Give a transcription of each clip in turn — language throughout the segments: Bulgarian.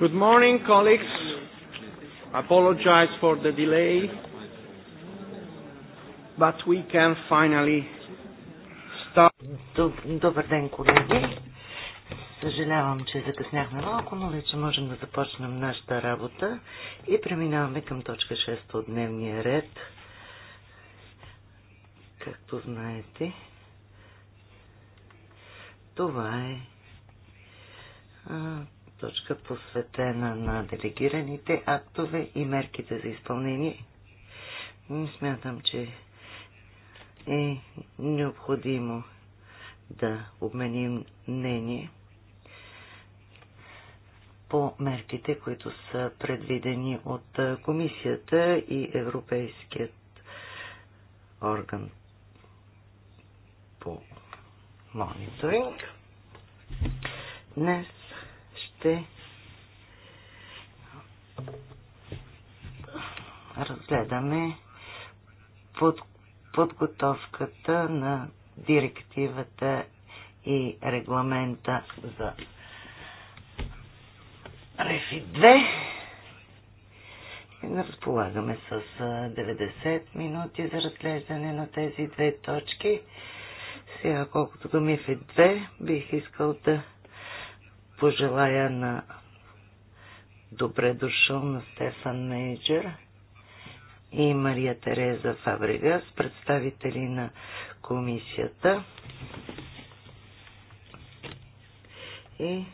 Good morning, colleagues. Apologize for the delay, but we can finally start. Добър ден, колеги. Съжалявам, че закъсняхме малко, но вече можем да започнем нашата работа и преминаваме към точка 6 от дневния ред. Както знаете, това е точка посветена на делегираните актове и мерките за изпълнение. Смятам, че е необходимо да обменим мнение по мерките, които са предвидени от Комисията и Европейският орган по мониторинг. Днес ще разгледаме под, подготовката на директивата и регламента за Рефи 2. Разполагаме с 90 минути за разглеждане на тези две точки. Сега, колкото до Мифи 2, бих искал да пожелая на добре дошъл на Стефан Мейджер и Мария Тереза Фабрига с представители на комисията. И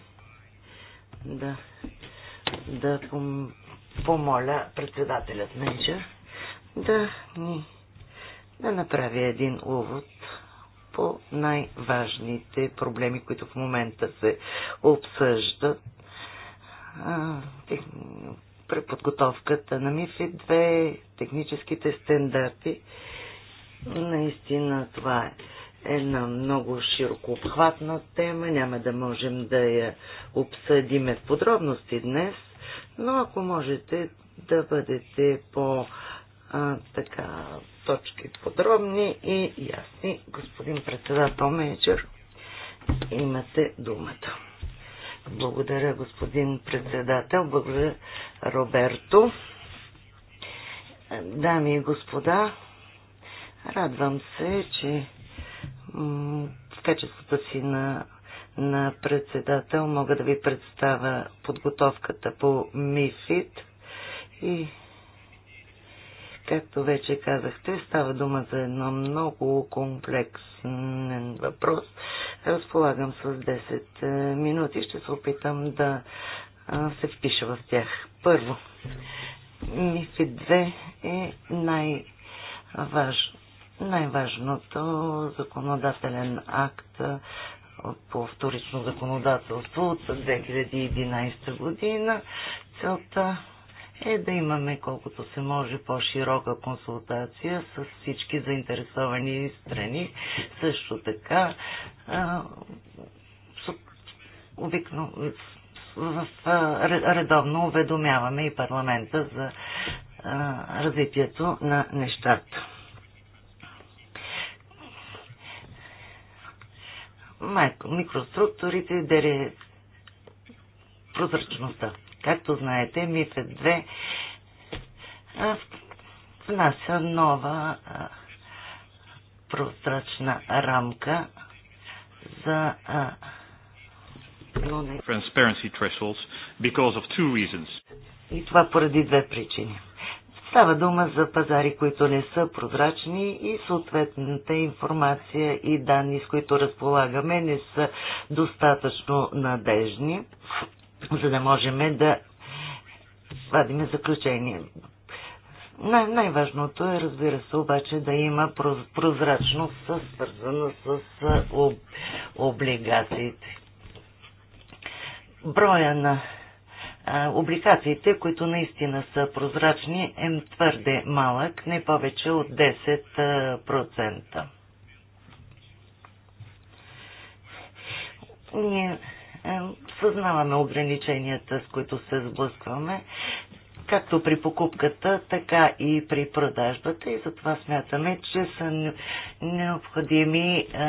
да, да пом, помоля председателят Мейджер да ни да направи един увод по най-важните проблеми, които в момента се обсъждат. Преподготовката на МИФИ 2, техническите стандарти. Наистина това е една много широко обхватна тема. Няма да можем да я обсъдиме в подробности днес, но ако можете да бъдете по а, така точки подробни и ясни. Господин председател менеджер, имате думата. Благодаря, господин председател. Благодаря, Роберто. Дами и господа, радвам се, че в качеството си на, на председател мога да ви представя подготовката по МИФИД и Както вече казахте, става дума за едно много комплексен въпрос. Разполагам с 10 е, минути. Ще се опитам да е, се впиша в тях. Първо, МИФИ 2 е най-важ, най-важното законодателен акт е, по вторично законодателство от 2011 година. Целта е да имаме колкото се може по-широка консултация с всички заинтересовани страни. Също така, обикновено редовно уведомяваме и парламента за развитието на нещата. Майко, микроструктурите, дере, прозрачността. Както знаете, МИФЕД 2 внася нова прозрачна рамка за transparency thresholds because of two reasons. И това поради две причини. Става дума за пазари, които не са прозрачни и съответната информация и данни, с които разполагаме, не са достатъчно надежни за да можем да вадим заключение. Най- най-важното е, разбира се, обаче да има прозрачност, свързана с об- облигациите. Броя на а, облигациите, които наистина са прозрачни, е твърде малък, не повече от 10%. Ние е, съзнаваме ограниченията, с които се сблъскваме, както при покупката, така и при продажбата и затова смятаме, че са необходими е,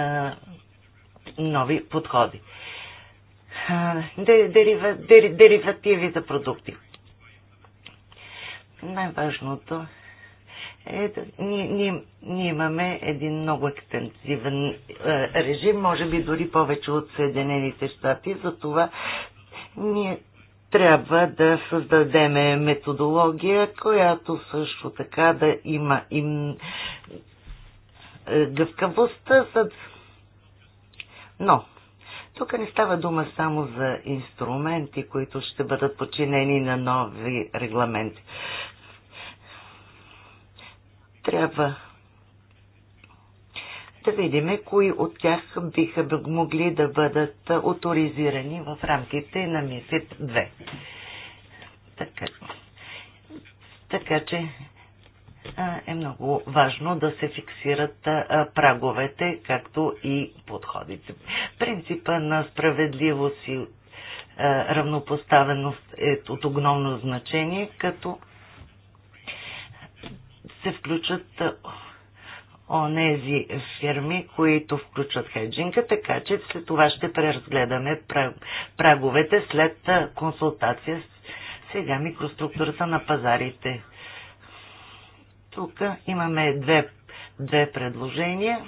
нови подходи. Е, деривативи за продукти. Най-важното е. Ето, ние, ние, ние имаме един много екстенсивен е, режим, може би дори повече от Съединените щати, затова ние трябва да създадеме методология, която също така да има им е, гъвкавостта, за... но тук не става дума само за инструменти, които ще бъдат подчинени на нови регламенти трябва да видим кои от тях биха могли да бъдат авторизирани в рамките на МИФИД 2. Така, така че е много важно да се фиксират праговете, както и подходите. Принципа на справедливост и равнопоставеност е от огромно значение, като се включат онези фирми, които включват хеджинга, така че след това ще преразгледаме праговете след консултация с сега микроструктурата на пазарите. Тук имаме две, две предложения.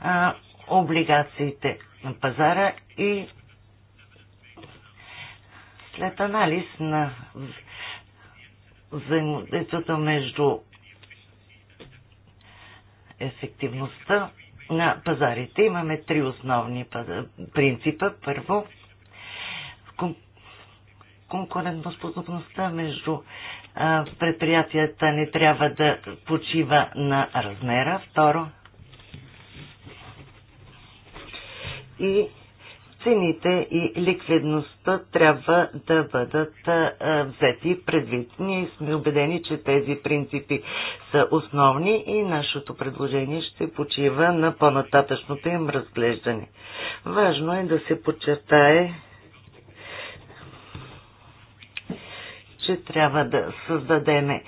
А, облигациите на пазара и след анализ на взаимодействието между ефективността на пазарите. Имаме три основни принципа. Първо, конкурентоспособността между предприятията не трябва да почива на размера. Второ, и цените и ликвидността трябва да бъдат взети предвид. Ние сме убедени, че тези принципи са основни и нашето предложение ще почива на по-нататъчното им разглеждане. Важно е да се подчертае че трябва да създадеме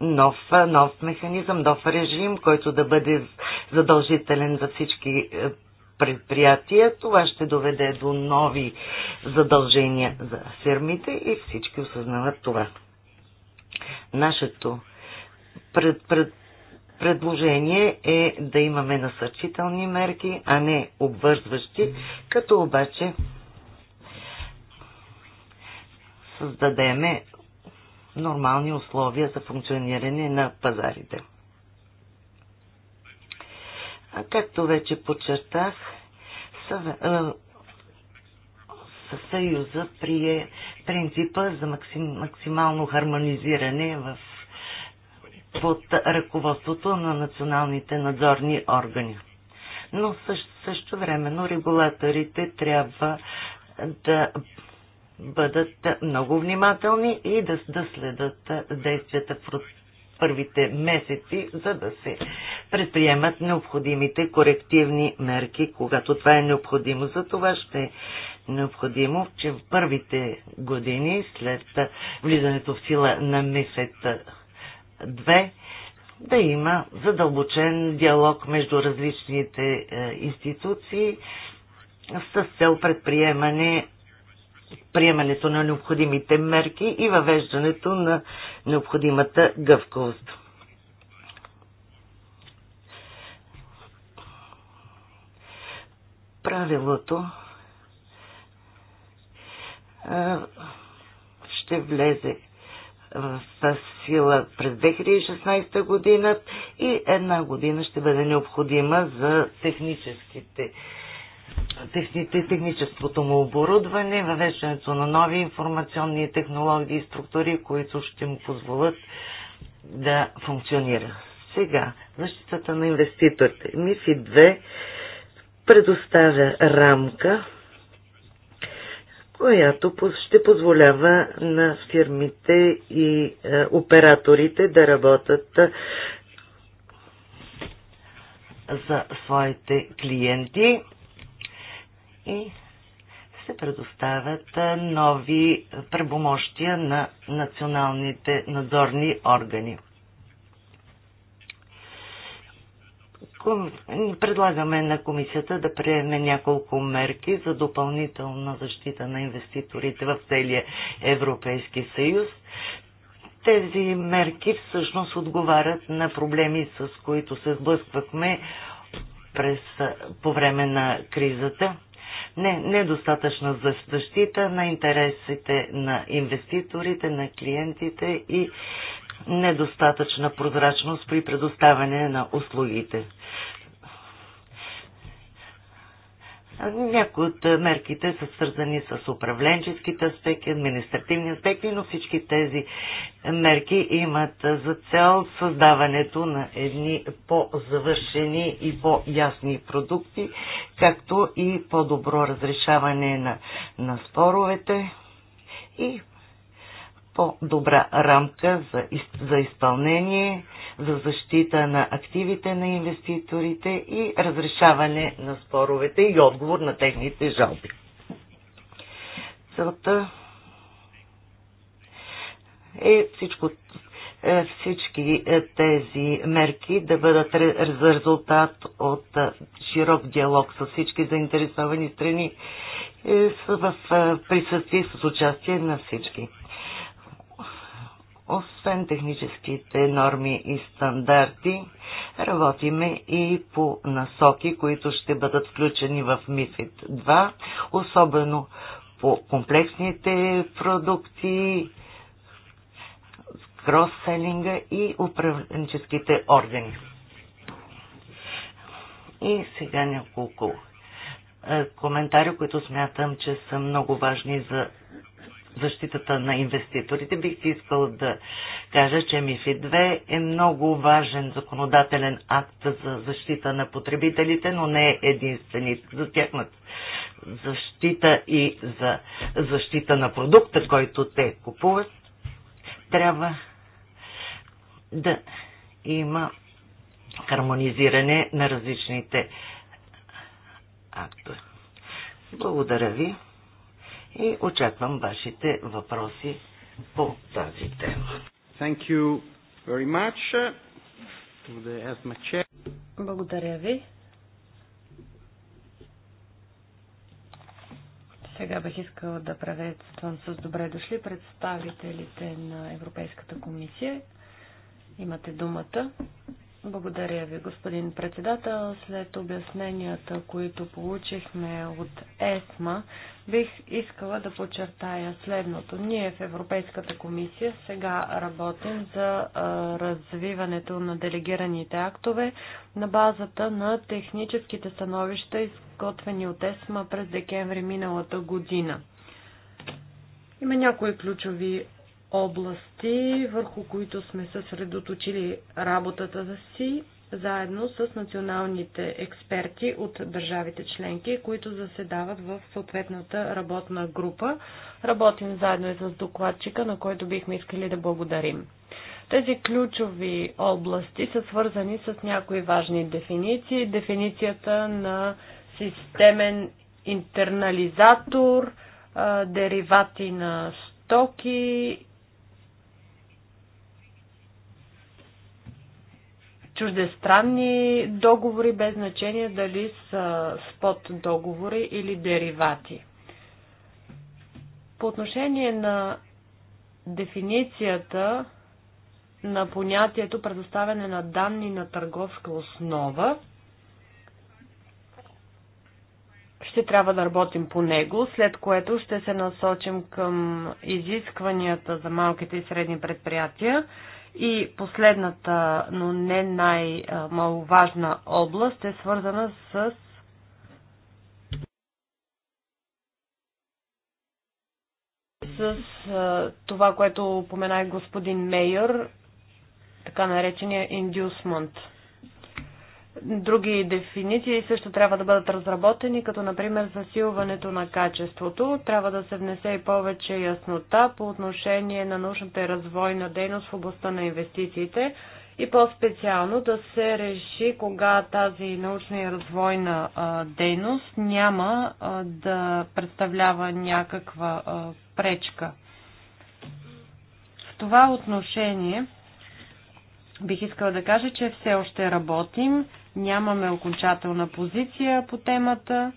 нов, нов механизъм, нов режим, който да бъде задължителен за всички е, предприятия. Това ще доведе до нови задължения за фирмите и всички осъзнават това. Нашето пред, пред, предложение е да имаме насърчителни мерки, а не обвързващи, като обаче създадеме нормални условия за функциониране на пазарите. Както вече подчертах, Съюза прие принципа за максим, максимално хармонизиране в, под ръководството на националните надзорни органи. Но също, също времено регулаторите трябва да бъдат много внимателни и да, да следат действията в първите месеци, за да се предприемат необходимите корективни мерки, когато това е необходимо. За това ще е необходимо, че в първите години след влизането в сила на месец 2 да има задълбочен диалог между различните е, институции с цел предприемане приемането на необходимите мерки и въвеждането на необходимата гъвкост. Правилото ще влезе в сила през 2016 година и една година ще бъде необходима за техническите техническото му оборудване, въвеждането на нови информационни технологии и структури, които ще му позволят да функционира. Сега, защитата на инвеститорите. МИФИ 2 предоставя рамка, която ще позволява на фирмите и е, операторите да работят е, за своите клиенти и се предоставят нови правомощия на националните надзорни органи. Предлагаме на комисията да приеме няколко мерки за допълнителна защита на инвеститорите в целия Европейски съюз. Тези мерки всъщност отговарят на проблеми, с които се сблъсквахме през, по време на кризата не, недостатъчна защита на интересите на инвеститорите, на клиентите и недостатъчна прозрачност при предоставяне на услугите. Някои от мерките са свързани с управленческите аспекти, административни аспекти, но всички тези мерки имат за цел създаването на едни по-завършени и по-ясни продукти, както и по-добро разрешаване на, на споровете и по-добра рамка за, за изпълнение, за защита на активите на инвеститорите и разрешаване на споровете и отговор на техните жалби. Целта е всичко, е, всички е, тези мерки да бъдат за резултат от е, широк диалог с всички заинтересовани страни в присъствие с участие на всички. Освен техническите норми и стандарти, работиме и по насоки, които ще бъдат включени в МИФИД 2, особено по комплексните продукти, кросселинга и управленческите органи. И сега няколко е, коментари, които смятам, че са много важни за защитата на инвеститорите, бих искал да кажа, че МИФИ 2 е много важен законодателен акт за защита на потребителите, но не е единствен за тяхната защита и за защита на продукта, който те купуват. Трябва да има хармонизиране на различните актове. Благодаря ви и очаквам вашите въпроси по тази тема. Thank you very much. Благодаря ви. Сега бих искала да приветствам с добре дошли представителите на Европейската комисия. Имате думата. Благодаря ви, господин председател. След обясненията, които получихме от ЕСМА, бих искала да подчертая следното. Ние в Европейската комисия сега работим за развиването на делегираните актове на базата на техническите становища, изготвени от ЕСМА през декември миналата година. Има някои ключови области, върху които сме съсредоточили работата си, заедно с националните експерти от държавите членки, които заседават в съответната работна група. Работим заедно и с докладчика, на който бихме искали да благодарим. Тези ключови области са свързани с някои важни дефиниции. Дефиницията на системен интернализатор, деривати на стоки чуждестранни договори, без значение дали са спот договори или деривати. По отношение на дефиницията на понятието предоставяне на данни на търговска основа, ще трябва да работим по него, след което ще се насочим към изискванията за малките и средни предприятия. И последната, но не най-маловажна област е свързана с с а, това, което упомена господин Мейер, така наречения индюсмент. Други дефиниции също трябва да бъдат разработени, като например засилването на качеството. Трябва да се внесе и повече яснота по отношение на научната и развойна дейност в областта на инвестициите и по-специално да се реши кога тази научна и развойна дейност няма да представлява някаква пречка. В това отношение бих искала да кажа, че все още работим Нямаме окончателна позиция по темата.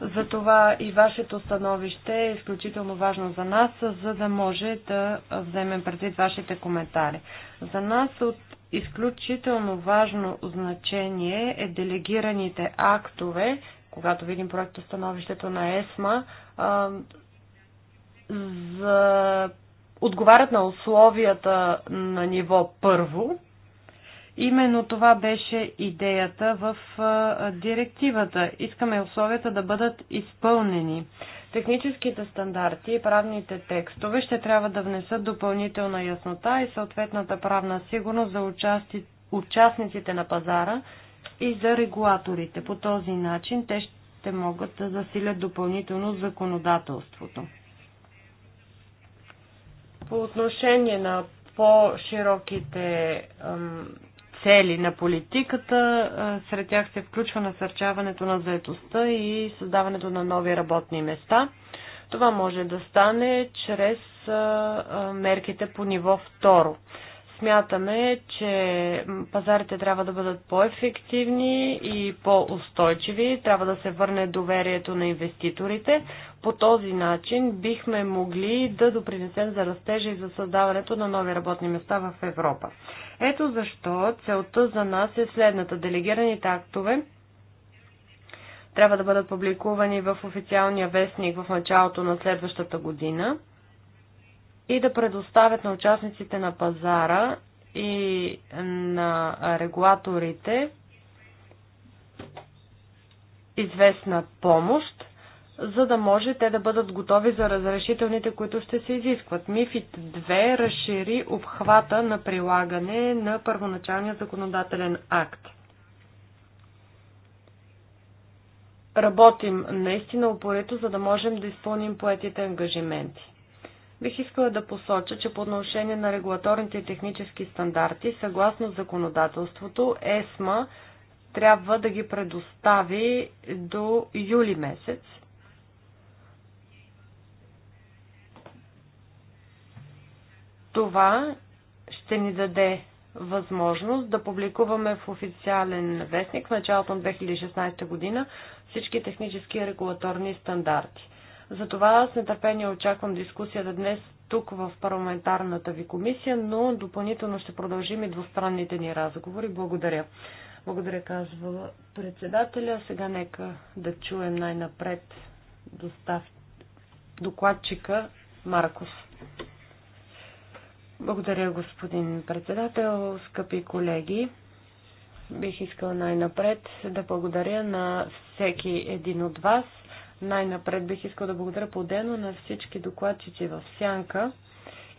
Затова и вашето становище е изключително важно за нас, за да може да вземем предвид вашите коментари. За нас от изключително важно значение е делегираните актове, когато видим проекта становището на ЕСМА, за отговарят на условията на ниво първо. Именно това беше идеята в директивата. Искаме условията да бъдат изпълнени. Техническите стандарти и правните текстове ще трябва да внесат допълнителна яснота и съответната правна сигурност за участи... участниците на пазара и за регулаторите. По този начин те ще могат да засилят допълнително законодателството. По отношение на по-широките цели на политиката, сред тях се включва насърчаването на заетостта и създаването на нови работни места. Това може да стане чрез мерките по ниво второ смятаме, че пазарите трябва да бъдат по-ефективни и по-устойчиви, трябва да се върне доверието на инвеститорите. По този начин бихме могли да допринесем за растежа и за създаването на нови работни места в Европа. Ето защо целта за нас е следната. Делегираните актове трябва да бъдат публикувани в официалния вестник в началото на следващата година – и да предоставят на участниците на пазара и на регулаторите известна помощ, за да може те да бъдат готови за разрешителните, които ще се изискват. Мифит 2 разшири обхвата на прилагане на първоначалния законодателен акт. Работим наистина упорито, за да можем да изпълним поетите ангажименти. Бих искала да посоча, че по отношение на регулаторните и технически стандарти, съгласно законодателството, ЕСМА трябва да ги предостави до юли месец. Това ще ни даде възможност да публикуваме в официален вестник в началото на 2016 година всички технически и регулаторни стандарти. Затова с нетърпение очаквам дискусията днес тук в парламентарната ви комисия, но допълнително ще продължим и двустранните ни разговори. Благодаря. Благодаря, казва председателя. Сега нека да чуем най-напред достав... докладчика Маркос. Благодаря, господин председател, скъпи колеги. Бих искал най-напред да благодаря на всеки един от вас – най-напред бих искал да благодаря по-дено на всички докладчици в Сянка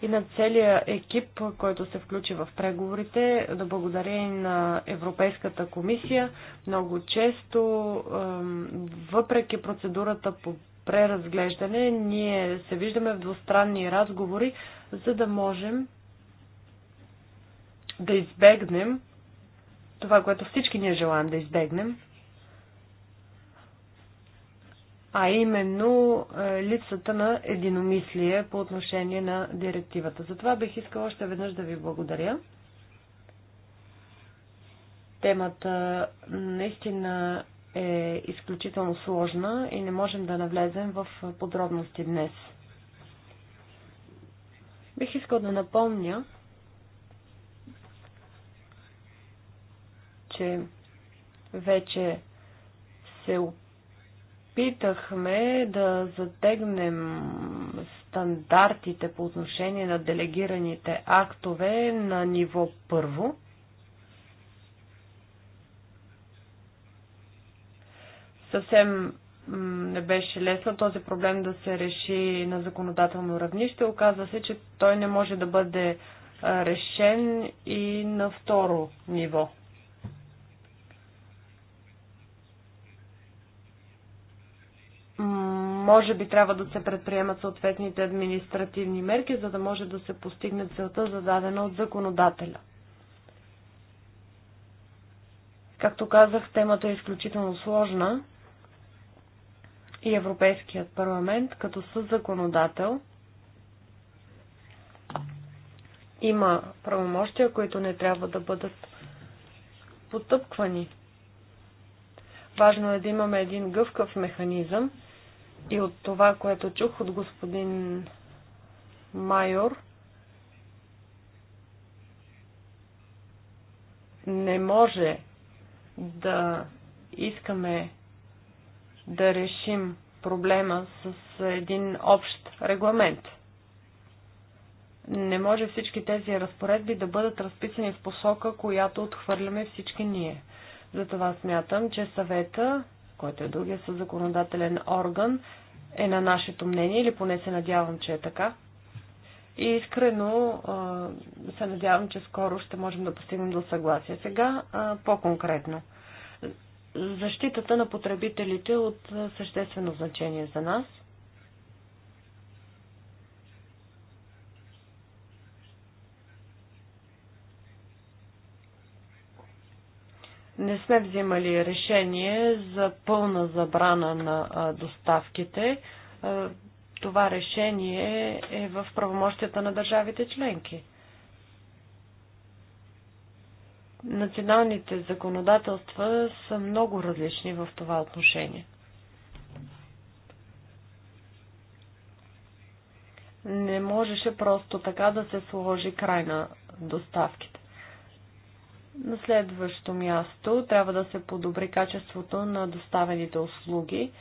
и на целия екип, който се включи в преговорите. Да благодаря и на Европейската комисия. Много често, въпреки процедурата по преразглеждане, ние се виждаме в двустранни разговори, за да можем да избегнем това, което всички ние желаем да избегнем, а именно е, липсата на единомислие по отношение на директивата. Затова бих искала още веднъж да ви благодаря. Темата наистина е изключително сложна и не можем да навлезем в подробности днес. Бих искал да напомня, че вече се опитваме опитахме да затегнем стандартите по отношение на делегираните актове на ниво първо. Съвсем не беше лесно този проблем да се реши на законодателно равнище. Оказва се, че той не може да бъде решен и на второ ниво. може би трябва да се предприемат съответните административни мерки, за да може да се постигне целта зададена от законодателя. Както казах, темата е изключително сложна и Европейският парламент като със законодател има правомощия, които не трябва да бъдат потъпквани. Важно е да имаме един гъвкав механизъм, и от това, което чух от господин Майор, не може да искаме да решим проблема с един общ регламент. Не може всички тези разпоредби да бъдат разписани в посока, която отхвърляме всички ние. Затова смятам, че съвета който е другия със законодателен орган, е на нашето мнение, или поне се надявам, че е така. И искрено се надявам, че скоро ще можем да постигнем до съгласие. Сега по-конкретно. Защитата на потребителите е от съществено значение за нас – Не сме взимали решение за пълна забрана на доставките. Това решение е в правомощията на държавите членки. Националните законодателства са много различни в това отношение. Не можеше просто така да се сложи край на доставките. На следващо място трябва да се подобри качеството на доставените услуги.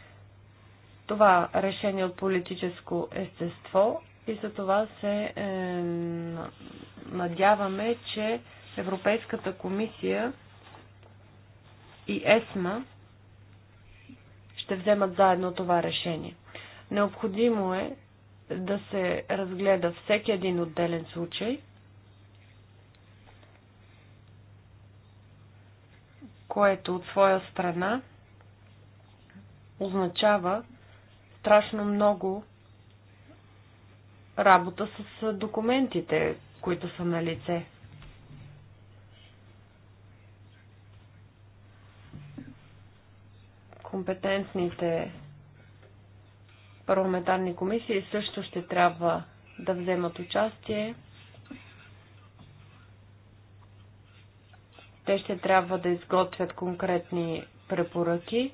Това решение от политическо естество и за това се е, надяваме, че Европейската комисия и ЕСМА ще вземат заедно това решение. Необходимо е да се разгледа всеки един отделен случай – което от своя страна означава страшно много работа с документите, които са на лице. Компетентните парламентарни комисии също ще трябва да вземат участие Те ще трябва да изготвят конкретни препоръки.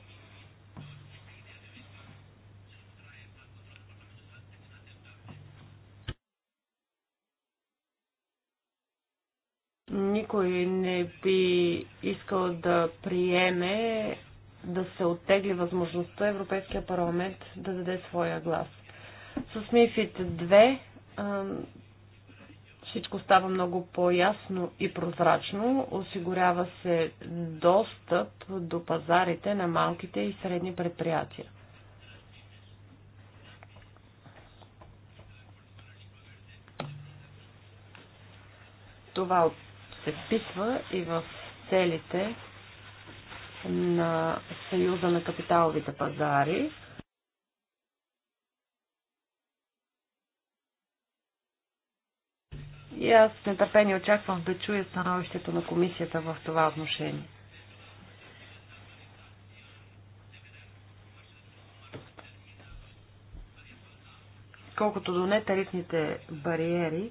Никой не би искал да приеме да се оттегли възможността Европейския парламент да даде своя глас. С МИФИТ 2 всичко става много по-ясно и прозрачно. Осигурява се достъп до пазарите на малките и средни предприятия. Това се вписва и в целите на Съюза на капиталовите пазари – И аз с нетърпение очаквам да чуя становището на комисията в това отношение. Колкото до нетарифните бариери,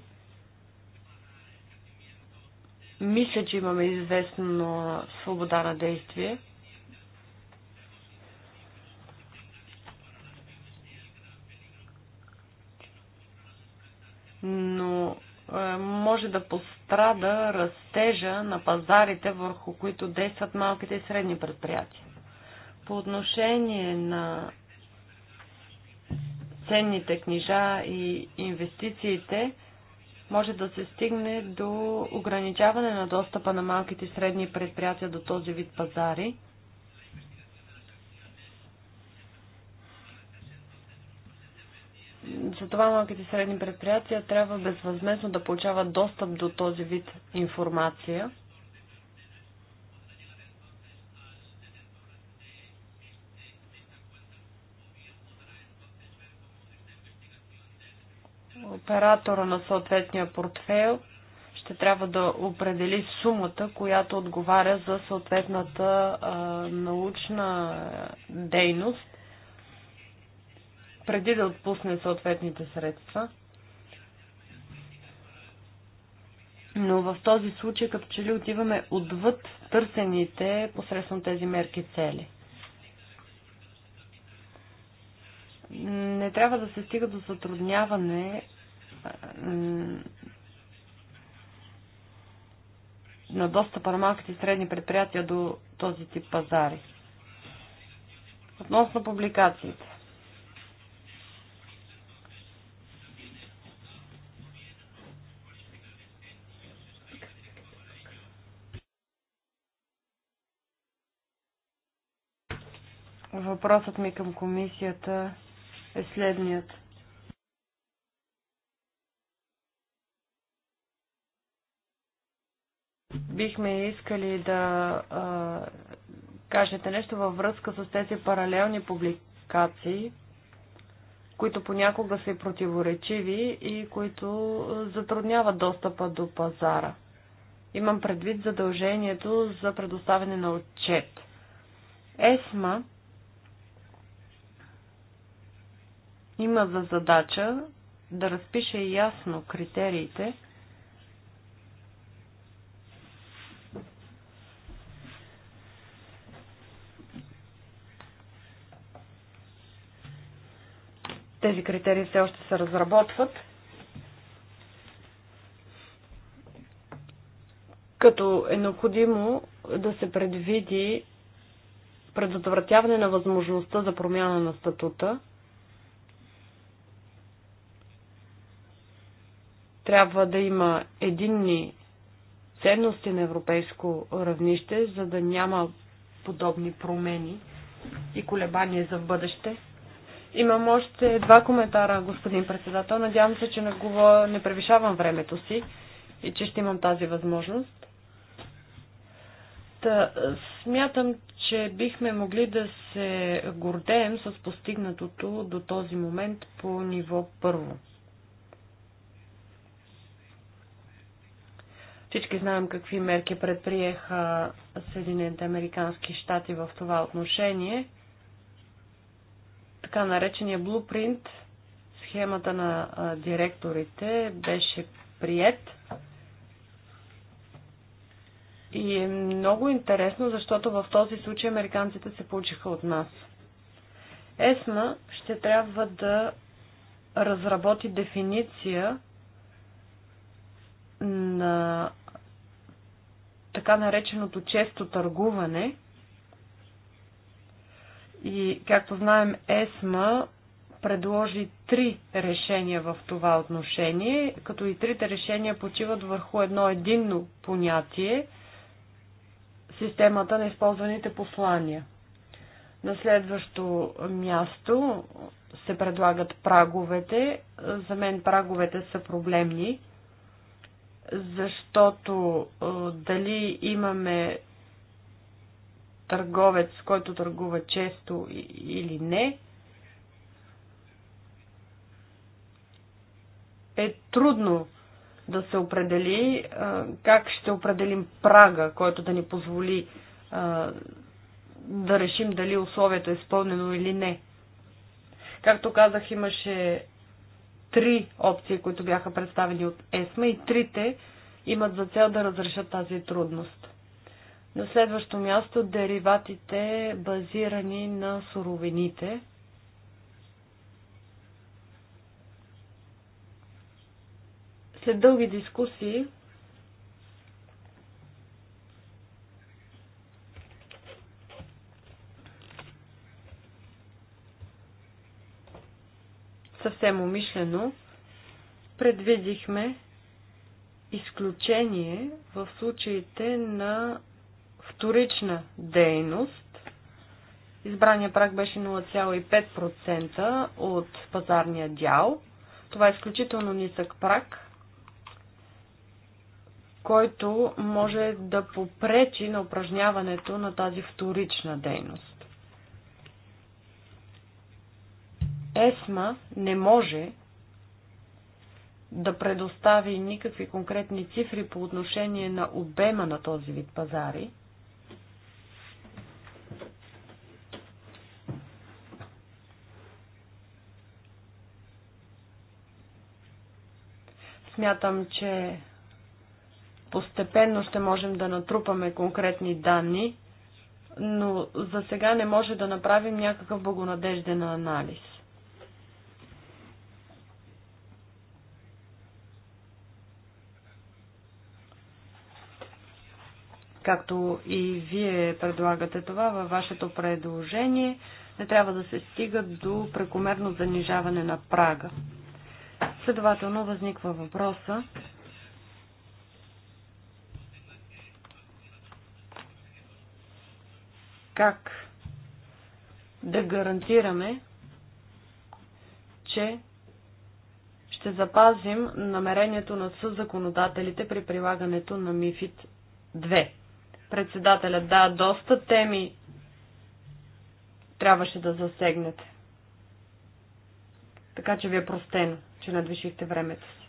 мисля, че имаме известно свобода на действие. Е, може да пострада растежа на пазарите, върху които действат малките и средни предприятия. По отношение на ценните книжа и инвестициите, може да се стигне до ограничаване на достъпа на малките и средни предприятия до този вид пазари – Затова малките и средни предприятия трябва безвъзмезно да получават достъп до този вид информация. Оператора на съответния портфейл ще трябва да определи сумата, която отговаря за съответната а, научна дейност преди да отпусне съответните средства. Но в този случай, като че ли отиваме отвъд търсените посредством тези мерки цели. Не трябва да се стига до затрудняване на достъпа на малките и средни предприятия до този тип пазари. Относно публикациите. Въпросът ми към комисията е следният. Бихме искали да а, кажете нещо във връзка с тези паралелни публикации, които понякога са и противоречиви и които затрудняват достъпа до пазара. Имам предвид задължението за предоставяне на отчет. ЕСМА има за задача да разпише ясно критериите, Тези критерии все още се разработват. Като е необходимо да се предвиди предотвратяване на възможността за промяна на статута Трябва да има единни ценности на европейско равнище, за да няма подобни промени и колебания за бъдеще. Имам още два коментара, господин председател. Надявам се, че не, го... не превишавам времето си и че ще имам тази възможност. Та, смятам, че бихме могли да се гордеем с постигнатото до този момент по ниво първо. Всички знаем какви мерки предприеха Съединените Американски щати в това отношение. Така наречения блупринт, схемата на директорите беше прият. И е много интересно, защото в този случай американците се получиха от нас. ЕСМА ще трябва да разработи дефиниция на така нареченото често търгуване. И, както знаем, ЕСМА предложи три решения в това отношение, като и трите решения почиват върху едно единно понятие системата на използваните послания. На следващо място се предлагат праговете. За мен праговете са проблемни, защото е, дали имаме търговец, който търгува често или не, е трудно да се определи е, как ще определим прага, който да ни позволи е, да решим дали условието е изпълнено или не. Както казах, имаше три опции, които бяха представени от ЕСМА и трите имат за цел да разрешат тази трудност. На следващо място дериватите базирани на суровините. След дълги дискусии съвсем умишлено предвидихме изключение в случаите на вторична дейност. Избрания прак беше 0,5% от пазарния дял. Това е изключително нисък прак, който може да попречи на упражняването на тази вторична дейност. ЕСМА не може да предостави никакви конкретни цифри по отношение на обема на този вид пазари. Смятам, че постепенно ще можем да натрупаме конкретни данни, но за сега не може да направим някакъв благонадежден анализ. както и вие предлагате това във вашето предложение, не трябва да се стига до прекомерно занижаване на прага. Следователно възниква въпроса как да гарантираме, че ще запазим намерението на съзаконодателите при прилагането на МИФИД 2. Председателя, да, доста теми трябваше да засегнете. Така че ви е простено, че надвишихте времето си.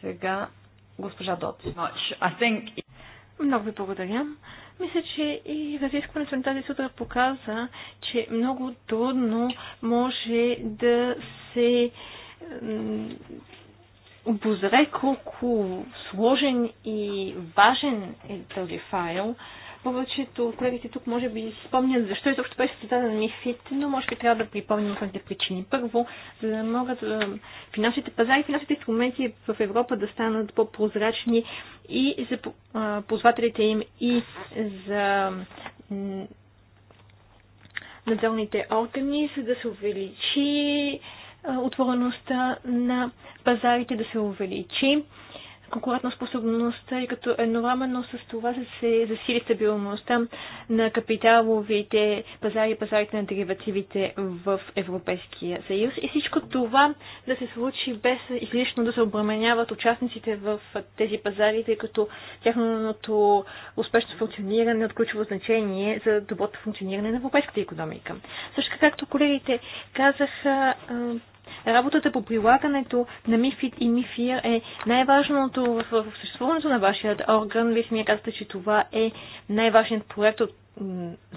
Сега госпожа Дот. Много ви благодаря. Мисля, че и разискването на тази сутра показа, че много трудно може да се обозре колко сложен и важен е този файл. Повечето колегите тук може би си спомнят защо изобщо беше създаден МИФИД, но може би трябва да припомним основните причини. Първо, за да могат финансовите пазари, финансовите инструменти в Европа да станат по-прозрачни и за ползвателите им, и за надзорните органи, за да се увеличи отвореността на пазарите да се увеличи, конкурентна способността и като едновременно с това се засили стабилността на капиталовите пазари и пазарите на деривативите в Европейския съюз. И всичко това да се случи без излишно да се обременяват участниците в тези пазари, тъй като тяхното успешно функциониране от ключово значение за доброто функциониране на европейската економика. Също както колегите казаха, Работата по прилагането на мифит и МИФИР е най-важното в, в, съществуването на вашият орган. Вие ми казвате, че това е най-важният проект от,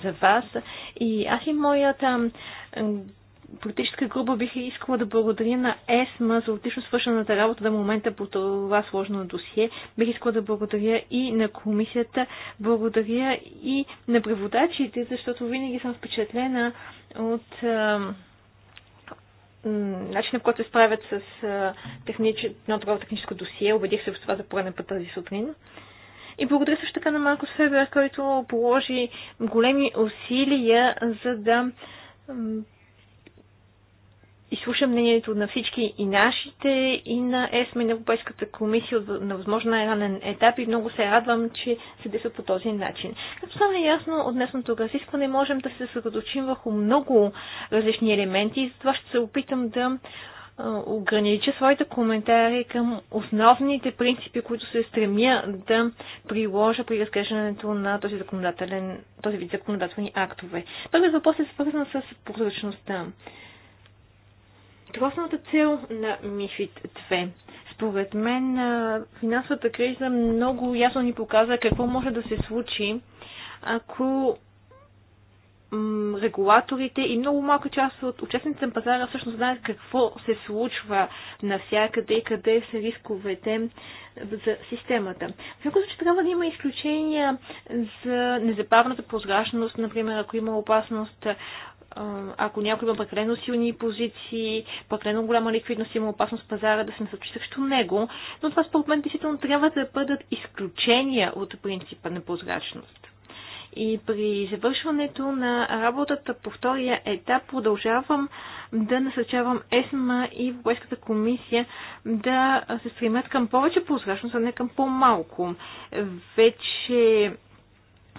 за вас. И аз и моята политическа група бих искала да благодаря на ЕСМА за отлично свършената работа до момента по това сложно досие. Бих искала да благодаря и на комисията, благодаря и на преводачите, защото винаги съм впечатлена от ам, начинът, по който се справят с технич... едно такова техническо досие. Убедих се в това за пореден път тази сутрин. И благодаря също така на Марко Фебер, който положи големи усилия, за да изслуша мнението на всички и нашите, и на ЕСМ и на Европейската комисия на възможно ранен етап и много се радвам, че се действа по този начин. Като стане ясно от днесното разискване, можем да се съсредоточим върху много различни елементи и затова ще се опитам да огранича своите коментари към основните принципи, които се стремя да приложа при разглеждането на този, законодателен, този вид законодателни актове. Първият въпрос е свързан с прозрачността. Това е основната цел на Мифит 2. Според мен финансовата криза много ясно ни показа какво може да се случи, ако регулаторите и много малка част от участниците на пазара всъщност знаят какво се случва навсякъде и къде са рисковете за системата. В някои случаи трябва да има изключения за незабавната прозрачност, например, ако има опасност ако някой има прекалено силни позиции, прекалено голяма ликвидност, има опасност пазара да се насочи срещу него, но това според мен действително трябва да бъдат изключения от принципа на прозрачност. И при завършването на работата по втория етап продължавам да насърчавам ЕСМА и Европейската комисия да се стремят към повече прозрачност, а не към по-малко. Вече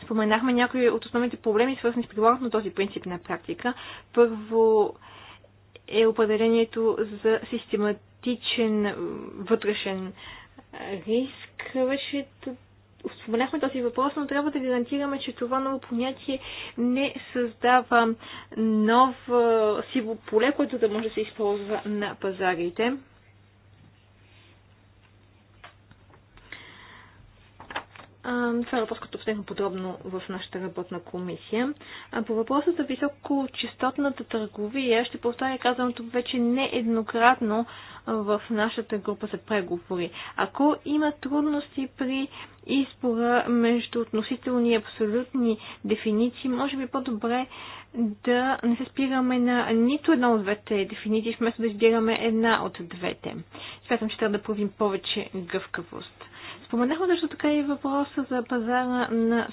Споменахме някои от основните проблеми, свързани с прилагането на този принцип на практика. Първо е определението за систематичен вътрешен риск. споменахме този въпрос, но трябва да гарантираме, че това ново понятие не създава ново сиво поле, което да може да се използва на пазарите. Това е въпрос, като обсъдихме подробно в нашата работна комисия. А по въпроса за високочастотната търговия ще повторя казаното вече нееднократно в нашата група за преговори. Ако има трудности при избора между относителни и абсолютни дефиниции, може би по-добре да не се спираме на нито една от двете дефиниции, вместо да избираме една от двете. Смятам, че трябва да проявим повече гъвкавост. Споменахме също така и въпроса за пазара на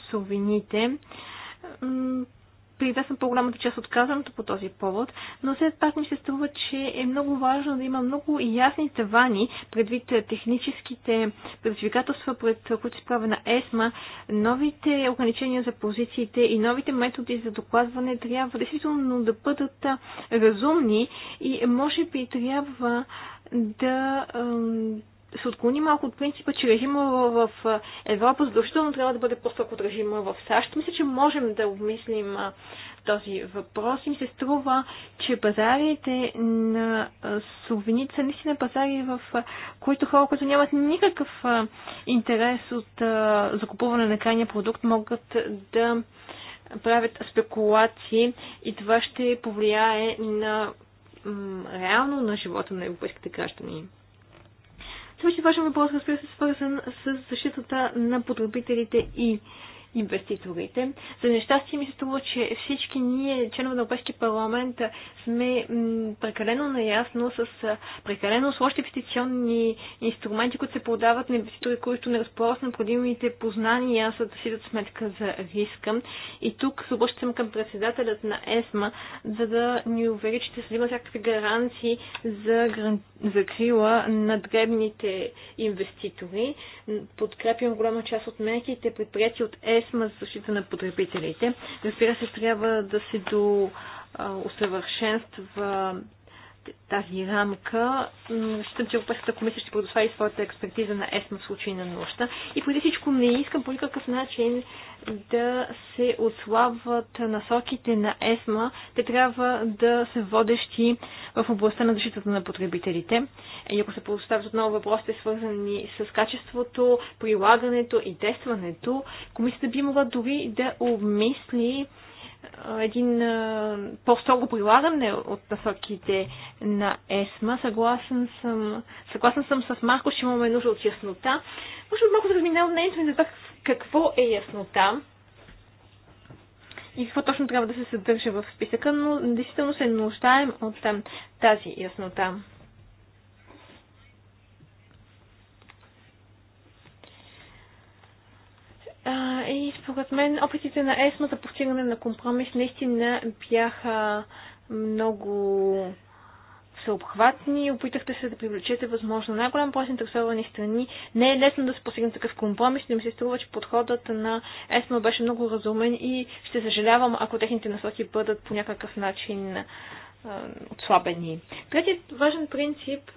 При да съм по-голямата част от казаното по този повод, но след пак ми се струва, че е много важно да има много ясни тавани предвид техническите предизвикателства, пред които се прави на ЕСМА, новите ограничения за позициите и новите методи за докладване трябва действително да бъдат разумни и може би трябва да се отклони малко от принципа, че режима в Европа задължително трябва да бъде по-слаб от режима в САЩ. Мисля, че можем да обмислим този въпрос и ми се струва, че пазарите на сувените са наистина пазари, в които хора, които нямат никакъв интерес от закупуване на крайния продукт, могат да правят спекулации и това ще повлияе на реално на живота на европейските граждани че вашия въпрос, разбира се, свързан с защитата на потребителите и инвеститорите. За нещастие ми се струва, че всички ние, членове на Европейския парламент, сме прекалено наясно с прекалено сложни инвестиционни инструменти, които се продават на инвеститори, които не разполагат с необходимите познания, за да си дадат сметка за риска. И тук се обръщам към председателят на ЕСМА, за да ни увери, че ще следим всякакви гаранции за закрила на дребните инвеститори. Подкрепям голяма част от мерките, предприятия от ЕСМА ЕСМА за защита на потребителите. Разбира се, трябва да се до усъвършенства тази рамка. Считам, че Европейската комисия ще предостави своята експертиза на ЕСМА в случай на нужда. И преди всичко не искам по никакъв начин да се отслабват насоките на ЕСМА. Те трябва да са водещи в областта на защитата на потребителите. И ако се предоставят отново въпросите, свързани с качеството, прилагането и тестването, комисията би могла дори да обмисли един по-строго прилагане от насоките на ЕСМА. Съгласен съм, съгласен съм с Марко, че имаме нужда от яснота. Може би малко да разминавам мнението ми за това какво е яснота и какво точно трябва да се съдържа в списъка, но действително се нуждаем от тази яснота. А, и според мен опитите на ЕСМА за постигане на компромис наистина бяха много всеобхватни. Опитахте се да привлечете възможно най-голям брой заинтересовани страни. Не е лесно да се постигне такъв компромис, но ми се струва, че подходът на ЕСМА беше много разумен и ще съжалявам, ако техните насоки бъдат по някакъв начин а, отслабени. Третият важен принцип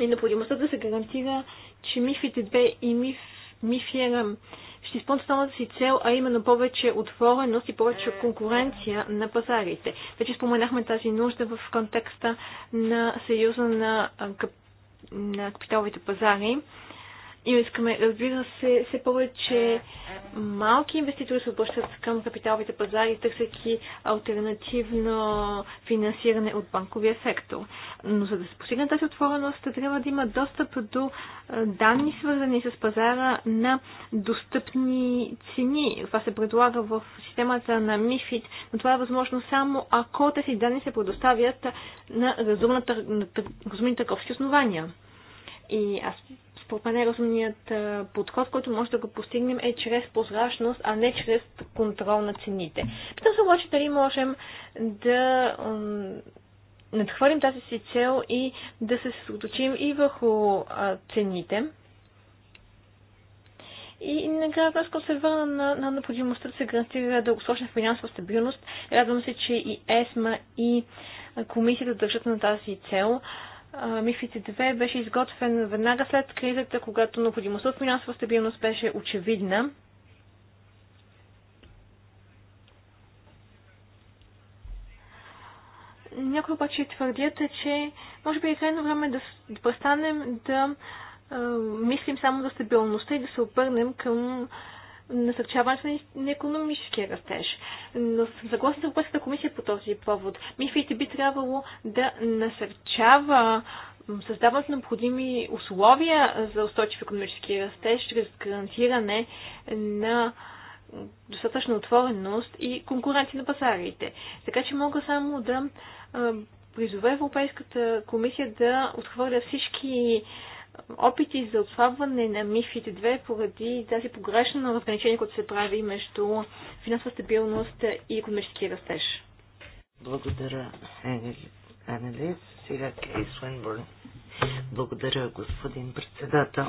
е необходимостта да се гарантира, че мифите 2 и МИФ МИФИР ще изпълни основната си цел, а именно повече отвореност и повече конкуренция на пазарите. Вече споменахме тази нужда в контекста на Съюза на, на капиталовите пазари. И искаме, разбира се, все повече малки инвеститори се обръщат към капиталовите пазари, търсейки альтернативно финансиране от банковия сектор. Но за да се постигне тази отвореност, трябва да има достъп до данни, свързани с пазара на достъпни цени. Това се предлага в системата на MIFID, но това е възможно само ако тези данни се предоставят на разумни търговски основания. И аз според мен е разумният подход, който може да го постигнем е чрез прозрачност, а не чрез контрол на цените. Питам се обаче дали можем да надхвърлим тази си цел и да се съсредоточим и върху цените. И накрая аз се върна на, на необходимостта да се гарантира дългосрочна финансова стабилност. Радвам се, че и ЕСМА и комисията държат на тази цел. Мифите 2 беше изготвен веднага след кризата, когато необходимостта от финансова стабилност беше очевидна. Някои обаче твърдят, че може би е крайно време да престанем да мислим само за стабилността и да се обърнем към насърчаването на економическия растеж. Но съм съгласна с Европейската комисия по този повод. Мифите би трябвало да насърчава създават необходими условия за устойчив економически растеж чрез гарантиране на достатъчна отвореност и конкуренция на пазарите. Така че мога само да призове Европейската комисия да отхвърля всички опити за отслабване на мифите две поради тази на разграничение, което се прави между финансова стабилност и економически растеж. Благодаря, енели, Сега Кейс Уинбърн. Благодаря, господин председател.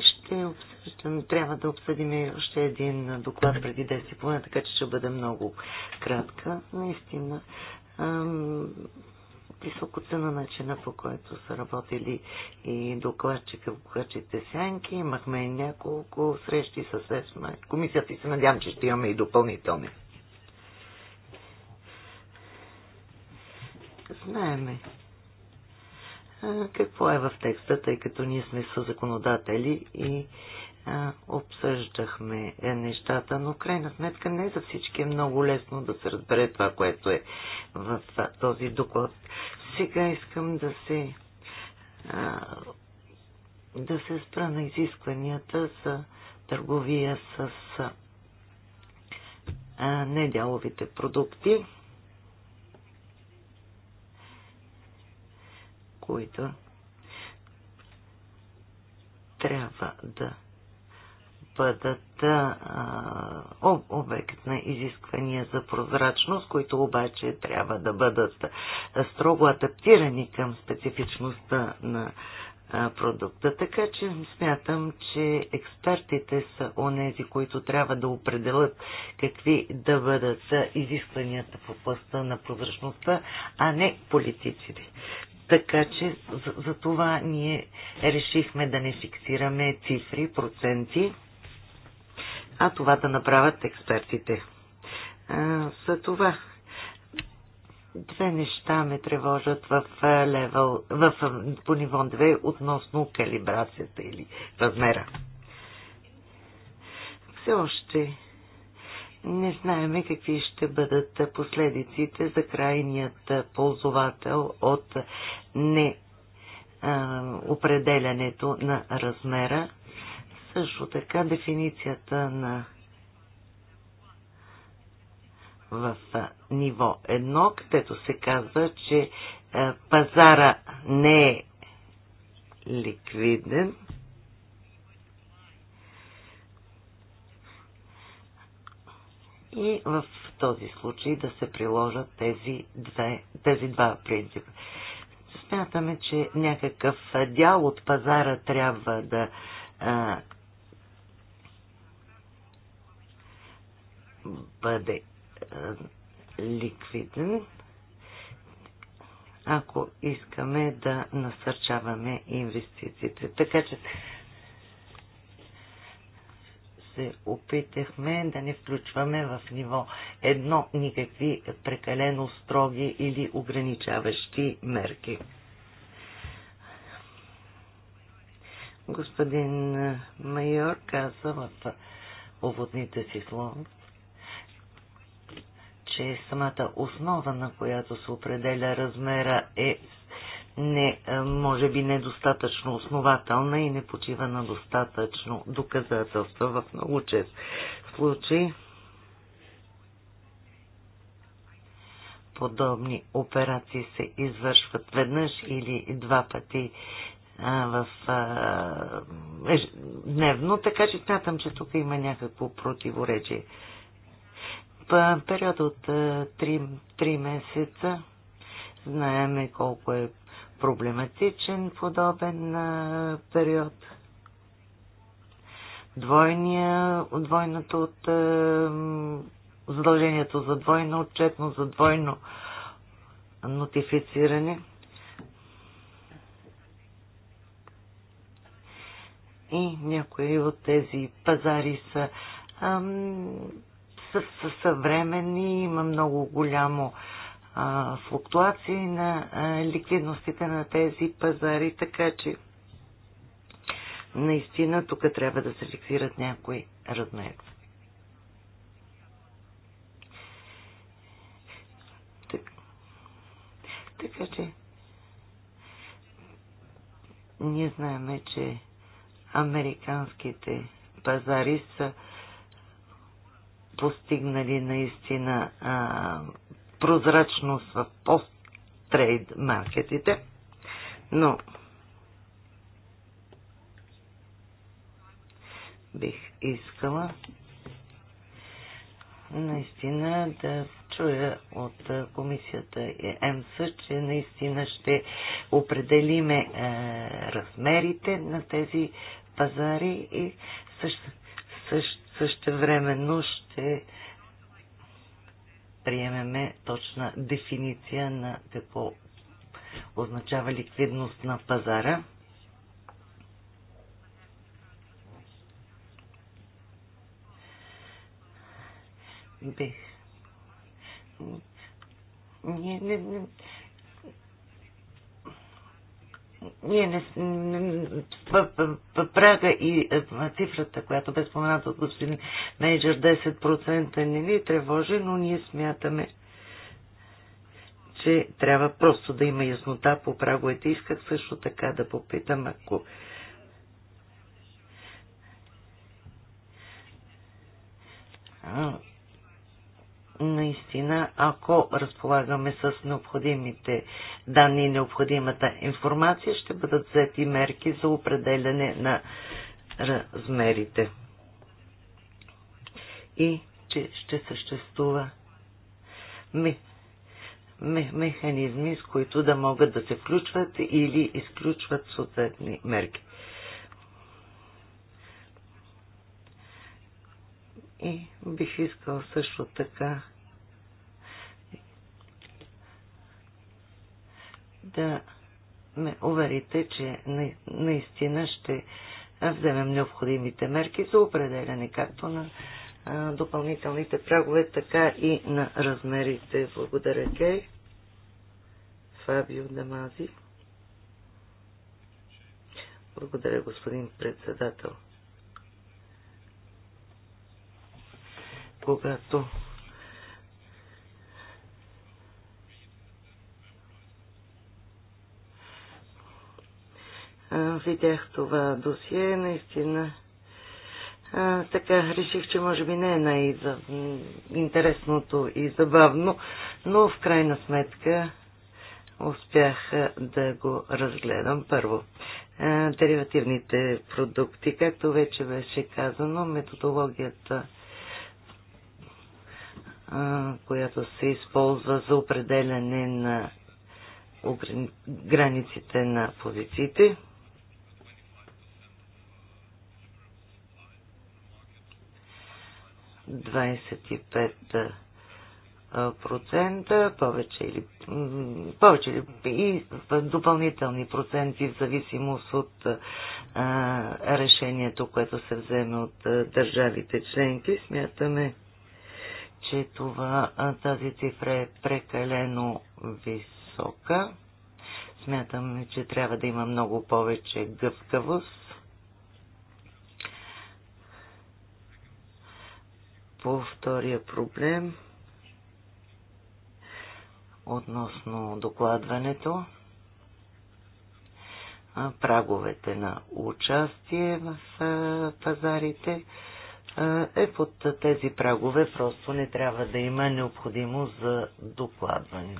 Ще обсъждам, трябва да обсъдим още един доклад преди 10 поне, така че ще бъде много кратка. Наистина, високо цена начина по който са работили и докладчика, в докладчите сянки. Имахме няколко срещи с ЕСМА. Комисията и се надявам, че ще имаме и допълнителни. Знаеме какво е в текста, тъй като ние сме съзаконодатели законодатели и а, обсъждахме е, нещата, но крайна сметка не за всички е много лесно да се разбере това, което е в този доклад. Сега искам да се а, да се спра на изискванията за търговия с а, недяловите продукти, които трябва да бъдат обект на изисквания за прозрачност, които обаче трябва да бъдат строго адаптирани към специфичността на продукта. Така че смятам, че експертите са онези, които трябва да определят какви да бъдат изискванията в областта на прозрачността, а не политиците. Така че за, за това ние решихме да не фиксираме цифри, проценти, а това да направят експертите. За това две неща ме тревожат в, левел, в, по ниво 2 относно калибрацията или размера. Все още не знаеме какви ще бъдат последиците за крайният ползовател от не определянето на размера също така дефиницията на в ниво 1, където се казва, че пазара не е ликвиден, и в този случай да се приложат тези, две, тези два принципа. Смятаме, че някакъв дял от пазара трябва да а, бъде е, ликвиден, ако искаме да насърчаваме инвестициите. Така че се опитахме да не включваме в ниво едно никакви прекалено строги или ограничаващи мерки. Господин майор каза в уводните си слова, че самата основа, на която се определя размера, е не, е, може би недостатъчно основателна и не почива на достатъчно доказателства в много чест случаи. Подобни операции се извършват веднъж или два пъти в а, дневно, така че смятам, че тук има някакво противоречие период от 3, е, 3 месеца знаеме колко е проблематичен подобен е, период. Двойния, двойното от е, задължението за двойно отчетно, за двойно нотифициране. И някои от тези пазари са ам, са, са съвременни, има много голямо а, флуктуации на а, ликвидностите на тези пазари, така че наистина тук трябва да се фиксират някои размери. Така, така че ние знаеме, че американските пазари са постигнали наистина а, прозрачност в пост-трейд маркетите, но бих искала наистина да чуя от комисията ЕМС, че наистина ще определиме е, размерите на тези пазари и също, също същевременно ще приемеме точна дефиниция на какво означава ликвидност на пазара. Бих. Не, не, не, ние не, прага и е, цифрата, която бе спомената от господин менеджер, 10% не ни е тревожи, но ние смятаме, че трябва просто да има яснота по праговете. Исках също така да попитам, ако наистина, ако разполагаме с необходимите данни и необходимата информация, ще бъдат взети мерки за определяне на размерите. И че ще съществува механизми, с които да могат да се включват или изключват съответни мерки. И бих искал също така да ме уверите, че наистина ще вземем необходимите мерки за определяне както на допълнителните прагове, така и на размерите. Благодаря, Кей. Фабио Дамази. Благодаря, господин председател. Когато видях това досие, наистина а, така реших, че може би не е най-интересното и забавно, но в крайна сметка успях да го разгледам първо. А, деривативните продукти, както вече беше казано, методологията а, която се използва за определяне на границите на позициите, 25 повече или, повече или и допълнителни проценти в зависимост от а, решението, което се вземе от а, държавите членки. Смятаме, че това, а, тази цифра е прекалено висока. Смятаме, че трябва да има много повече гъвкавост по втория проблем относно докладването, праговете на участие в пазарите е под тези прагове, просто не трябва да има необходимост за докладване.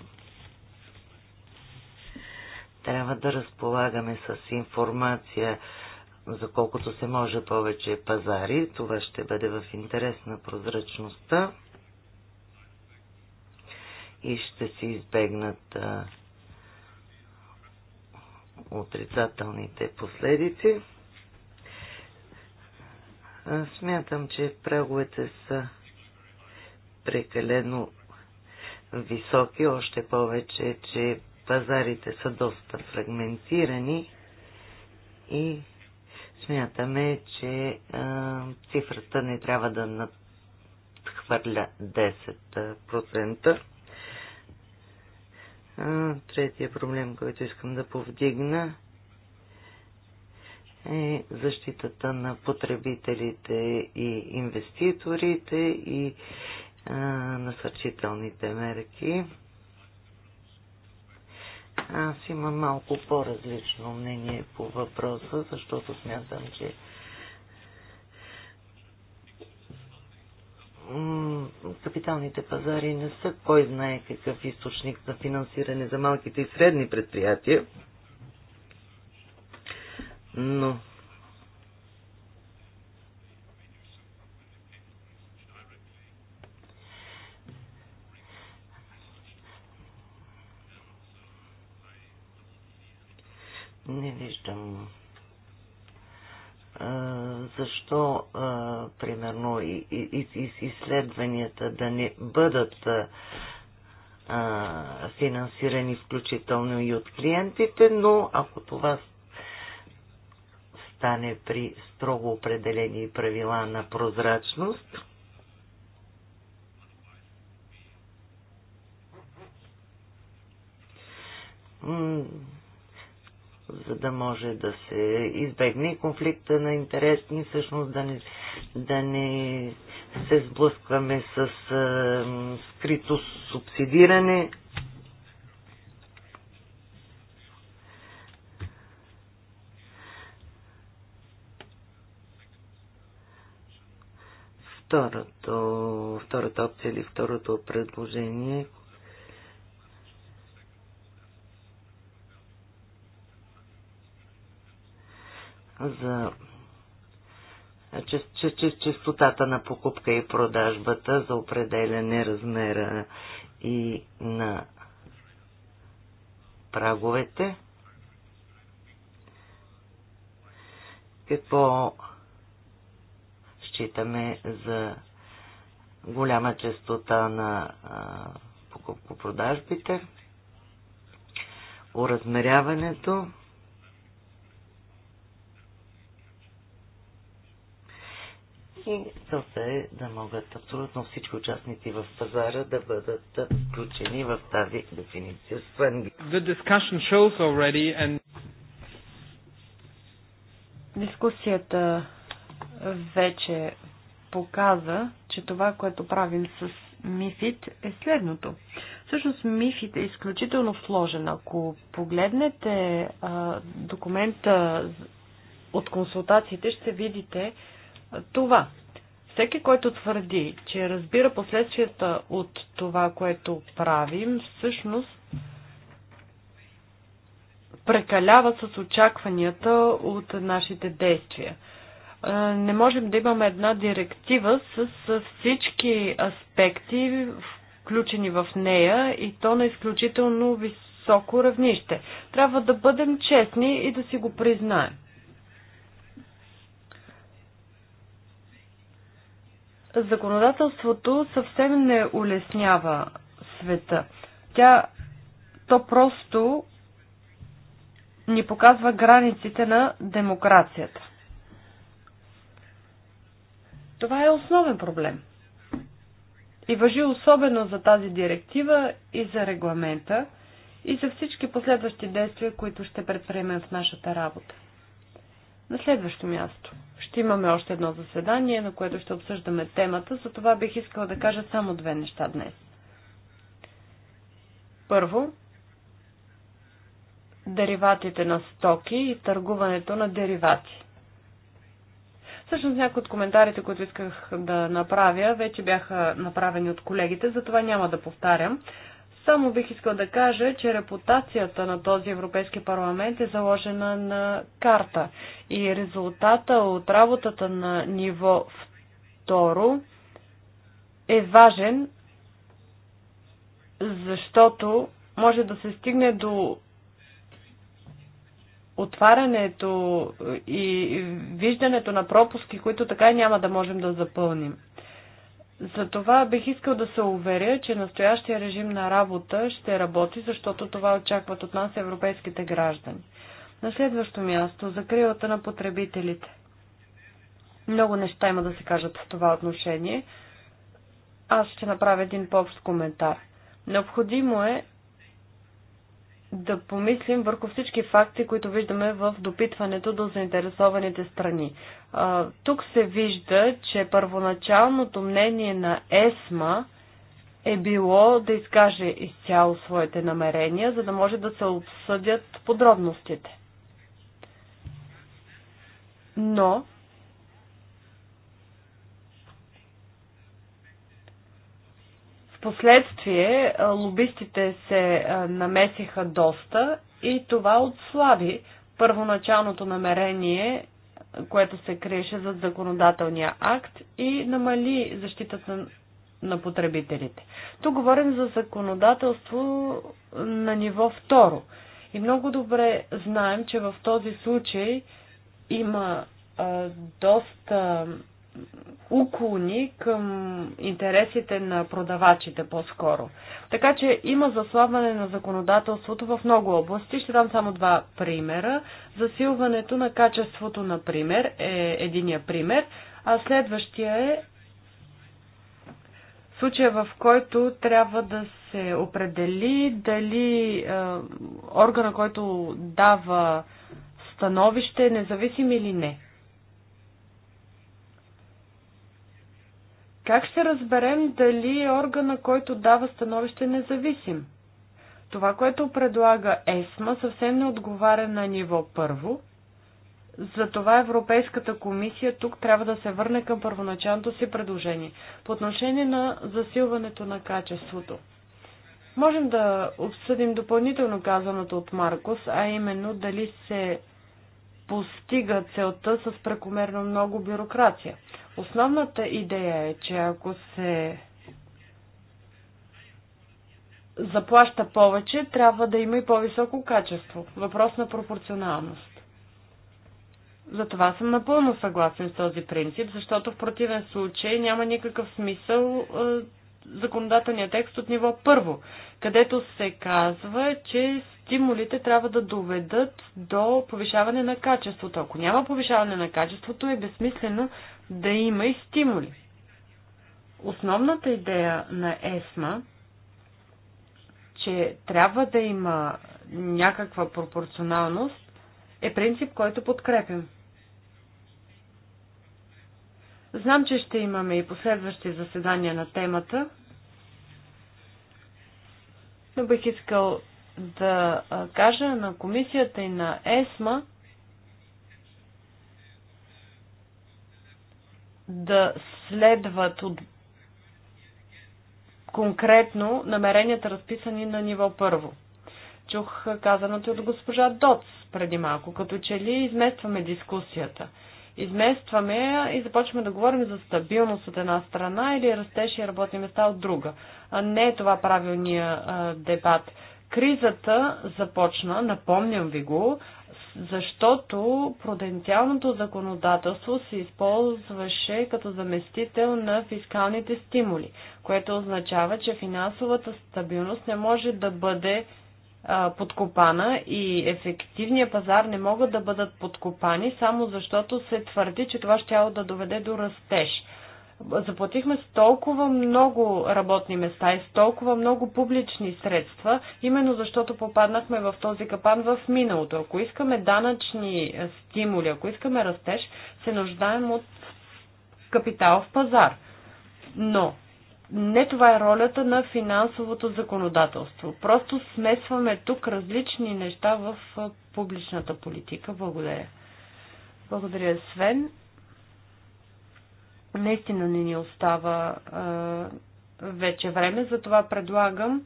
Трябва да разполагаме с информация за колкото се може повече пазари. Това ще бъде в интерес на прозрачността и ще се избегнат а, отрицателните последици. А, смятам, че преговете са прекалено високи, още повече, че пазарите са доста фрагментирани и Смятаме, че а, цифрата не трябва да надхвърля 10%. А, третия проблем, който искам да повдигна е защитата на потребителите и инвеститорите и а, насърчителните мерки. Аз имам малко по-различно мнение по въпроса, защото смятам, че капиталните пазари не са кой знае какъв източник на финансиране за малките и средни предприятия, но не виждам защо, примерно, изследванията да не бъдат финансирани включително и от клиентите, но ако това стане при строго определени правила на прозрачност, м- за да може да се избегне конфликта на интерес и всъщност да не, да не се сблъскваме с а, скрито субсидиране. Второто, втората опция или второто предложение, за честотата на покупка и продажбата, за определяне размера и на праговете. Какво считаме за голяма частота на покупко-продажбите, уразмеряването, и целта е да могат абсолютно всички участници в пазара да бъдат включени в тази дефиниция. The discussion shows already and... Дискусията вече показа, че това, което правим с Мифит е следното. Всъщност Мифит е изключително сложен. Ако погледнете а, документа от консултациите, ще видите, това. Всеки, който твърди, че разбира последствията от това, което правим, всъщност прекалява с очакванията от нашите действия. Не можем да имаме една директива с всички аспекти, включени в нея и то на изключително високо равнище. Трябва да бъдем честни и да си го признаем. законодателството съвсем не улеснява света. Тя, то просто ни показва границите на демокрацията. Това е основен проблем. И въжи особено за тази директива и за регламента и за всички последващи действия, които ще предприемем в нашата работа. На следващо място – ще имаме още едно заседание, на което ще обсъждаме темата, за това бих искала да кажа само две неща днес. Първо, дериватите на стоки и търгуването на деривати. Всъщност някои от коментарите, които исках да направя, вече бяха направени от колегите, затова няма да повтарям. Само бих искал да кажа, че репутацията на този Европейски парламент е заложена на карта и резултата от работата на ниво второ е важен, защото може да се стигне до отварянето и виждането на пропуски, които така и няма да можем да запълним. Затова бих искал да се уверя, че настоящия режим на работа ще работи, защото това очакват от нас европейските граждани. На следващо място, закрилата на потребителите. Много неща има да се кажат в това отношение. Аз ще направя един по-общ коментар. Необходимо е да помислим върху всички факти, които виждаме в допитването до заинтересованите страни. А, тук се вижда, че първоначалното мнение на ЕСМА е било да изкаже изцяло своите намерения, за да може да се обсъдят подробностите. Но последствие лобистите се намесиха доста и това отслаби първоначалното намерение, което се криеше за законодателния акт и намали защитата на потребителите. Тук говорим за законодателство на ниво второ. И много добре знаем, че в този случай има а, доста уклони към интересите на продавачите по-скоро. Така че има заслабване на законодателството в много области. Ще дам само два примера. Засилването на качеството, например, е единия пример, а следващия е случая, в който трябва да се определи дали е, органа, който дава становище, е независим или не. Как ще разберем дали е органа, който дава становище независим? Това, което предлага ЕСМА, съвсем не отговаря на ниво първо. Затова Европейската комисия тук трябва да се върне към първоначалното си предложение. По отношение на засилването на качеството. Можем да обсъдим допълнително казаното от Маркос, а именно дали се постига целта с прекомерно много бюрокрация. Основната идея е, че ако се заплаща повече, трябва да има и по-високо качество. Въпрос на пропорционалност. Затова съм напълно съгласен с този принцип, защото в противен случай няма никакъв смисъл е, законодателния текст от ниво първо, където се казва, че стимулите трябва да доведат до повишаване на качеството. Ако няма повишаване на качеството, е безсмислено да има и стимули. Основната идея на ЕСМА, че трябва да има някаква пропорционалност, е принцип, който подкрепям. Знам, че ще имаме и последващи заседания на темата, но бих искал да кажа на комисията и на ЕСМА, да следват от конкретно намеренията разписани на ниво първо. Чух казаното от госпожа Доц преди малко, като че ли изместваме дискусията. Изместваме я и започваме да говорим за стабилност от една страна или растеж и работни места от друга. Не е това правилния дебат. Кризата започна, напомням ви го, защото проденциалното законодателство се използваше като заместител на фискалните стимули, което означава, че финансовата стабилност не може да бъде а, подкопана и ефективния пазар не могат да бъдат подкопани, само защото се твърди, че това ще да доведе до растеж заплатихме с толкова много работни места и с толкова много публични средства, именно защото попаднахме в този капан в миналото. Ако искаме данъчни стимули, ако искаме растеж, се нуждаем от капитал в пазар. Но не това е ролята на финансовото законодателство. Просто смесваме тук различни неща в публичната политика. Благодаря. Благодаря, Свен. Наистина не ни остава а, вече време, затова предлагам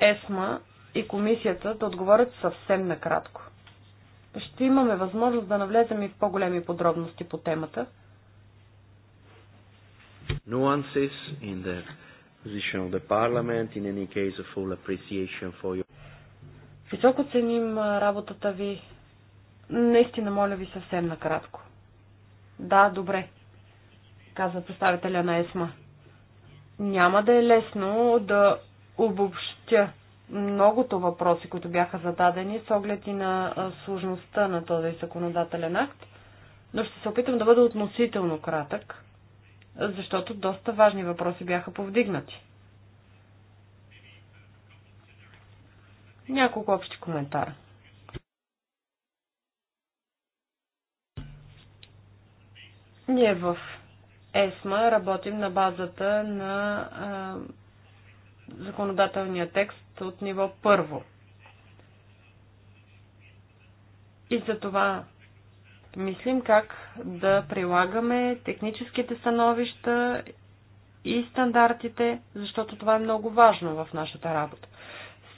ЕСМА и комисията да отговорят съвсем накратко. Ще имаме възможност да навлезем и в по-големи подробности по темата. Nuances in the position of the parliament, in any case a full appreciation for you. Високо ценим работата ви. Наистина, моля ви съвсем накратко. Да, добре, каза представителя на ЕСМА. Няма да е лесно да обобщя многото въпроси, които бяха зададени с оглед и на сложността на този законодателен акт, но ще се опитам да бъда относително кратък, защото доста важни въпроси бяха повдигнати. Няколко общи коментара. Ние в ЕСМА работим на базата на а, законодателния текст от ниво първо. И за това мислим как да прилагаме техническите становища и стандартите, защото това е много важно в нашата работа.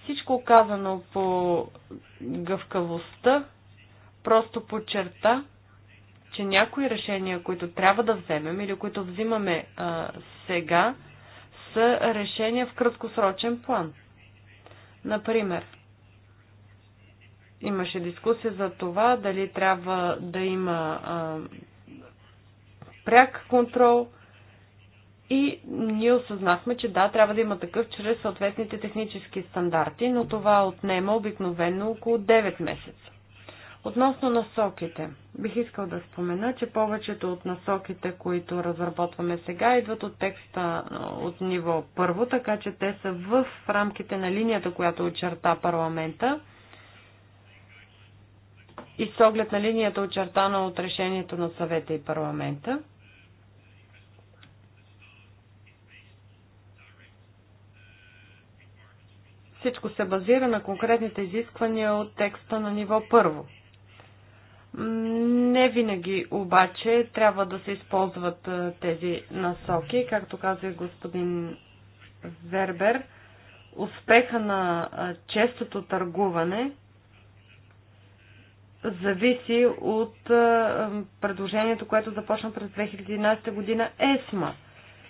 Всичко казано по гъвкавостта просто подчерта, че някои решения, които трябва да вземем или които взимаме а, сега, са решения в краткосрочен план. Например, имаше дискусия за това дали трябва да има а, пряк контрол и ние осъзнахме, че да, трябва да има такъв чрез съответните технически стандарти, но това отнема обикновено около 9 месеца. Относно насоките, бих искал да спомена, че повечето от насоките, които разработваме сега, идват от текста от ниво първо, така че те са в рамките на линията, която очерта парламента и с оглед на линията очертана от решението на съвета и парламента. Всичко се базира на конкретните изисквания от текста на ниво първо. Не винаги обаче трябва да се използват тези насоки, както каза господин Вербер. Успеха на честото търгуване зависи от предложението, което започна през 2011 година ЕСМА –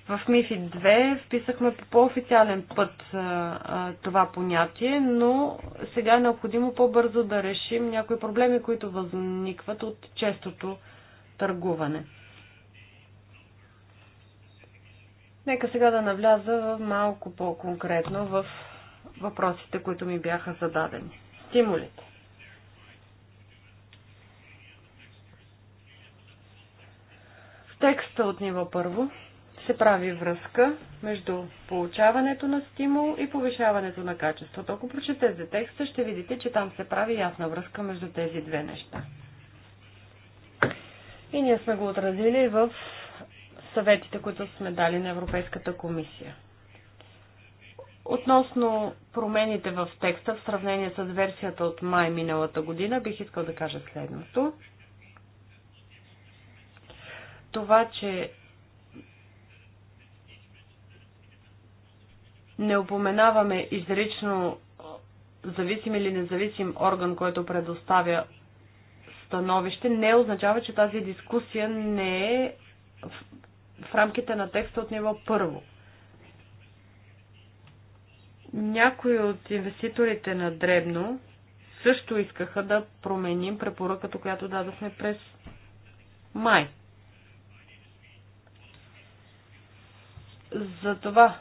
в МИФИ 2 вписахме по по-официален път а, а, това понятие, но сега е необходимо по-бързо да решим някои проблеми, които възникват от честото търгуване. Нека сега да навляза малко по-конкретно в въпросите, които ми бяха зададени. Стимулите. В текста от ниво първо се прави връзка между получаването на стимул и повишаването на качеството. Ако прочетете текста, ще видите, че там се прави ясна връзка между тези две неща. И ние сме го отразили в съветите, които сме дали на Европейската комисия. Относно промените в текста в сравнение с версията от май миналата година, бих искал да кажа следното. Това, че не упоменаваме изрично зависим или независим орган, който предоставя становище, не означава, че тази дискусия не е в рамките на текста от ниво първо. Някои от инвеститорите на Дребно също искаха да променим препоръката, която дадахме през май. Затова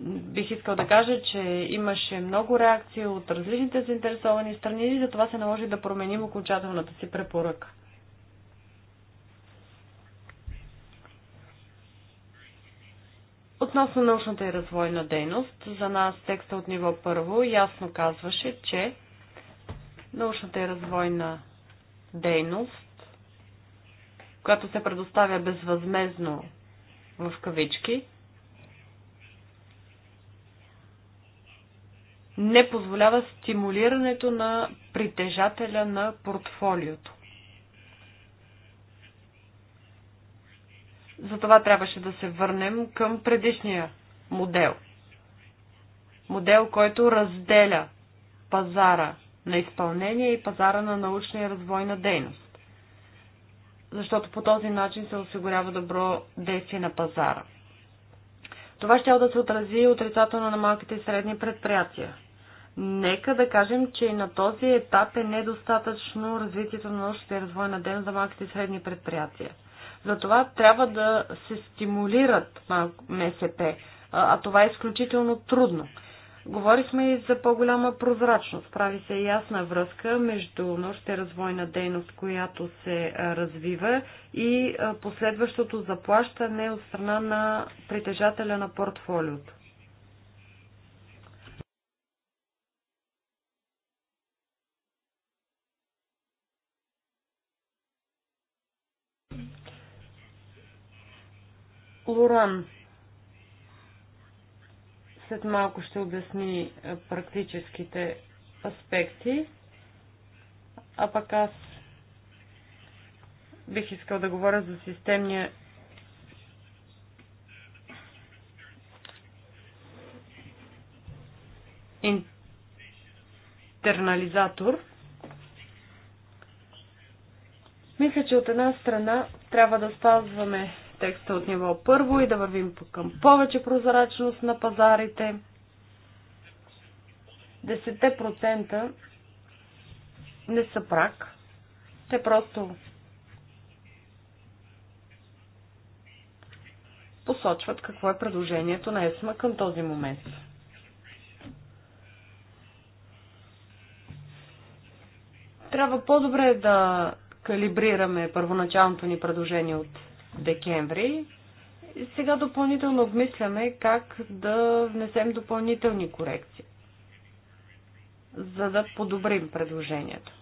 бих искал да кажа, че имаше много реакции от различните заинтересовани страни и затова се наложи да променим окончателната си препоръка. Относно научната и развойна дейност, за нас текста от ниво първо ясно казваше, че научната и развойна дейност, която се предоставя безвъзмезно в кавички, не позволява стимулирането на притежателя на портфолиото. Затова трябваше да се върнем към предишния модел. Модел, който разделя пазара на изпълнение и пазара на научна и развойна дейност. Защото по този начин се осигурява добро действие на пазара. Това ще да се отрази отрицателно на малките и средни предприятия. Нека да кажем, че и на този етап е недостатъчно развитието на научната и развойна дейност за малките и средни предприятия. Затова трябва да се стимулират МСП, а това е изключително трудно. Говорихме и за по-голяма прозрачност. Прави се ясна връзка между научната развойна дейност, която се развива и последващото заплащане от страна на притежателя на портфолиото. Лоран след малко ще обясни е, практическите аспекти, а пък аз бих искал да говоря за системния интернализатор. Мисля, че от една страна трябва да спазваме текста от ниво първо и да вървим към повече прозрачност на пазарите. 10% не са прак. Те просто посочват какво е предложението на ЕСМА към този момент. Трябва по-добре да калибрираме първоначалното ни предложение от декември. Сега допълнително обмисляме как да внесем допълнителни корекции, за да подобрим предложението.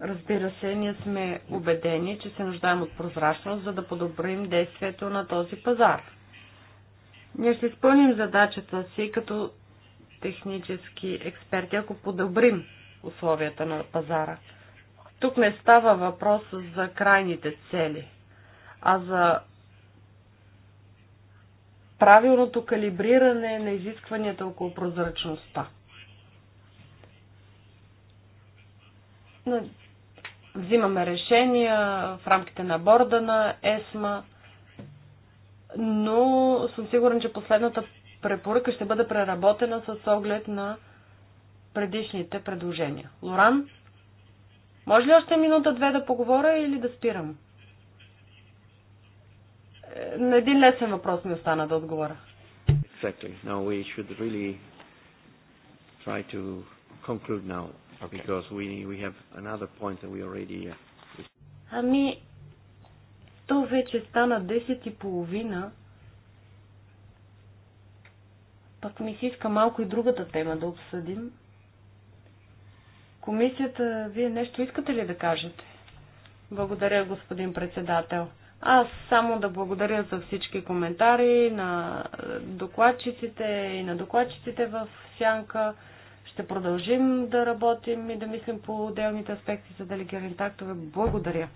Разбира се, ние сме убедени, че се нуждаем от прозрачност, за да подобрим действието на този пазар. Ние ще изпълним задачата си, като технически експерти, ако подобрим условията на пазара. Тук не става въпрос за крайните цели, а за правилното калибриране на изискванията около прозрачността. Взимаме решения в рамките на борда на ЕСМА, но съм сигурен, че последната препоръка ще бъде преработена с оглед на предишните предложения. Лоран, може ли още минута-две да поговоря или да спирам? Е, на един лесен въпрос ми остана да отговоря. Exactly. No, we should really try to conclude now okay. because we, we have another point that we already... Uh, ами, то вече стана 10 и половина. Пък ми се иска малко и другата тема да обсъдим. Комисията, вие нещо искате ли да кажете? Благодаря, господин председател. Аз само да благодаря за всички коментари на докладчиците и на докладчиците в Сянка. Ще продължим да работим и да мислим по отделните аспекти за делегирани тактове. Благодаря.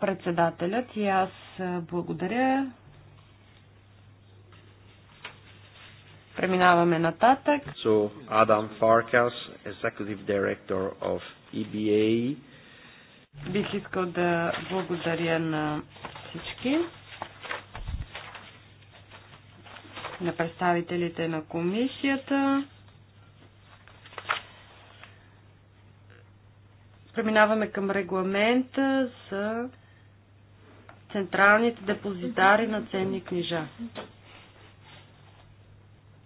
Председателят и аз благодаря Преминаваме нататък. So, Adam Farkas, Executive Director of EBA. Бих искал да благодаря на всички, на представителите на комисията. Преминаваме към регламента за централните депозитари на ценни книжа.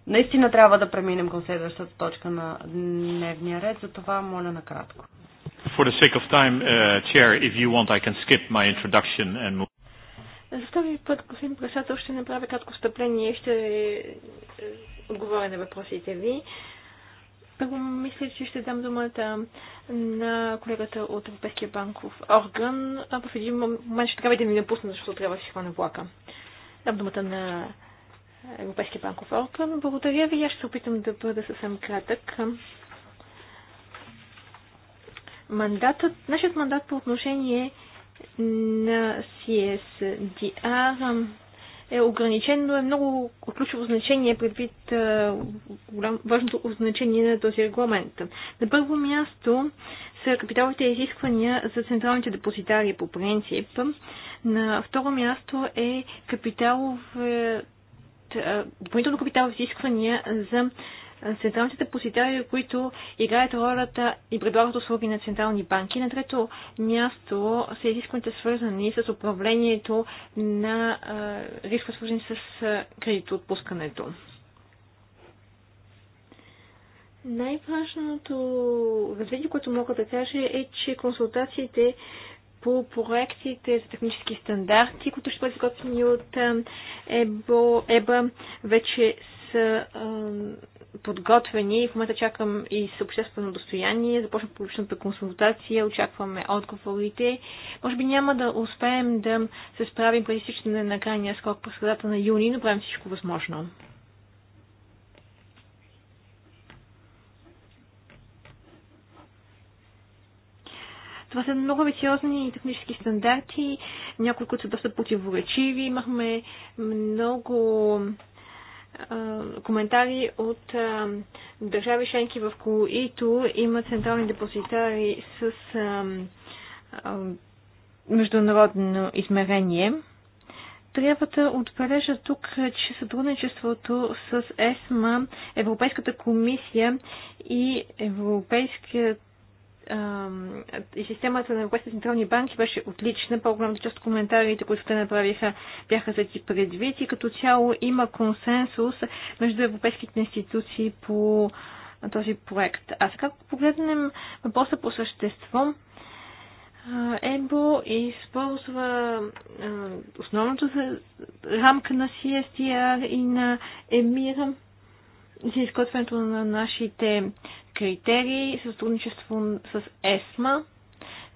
Наистина трябва да преминем към следващата точка на дневния ред, затова моля накратко. For the sake of time, uh, Chair, if you want, I can skip my introduction and move. За втори път, господин председател, ще направя кратко встъпление и ще е, отговоря на въпросите ви. Първо мисля, че ще дам думата на колегата от Европейския банков орган, а в един момент ще трябва да ми напусна, защото трябва да си хвана влака. Дам думата на Европейския банков орган. Благодаря ви. Аз ще се опитам да бъда съвсем кратък. Мандатът, нашият мандат по отношение на CSDR е ограничен, но е много ключово значение предвид важното значение на този регламент. На първо място са капиталните изисквания за централните депозитари по принцип. На второ място е капиталовият допълнително капитал изисквания за централните депозитари, които играят ролята и предлагат услуги на централни банки. На трето място са изискванията свързани с управлението на риска, свързани с кредитоотпускането. Най-важното развитие, което мога да кажа е, че консултациите по проектите за технически стандарти, които ще бъдат изготвени от ЕБО, ЕБА, вече са подготвени. В момента чакам и с обществено достояние. Започна публичната консултация, очакваме отговорите. Може би няма да успеем да се справим преди всички на крайния скок през средата на юни, но правим всичко възможно. Това са много амбициозни технически стандарти, някои, които са доста противоречиви. Имахме много коментари от а, държави членки, в които има централни депозитари с а, а, международно измерение. Трябва да отбележа тук, че сътрудничеството с ЕСМА, Европейската комисия и Европейският и системата на Европейските централни банки беше отлична. По-голямата част от коментарите, които те направиха, бяха за ти предвид и като цяло има консенсус между европейските институции по този проект. А сега, ако погледнем въпроса по същество, ЕБО използва основната рамка на CSTR и на ЕМИРА за изготвянето на нашите критерии, сътрудничество с ЕСМА,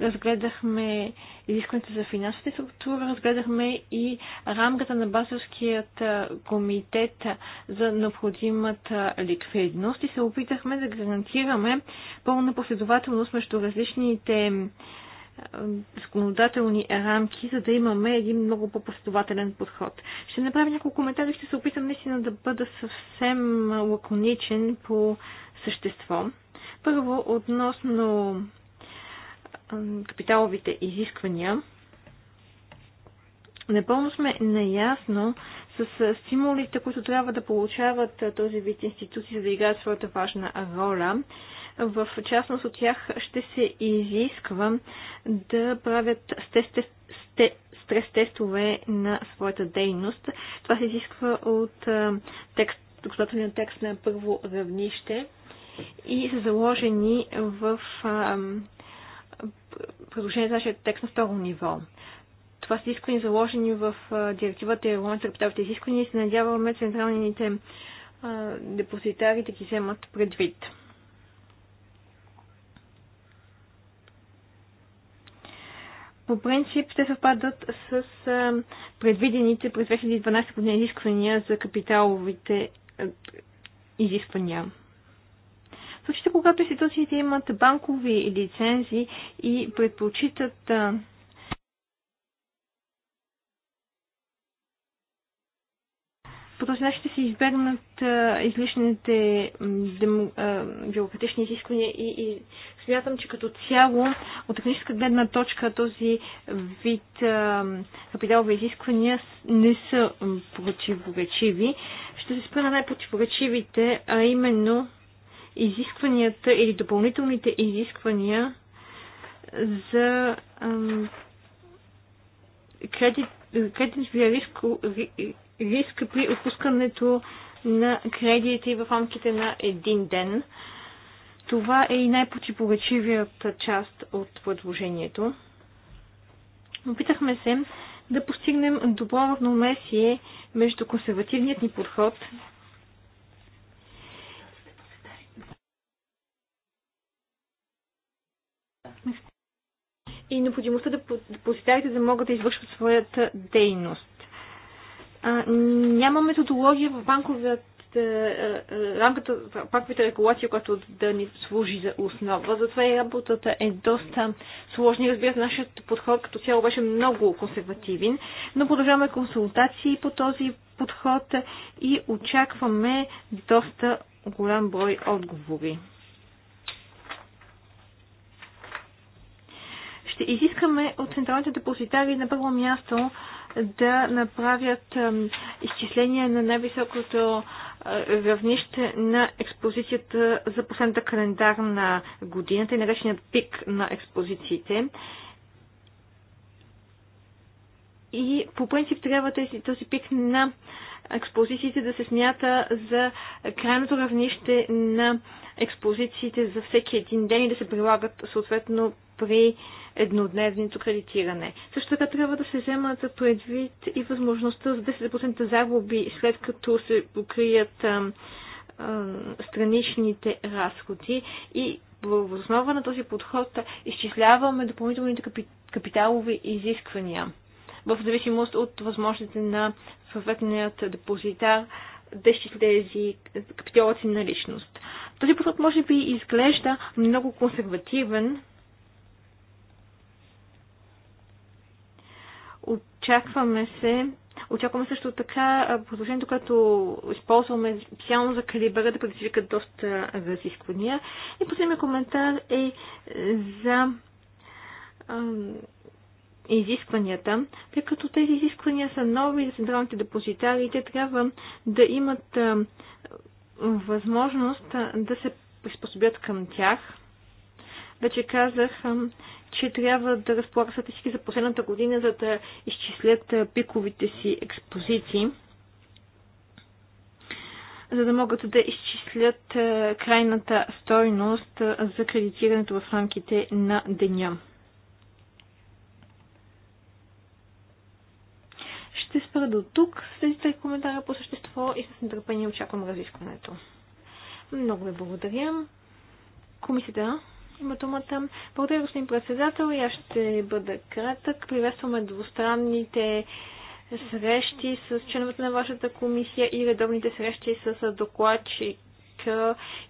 разгледахме изискването за финансовата структура, разгледахме и рамката на Базовският комитет за необходимата ликвидност и се опитахме да гарантираме пълна последователност между различните законодателни рамки, за да имаме един много по-последователен подход. Ще направя няколко коментари, ще се опитам наистина да бъда съвсем лаконичен по същество. Първо, относно капиталовите изисквания. Непълно сме наясно с стимулите, които трябва да получават този вид институции, за да играят своята важна роля. В частност от тях ще се изисква да правят стрес-тестове на своята дейност. Това се изисква от доказателния текст на първо равнище и са заложени в предложение за нашия текст на второ ниво. Това са изисквани заложени в директивата и регламента за изисквани изисквания и се надяваме централните депозитари да ги вземат предвид. по принцип те съвпадат с предвидените през 2012 година изисквания за капиталовите изисквания. В случаите, когато институциите имат банкови лицензии и предпочитат По този начин ще се избегнат излишните бюрократични изисквания и, и смятам, че като цяло от техническа гледна точка този вид капиталови изисквания не са противоречиви. Ще се спра на най-противоречивите, а именно изискванията или допълнителните изисквания за кредит, кредитния риск, риск при отпускането на кредити в рамките на един ден. Това е и най-противоречивият част от предложението. Опитахме се да постигнем добро равномесие между консервативният ни подход и необходимостта да депозитарите да могат да извършват своята дейност няма методология в банковата е, е, рамката, банковите регулации, която да ни служи за основа. Затова и работата е доста сложна. Разбира се, нашият подход като цяло беше много консервативен, но продължаваме консултации по този подход и очакваме доста голям брой отговори. Ще изискаме от централните депозитари на първо място да направят изчисления на най-високото равнище на експозицията за последната календарна година, тъй наречения пик на експозициите. И по принцип трябва този, този пик на експозициите да се смята за крайното равнище на експозициите за всеки един ден и да се прилагат съответно при еднодневното кредитиране. Също така трябва да се вземат за предвид и възможността за 10% загуби, след като се покрият а, а, страничните разходи и в основа на този подход изчисляваме допълнителните капиталови изисквания в зависимост от възможностите на съответният депозитар да изчисли тези капиталовата си наличност. Този подход може би изглежда много консервативен, Очакваме се Очакваме също така предложението, което използваме специално за калибъра, да предизвика доста разисквания. И последният коментар е за изискванията, тъй като тези изисквания са нови за централните депозитари и те трябва да имат възможност да се приспособят към тях. Вече казах, че трябва да разполага статистики за последната година, за да изчислят пиковите си експозиции, за да могат да изчислят крайната стойност за кредитирането в рамките на деня. Ще спра до тук с тези три коментара по същество и с нетърпение очаквам разискването. Много ви благодаря. Комисията има думата. Благодаря, господин председател. И аз ще бъда кратък. Приветстваме двустранните срещи с членовете на вашата комисия и редовните срещи с докладчик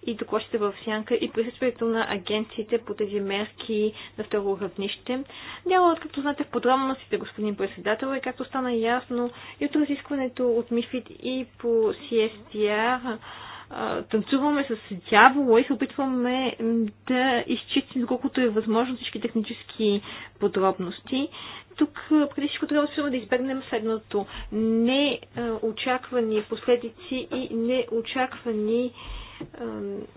и докладчите в сянка и присъствието на агенциите по тези мерки на второ равнище. Дялът, както знаете, в подробностите, господин председател, и както стана ясно и от разискването от МИФИД и по CSTR, танцуваме с дявола и се опитваме да изчистим, доколкото е възможно, всички технически подробности. Тук преди всичко трябва само да избегнем следното. Неочаквани последици и неочаквани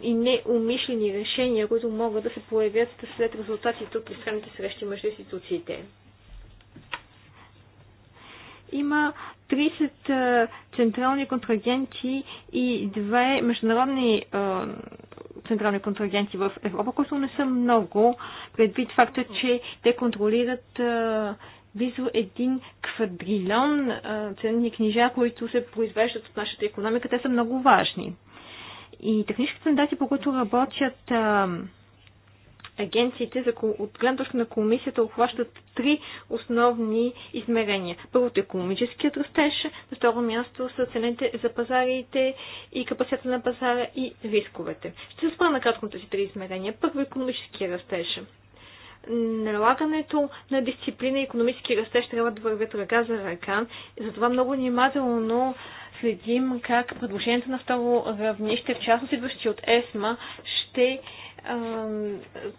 и неумишлени решения, които могат да се появят след резултатите от тристранните срещи между институциите има 30 централни контрагенти и две международни централни контрагенти в Европа, които не са много, предвид факта, че те контролират близо един квадрилион ценни книжа, които се произвеждат от нашата економика. Те са много важни. И техническите стандарти, по които работят агенциите за, от гледна точка на комисията обхващат три основни измерения. Първото е економическият растеж, на второ място са цените за пазарите и капацитета на пазара и рисковете. Ще се спра на на тези три измерения. Първо економическия растеж налагането на дисциплина и економически растеж трябва да вървят ръка за ръка. Затова много внимателно следим как предложението на второ равнище, в частност идващи от ЕСМА, ще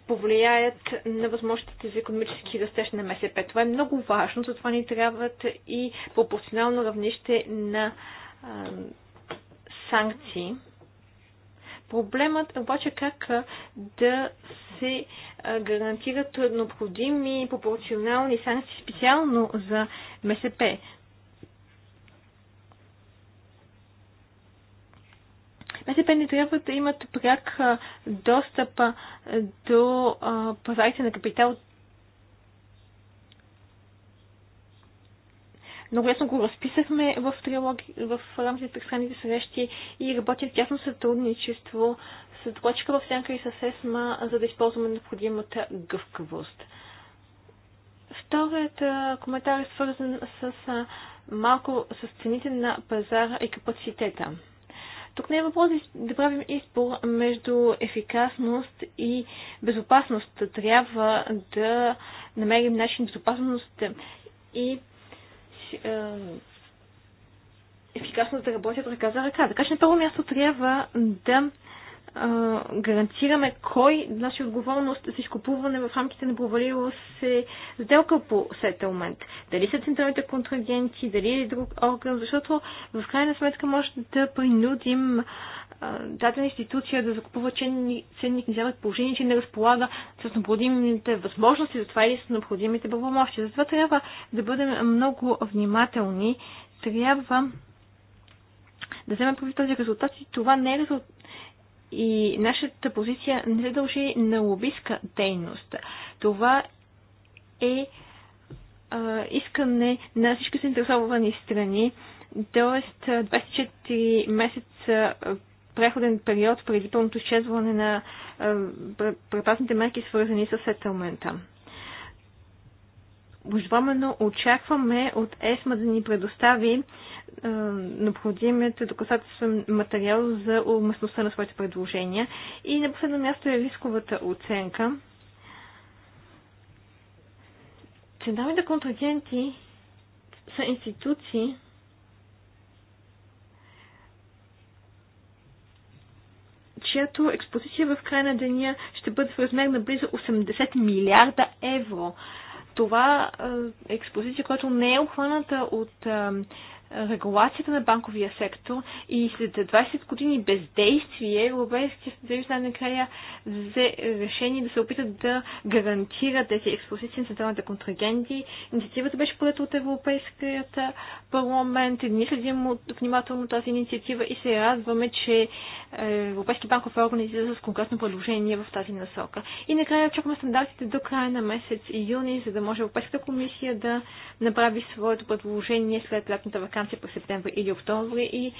повлияят на възможностите за економически растеж на МСП. Това е много важно, затова ни трябват и пропорционално равнище на а, санкции. Проблемът е обаче как да се гарантират необходими пропорционални санкции специално за МСП. МСП не трябва да имат пряк достъп до пазарите на капитал. Много ясно го разписахме в, трилоги в рамките на тристранните срещи и работим в тясно сътрудничество с докладчика в Сянка и с ЕСМА, за да използваме необходимата гъвкавост. Вторият коментар е свързан с, малко, с цените на пазара и капацитета. Тук не е въпрос да правим избор между ефикасност и безопасност. Трябва да намерим начин безопасност и е, ефикасност да работят ръка за ръка. Така че на първо място трябва да гарантираме кой наша отговорност за изкупуване в рамките на провалило се сделка по сетълмент. Дали са централните контрагенти, дали е друг орган, защото в крайна сметка може да принудим дадена институция да закупува ценни книжа в положение, че не разполага с необходимите възможности, затова и с необходимите правомощи. Затова трябва да бъдем много внимателни. Трябва да вземем прави този резултат и това не е резултат и нашата позиция не се дължи на лобистка дейност. Това е а, искане на всички заинтересовани страни, т.е. 24 месеца преходен период преди пълното изчезване на предпазните мерки, свързани с сетълмента. Междувременно очакваме от ЕСМА да ни предостави е, необходимите доказателствен материал за уместността на своите предложения. И на последно място е рисковата оценка. Централните контрагенти са институции, чиято експозиция в края на деня ще бъде в размер на близо 80 милиарда евро това е експозиция, която не е обхваната от е, регулацията на банковия сектор и след 20 години бездействие Европейския съюз най-накрая взе решение да се опита да гарантира тези експозиции на централните контрагенти. Инициативата беше подета от Европейският парламент. Ние следим внимателно тази инициатива и се радваме, че е, Европейски банков орган излиза с конкретно предложение в тази насока. И накрая очакваме стандартите до края на месец и юни, за да може Европейската комисия да направи своето предложение след лятната вакансия вакансия през септември или октомври и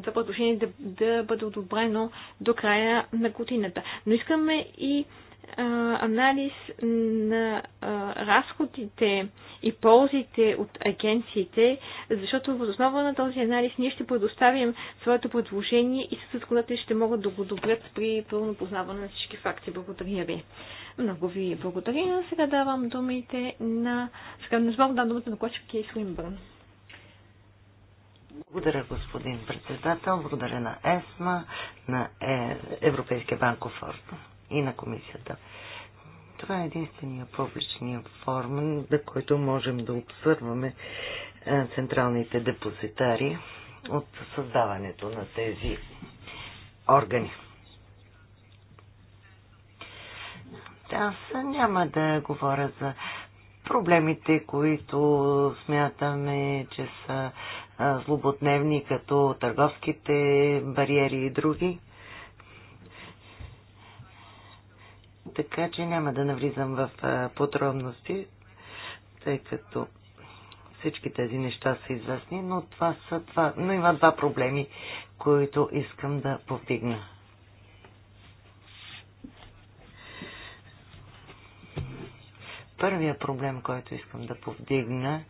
това предложение да, да бъде одобрено до края на годината. Но искаме и анализ на разходите и ползите от агенциите, защото в основа на този анализ ние ще предоставим своето предложение и съдъсконатели ще могат да го добрят при пълно познаване на всички факти. Благодаря ви. Много ви благодаря. Сега давам думите на... Сега не да дам думата на Кочев Кейс Уинбърн. Благодаря, господин председател. Благодаря на ЕСМА, на е, Европейския банков форум и на комисията. Това е единствения публичния форум, за който можем да обсърваме е, централните депозитари от създаването на тези органи. Аз няма да говоря за проблемите, които смятаме, че са злободневни, като търговските бариери и други. Така че няма да навлизам в подробности, тъй като всички тези неща са известни, но, това са два, но има два проблеми, които искам да повдигна. Първия проблем, който искам да повдигна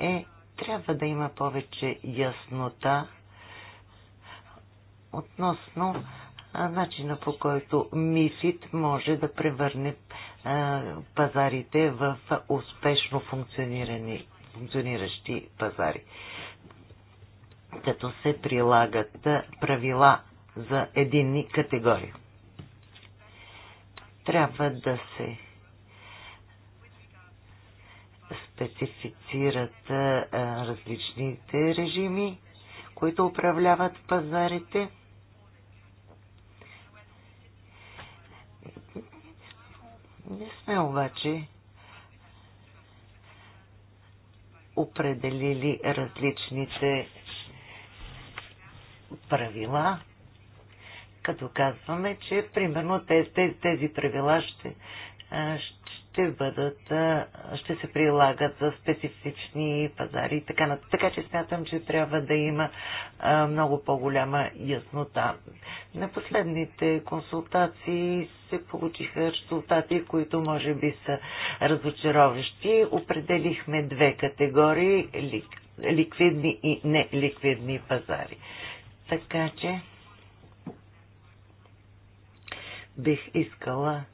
е трябва да има повече яснота относно начина по който МИФИД може да превърне пазарите в успешно функциониращи пазари, като се прилагат правила за единни категории. Трябва да се специфицират различните режими, които управляват пазарите. Не сме обаче определили различните правила, като казваме, че примерно тези, тези правила ще, ще бъдат, ще се прилагат за специфични пазари и така нататък. Така че смятам, че трябва да има много по-голяма яснота. На последните консултации се получиха резултати, които може би са разочароващи. Определихме две категории ликвидни и неликвидни пазари. Така че бих искала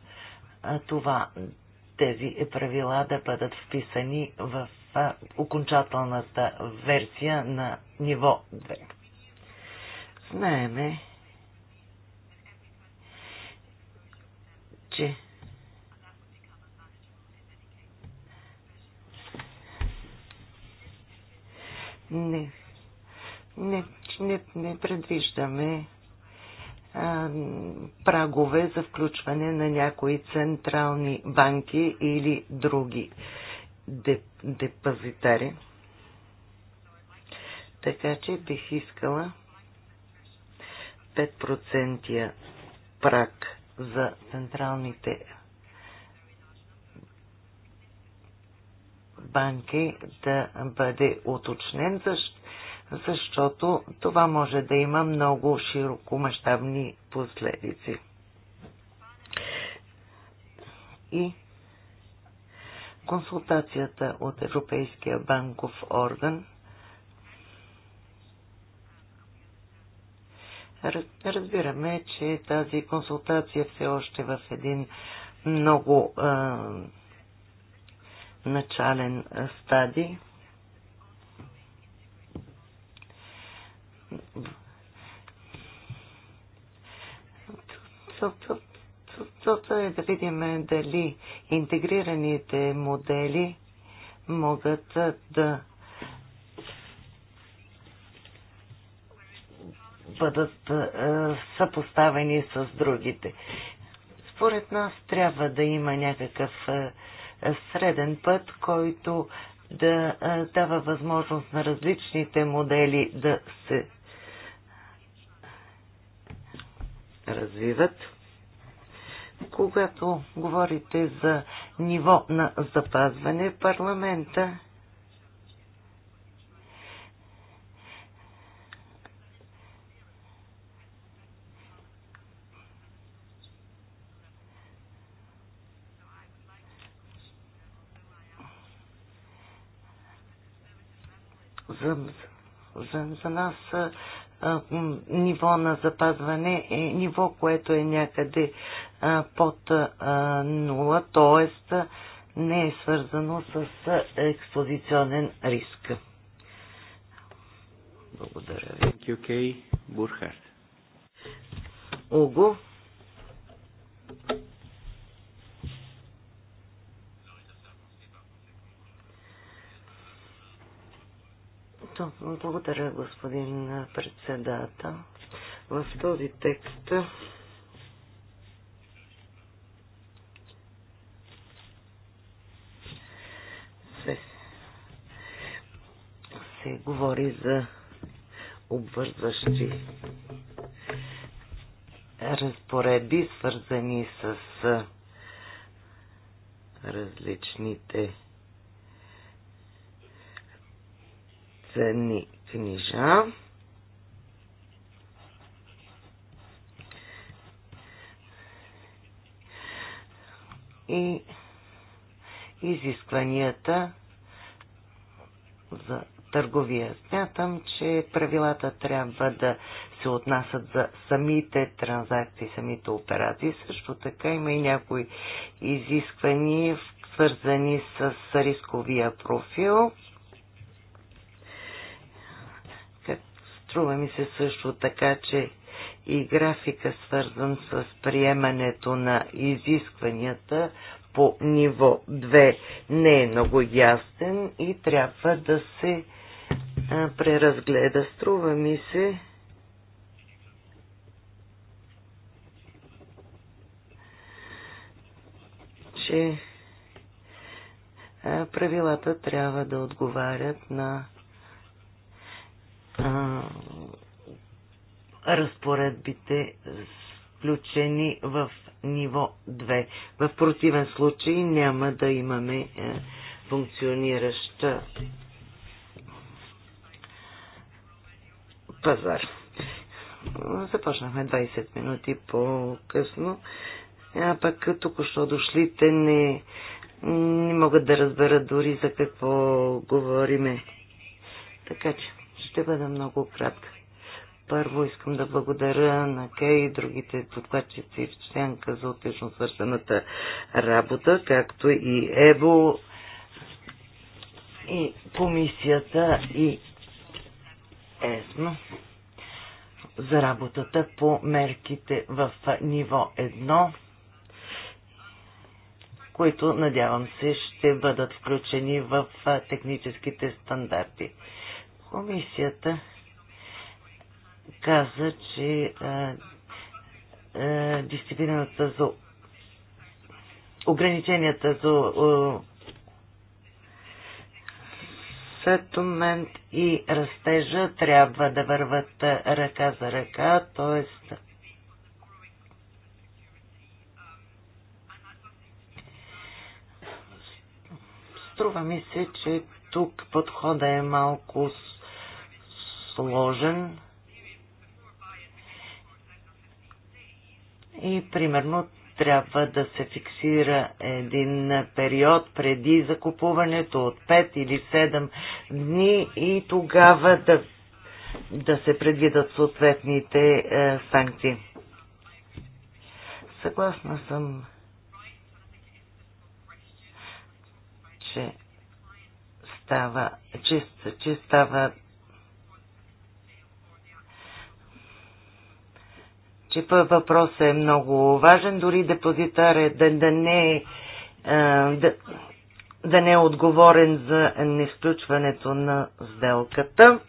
това тези правила да бъдат вписани в окончателната версия на ниво 2. Знаеме, че не, не, не, не предвиждаме прагове за включване на някои централни банки или други депозитари. Така че бих искала 5% прак за централните банки да бъде уточнен, защото защото това може да има много широкомащабни последици. И консултацията от Европейския банков орган Разбираме, че тази консултация все още в един много а, начален стадий. Целта е да видим дали интегрираните модели могат да бъдат е, съпоставени с другите. Според нас трябва да има някакъв е, среден път, който да е, дава възможност на различните модели да се развиват. Когато говорите за ниво на запазване, парламента за, за, за нас ниво на запазване е ниво, което е някъде под нула, т.е. не е свързано с експозиционен риск. Благодаря ви. Кюкей Бурхарт. Ого. Благодаря, господин председател. В този текст се, се говори за обвързващи разпоредби, свързани с различните ценни книжа. И изискванията за търговия. Смятам, че правилата трябва да се отнасят за самите транзакции, самите операции. Също така има и някои изисквания, свързани с рисковия профил. Струва ми се също така, че и графика свързан с приемането на изискванията по ниво 2 не е много ясен и трябва да се а, преразгледа. Струва ми се, че правилата трябва да отговарят на а, разпоредбите включени в ниво 2. В противен случай няма да имаме е, функционираща пазар. Започнахме 20 минути по-късно, а пък току-що дошлите не, не могат да разберат дори за какво говориме. Така че ще бъда много кратка. Първо искам да благодаря на Кей и другите подпачици в Ченка за отлично свършената работа, както и Ево, и комисията, и ЕСМО за работата по мерките в ниво 1, които надявам се ще бъдат включени в техническите стандарти. Комисията каза, че дисциплината за ограниченията за сетумент и растежа трябва да върват ръка за ръка, т.е. Струва ми се, че тук подхода е малко сложен. И примерно трябва да се фиксира един период преди закупуването от 5 или 7 дни и тогава да, да се предвидат съответните е, санкции. Съгласна съм, че става, че, че става че въпросът е много важен, дори депозитар е да, да не е да, да не е отговорен за несключването на сделката.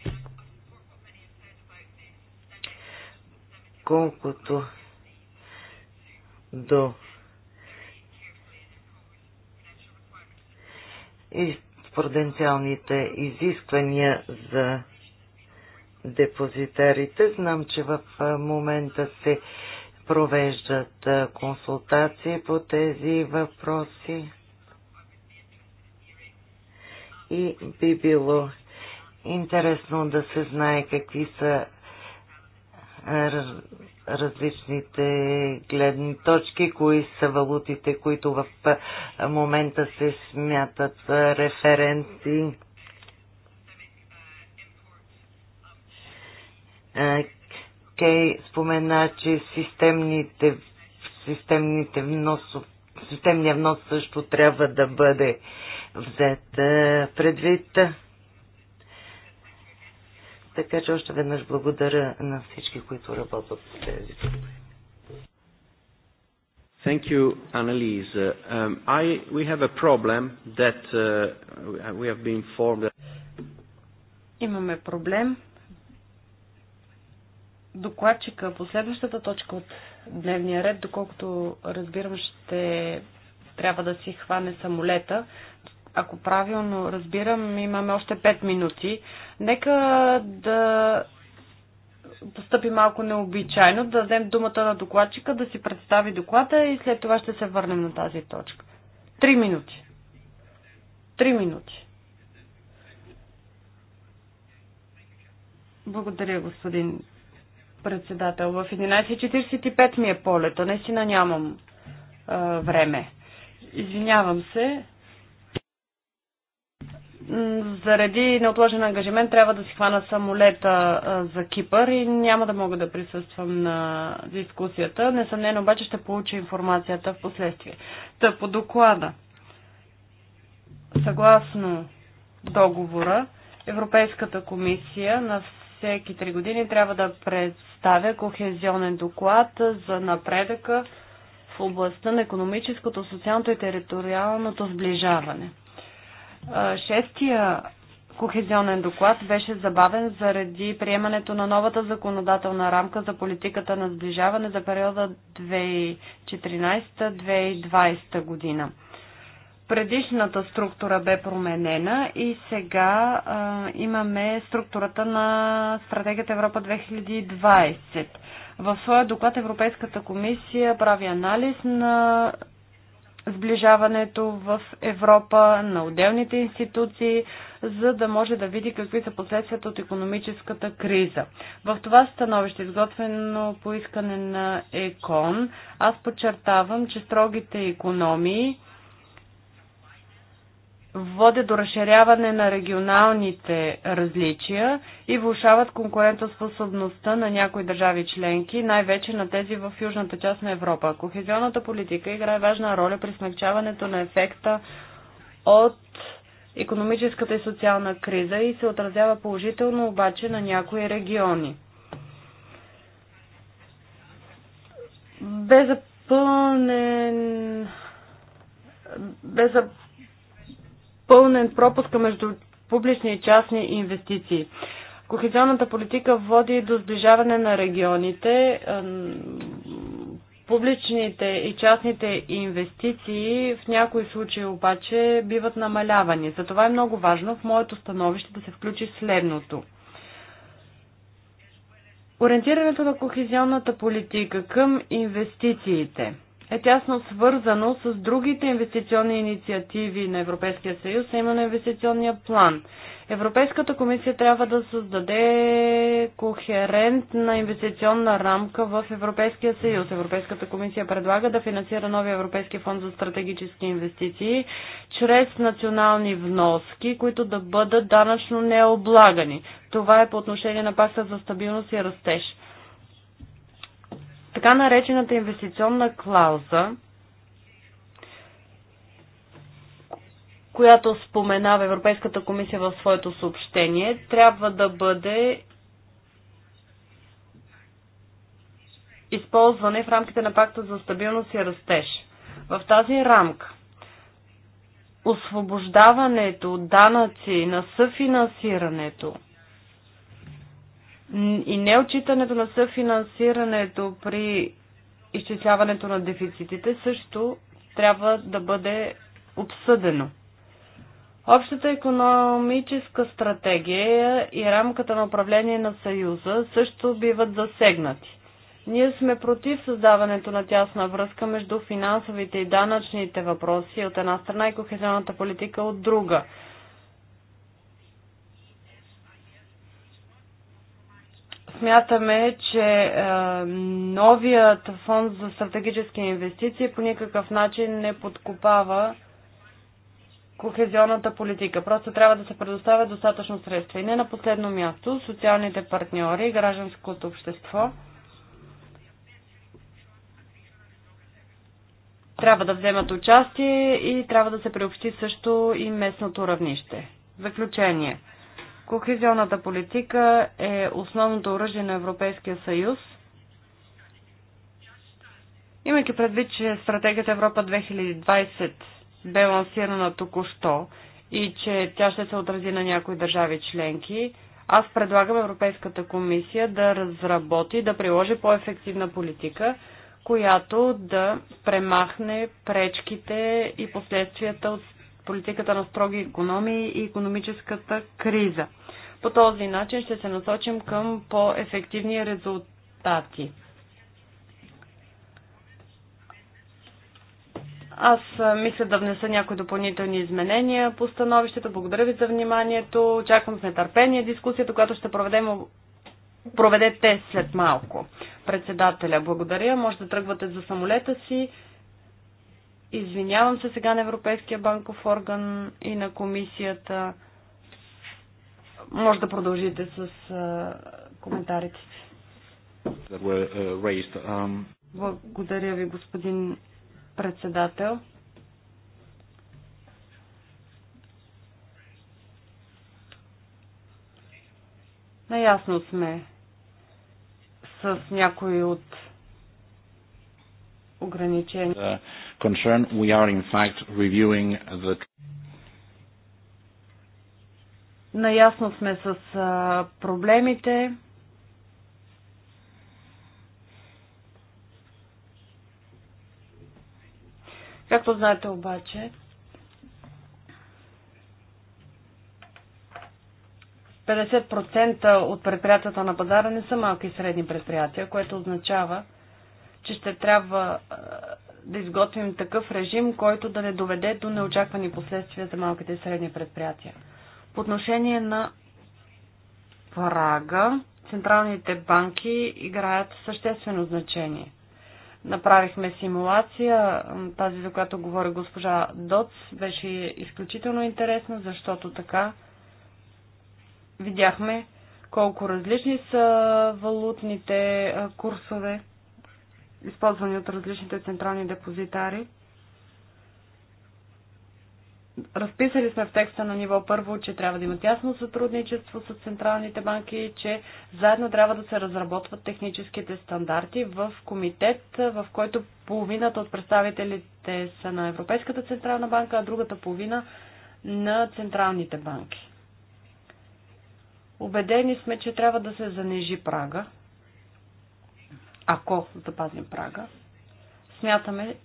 Колкото до и изисквания за депозитарите. Знам, че в момента се провеждат консултации по тези въпроси и би било интересно да се знае какви са различните гледни точки, кои са валутите, които в момента се смятат референти Е, Кей спомена, че системните, системните вносов, системния внос също трябва да бъде взет е, предвид. Така че още веднъж благодаря на всички, които работят с тези Thank you, Annalise. Um, I, we have a problem that uh, we have been informed. Имаме проблем, докладчика по следващата точка от дневния ред, доколкото разбирам, ще трябва да си хване самолета. Ако правилно разбирам, имаме още 5 минути. Нека да постъпи малко необичайно, да дадем думата на докладчика, да си представи доклада и след това ще се върнем на тази точка. Три минути. Три минути. Благодаря, господин Председател, в 11.45 ми е полета. Наистина нямам а, време. Извинявам се. Заради неотложен ангажимент трябва да си хвана самолета а, за Кипър и няма да мога да присъствам на дискусията. Несъмнено обаче ще получа информацията в последствие. Та по доклада. Съгласно договора, Европейската комисия на всеки три години трябва да през представя кохезионен доклад за напредъка в областта на економическото, социалното и териториалното сближаване. Шестия кохезионен доклад беше забавен заради приемането на новата законодателна рамка за политиката на сближаване за периода 2014-2020 година предишната структура бе променена и сега а, имаме структурата на стратегията Европа 2020. В своя доклад Европейската комисия прави анализ на сближаването в Европа, на отделните институции, за да може да види какви са последствията от економическата криза. В това становище, изготвено по искане на ЕКОН, аз подчертавам, че строгите економии Води до разширяване на регионалните различия и влушават конкурентоспособността на някои държави членки, най-вече на тези в южната част на Европа. Кохезионната политика играе важна роля при смягчаването на ефекта от економическата и социална криза и се отразява положително обаче на някои региони. Без запълнен пълнен пропуск между публични и частни инвестиции. Кохезионната политика води до сближаване на регионите. Публичните и частните инвестиции в някои случаи обаче биват намалявани. Затова е много важно в моето становище да се включи следното. Ориентирането на кохезионната политика към инвестициите – е тясно свързано с другите инвестиционни инициативи на Европейския съюз, а именно инвестиционния план. Европейската комисия трябва да създаде кохерентна инвестиционна рамка в Европейския съюз. Европейската комисия предлага да финансира новия Европейски фонд за стратегически инвестиции чрез национални вноски, които да бъдат данъчно необлагани. Това е по отношение на пакта за стабилност и растеж. Така наречената инвестиционна клауза, която споменава Европейската комисия в своето съобщение, трябва да бъде използване в рамките на пакта за стабилност и растеж. В тази рамка освобождаването от данъци на съфинансирането – и неочитането на съфинансирането при изчисляването на дефицитите също трябва да бъде обсъдено. Общата економическа стратегия и рамката на управление на Съюза също биват засегнати. Ние сме против създаването на тясна връзка между финансовите и данъчните въпроси от една страна и кохезионната политика от друга – смятаме, че е, новият фонд за стратегически инвестиции по никакъв начин не подкопава кохезионната политика. Просто трябва да се предоставят достатъчно средства. И не на последно място, социалните партньори, гражданското общество трябва да вземат участие и трябва да се приобщи също и местното равнище. Заключение – Кохезионната политика е основното оръжие на Европейския съюз. Имайки предвид, че стратегията Европа 2020 бе лансирана току-що и че тя ще се отрази на някои държави членки, аз предлагам Европейската комисия да разработи, да приложи по-ефективна политика, която да премахне пречките и последствията от политиката на строги економии и економическата криза. По този начин ще се насочим към по-ефективни резултати. Аз мисля да внеса някои допълнителни изменения по становището. Благодаря ви за вниманието. Очаквам с нетърпение дискусията, която ще проведем проведете след малко. Председателя, благодаря. Може да тръгвате за самолета си. Извинявам се сега на Европейския банков орган и на комисията. Може да продължите с коментарите си. Uh, um, Благодаря ви, господин председател. Наясно сме с някои от ограничения. Uh, concern, we are in fact reviewing the Наясно сме с проблемите. Както знаете обаче, 50% от предприятията на пазара не са малки и средни предприятия, което означава, че ще трябва да изготвим такъв режим, който да не доведе до неочаквани последствия за малките и средни предприятия. По отношение на прага, централните банки играят съществено значение. Направихме симулация, тази за която говори госпожа Доц, беше изключително интересна, защото така видяхме колко различни са валутните курсове използвани от различните централни депозитари. Разписали сме в текста на ниво първо, че трябва да има тясно сътрудничество с централните банки и че заедно трябва да се разработват техническите стандарти в комитет, в който половината от представителите са на Европейската централна банка, а другата половина на централните банки. Обедени сме, че трябва да се занижи прага ако запазим прага, смятаме,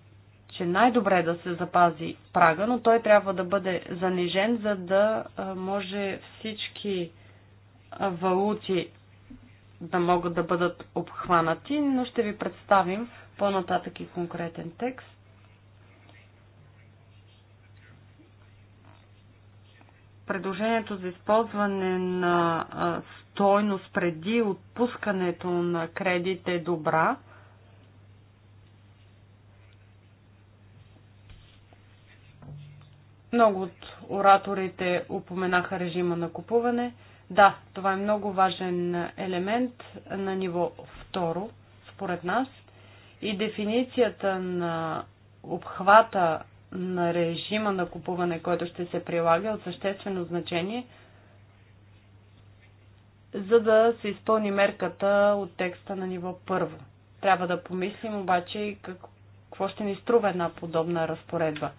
че най-добре е да се запази прага, но той трябва да бъде занижен, за да може всички валути да могат да бъдат обхванати, но ще ви представим по-нататък и конкретен текст. Предложението за използване на стойност преди отпускането на кредит е добра, Много от ораторите упоменаха режима на купуване. Да, това е много важен елемент на ниво второ, според нас. И дефиницията на обхвата на режима на купуване, който ще се прилага, е от съществено значение – за да се изпълни мерката от текста на ниво първо. Трябва да помислим обаче и какво ще ни струва една подобна разпоредба.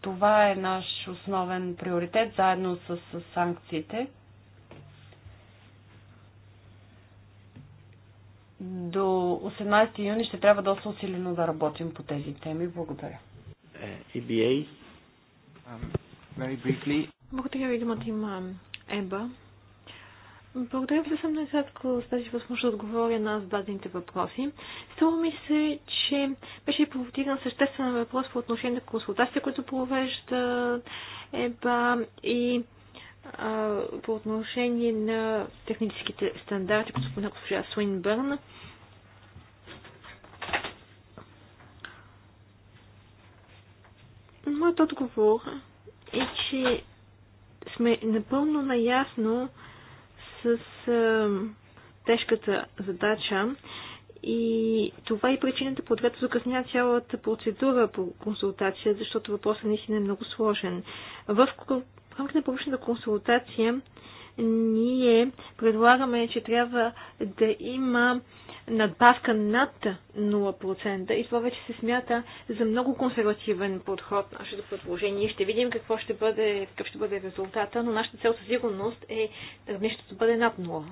Това е наш основен приоритет, заедно с, с санкциите. До 18 юни ще трябва доста усилено да работим по тези теми. Благодаря. EBA. Е, е very briefly. Благодаря ви, думата има Еба. Благодаря ви съм накратко с тази възможност да отговоря на зададените въпроси. Струва ми се, че беше провокиран съществен въпрос по отношение на консултация, която провежда ЕБА и а, по отношение на техническите стандарти, които спомена госпожа Суинбърн. Моят отговор е, че сме напълно наясно, с тежката задача и това е причината, по която закъсня цялата процедура по консултация, защото въпросът наистина е много сложен. В рамките на публичната консултация ние предлагаме, че трябва да има надбавка над 0% и това вече се смята за много консервативен подход нашето предложение. Ще видим какво ще бъде, какъв ще бъде резултата, но нашата цел със сигурност е нещо да бъде над 0.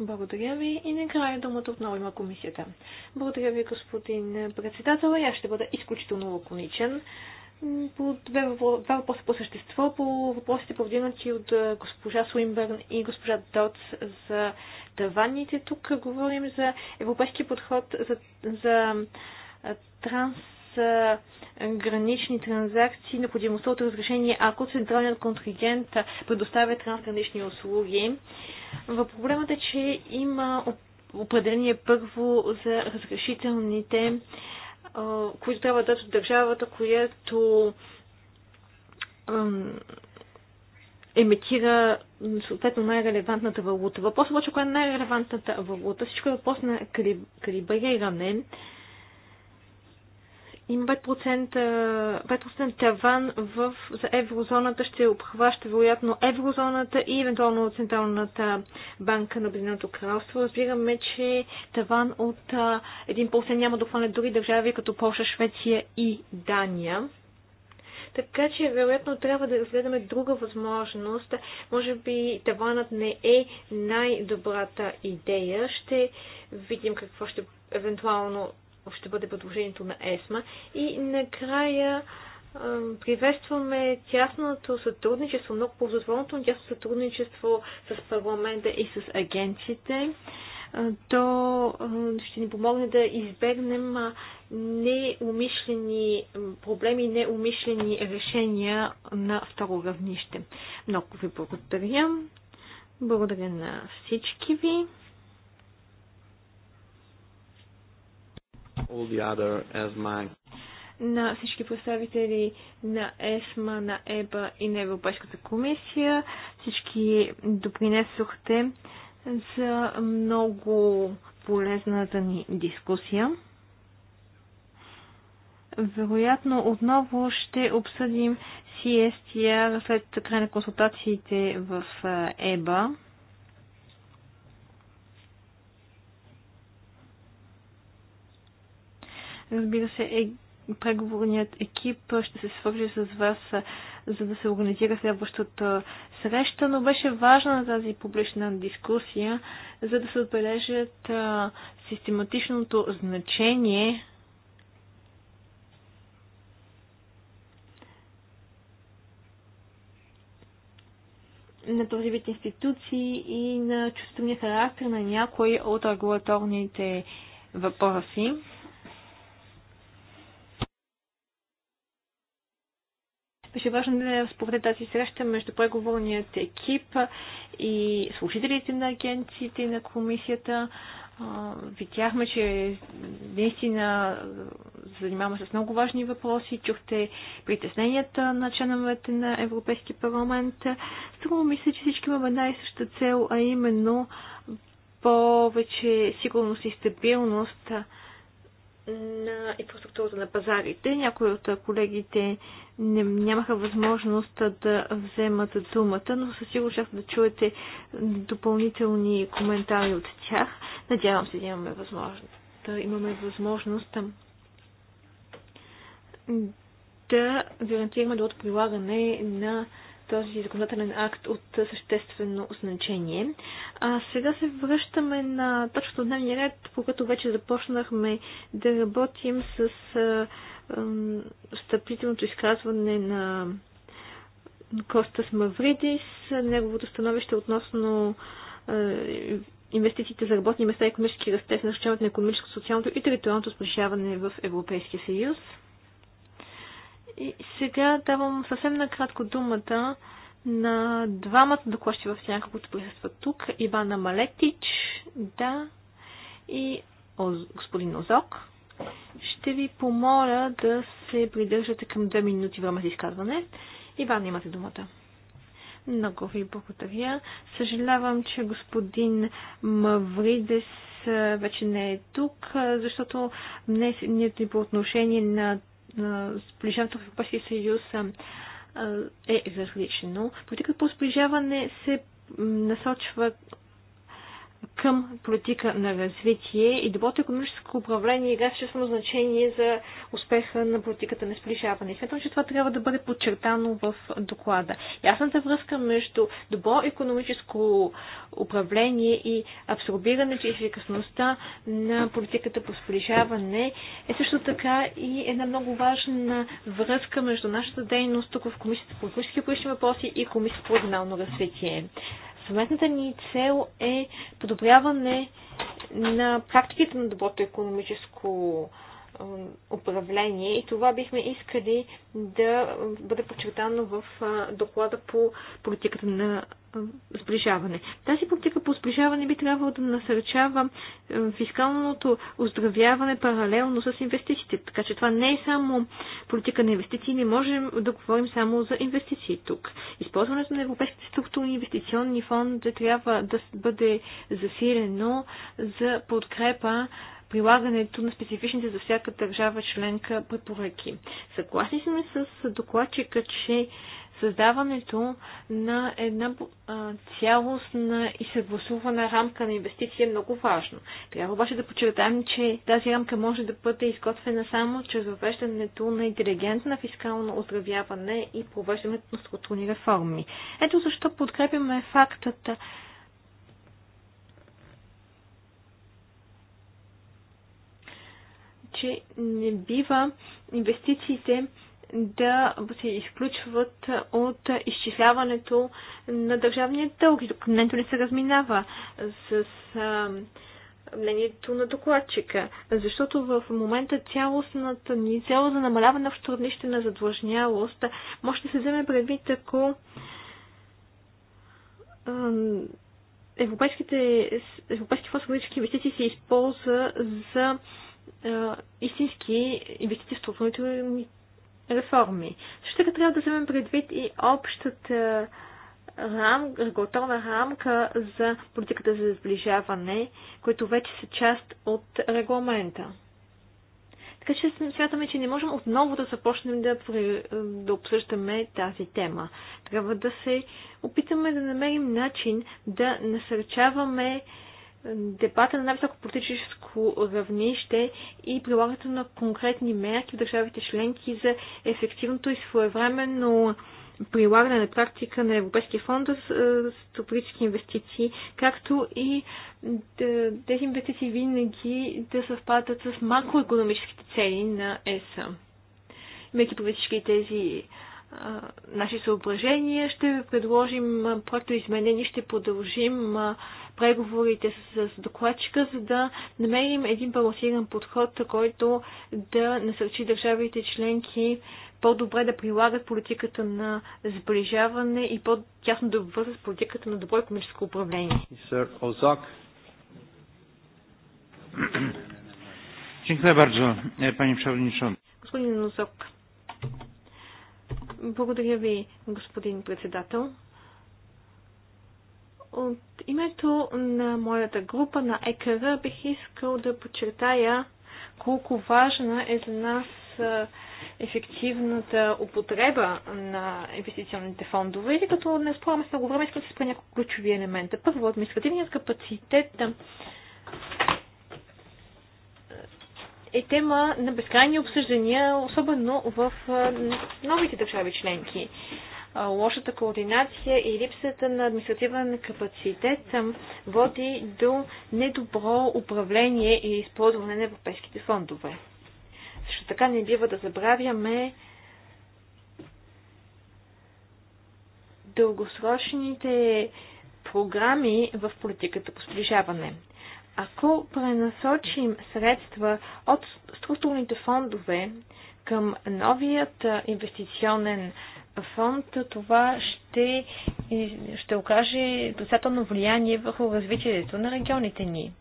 Благодаря ви и накрая думата отново има комисията. Благодаря ви, господин председател. Аз ще бъда изключително лаконичен по две, два въпроса по същество, по въпросите повдигнати от госпожа Суинбърн и госпожа Доц за таваните. Тук говорим за европейски подход за, за трансгранични транзакции, необходимостта от разрешение, ако централният контрагент предоставя трансгранични услуги. Проблемът е, че има определение първо за разрешителните които трябва да дадат от държавата, която емитира съответно най-релевантната валута. Въпросът обаче, коя е най-релевантната валута, всичко е въпрос на калибриране има 5%, 5% таван в, за еврозоната, ще обхваща вероятно еврозоната и евентуално Централната банка на Обединеното кралство. Разбираме, че таван от 1% няма да хване дори държави като Польша, Швеция и Дания. Така че, вероятно, трябва да разгледаме друга възможност. Може би таванът не е най-добрата идея. Ще видим какво ще евентуално ще бъде предложението на ЕСМА. И накрая приветстваме тясното сътрудничество, много ползотворното тясно сътрудничество с парламента и с агенциите. То ще ни помогне да избегнем неумишлени проблеми, неумишлени решения на второ равнище. Много ви благодаря. Благодаря на всички ви. на всички представители на ЕСМА, на ЕБА и на Европейската комисия. Всички допринесохте за много полезната ни дискусия. Вероятно отново ще обсъдим CSTR след край на консултациите в е, ЕБА. Разбира се, е, преговорният екип ще се свържи с вас, за да се организира следващата среща, но беше важна тази публична дискусия, за да се отбележат а, систематичното значение на този вид институции и на чувствения характер на някои от регулаторните въпроси. беше важно да според тази среща между преговорният екип и служителите на агенциите и на комисията. Видяхме, че наистина занимаваме с много важни въпроси. Чухте притесненията на членовете на Европейски парламент. Струва мисля, че всички имаме една и съща цел, а именно повече сигурност и стабилност на инфраструктурата на пазарите. Някои от колегите не, нямаха възможност да вземат думата, но със сигурност ще да чуете допълнителни коментари от тях. Надявам се да имаме възможност. Да имаме възможност да гарантираме да прилагане на този законодателен акт от съществено значение. А сега се връщаме на точно дневния ред, по който вече започнахме да работим с встъпителното изказване на Костас Мавридис, неговото становище относно инвестициите за работни места и економически растеж, на на економическо, социалното и териториалното сближаване в Европейския съюз. И сега давам съвсем накратко думата на двамата докладчи в сянка, които присъстват тук. Ивана Малетич, да, и Оз, господин Озок. Ще ви помоля да се придържате към две минути време за изказване. Иван, имате думата. Много ви благодаря. Съжалявам, че господин Мавридес вече не е тук, защото днес ни по отношение на сближаването в Европейския съюз е различно. Политиката по сближаване се насочва към политика на развитие и доброто економическо управление играе съществено значение за успеха на политиката на сближаване. Смятам, че това трябва да бъде подчертано в доклада. Ясната връзка между добро економическо управление и абсорбирането и ефикасността на политиката по сближаване е също така и една много важна връзка между нашата дейност тук в Комисията по економически въпроси и Комисията по регионално развитие. Съвместната ни цел е подобряване на практиките на доброто економическо управление и това бихме искали да бъде подчертано в доклада по политиката на сближаване. Тази политика по сближаване би трябвало да насърчава фискалното оздравяване паралелно с инвестициите. Така че това не е само политика на инвестиции, не можем да говорим само за инвестиции тук. Използването на европейските структурни инвестиционни фонди трябва да бъде засилено за подкрепа прилагането на специфичните за всяка държава членка препоръки. Съгласни сме с докладчика, че създаването на една цялостна и съгласувана рамка на инвестиции е много важно. Трябва обаче да подчертаем, че тази рамка може да бъде изготвена само чрез въвеждането на интелигентна фискално оздравяване и провеждането на структурни реформи. Ето защо подкрепяме фактата, че не бива инвестициите да се изключват от изчисляването на държавния дълг. Документо не се разминава с мнението на докладчика, защото в момента цялостната ни цел за намаляване в труднище на задлъжнялост може да се вземе предвид, ако Европейските, Европейски фонд инвестиции се използва за истински инвестиции в структурните реформи. Също така трябва да вземем предвид и общата рам, регулаторна рамка за политиката за сближаване, които вече са част от регламента. Така че смятаме, че не можем отново да започнем да, да обсъждаме тази тема. Трябва да се опитаме да намерим начин да насърчаваме дебата на най-високо политическо равнище и прилагането на конкретни мерки в държавите членки за ефективното и своевременно прилагане на практика на Европейския фонд за стопорически инвестиции, както и тези инвестиции винаги да съвпадат с макроекономическите цели на ЕС. Имайки по всички тези а, наши съображения, ще предложим проекто изменения, ще продължим а, преговорите с, с докладчика, за да намерим един балансиран подход, който да насърчи държавите членки по-добре да прилагат политиката на сближаване и по-тясно да обвързват с политиката на добро економическо управление. E, господин Носок. Благодаря ви, господин председател. От името на моята група на ЕКР бих искал да подчертая колко важна е за нас ефективната употреба на инвестиционните фондове. И като не спорваме с много време, искам да се спра няколко ключови елемента. Първо, административният капацитет е тема на безкрайни обсъждания, особено в новите държави членки лошата координация и липсата на административен капацитет води до недобро управление и използване на европейските фондове. Също така не бива да забравяме дългосрочните програми в политиката по сближаване. Ако пренасочим средства от структурните фондове към новият инвестиционен фонд, това ще, ще окаже достатъчно влияние върху развитието на регионите ни.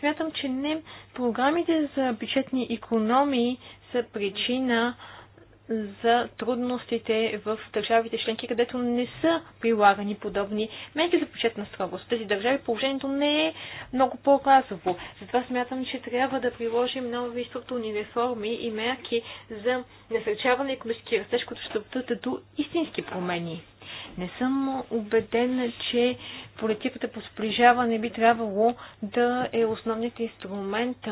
Смятам, че не програмите за бюджетни економии са причина за трудностите в държавите членки, където не са прилагани подобни мерки за на строгост. В тези държави положението не е много по-разово. Затова смятам, че трябва да приложим нови структурни реформи и мерки за насърчаване на економически растеж, които ще бъдат до истински промени. Не съм убедена, че политиката по сближаване би трябвало да е основният инструмент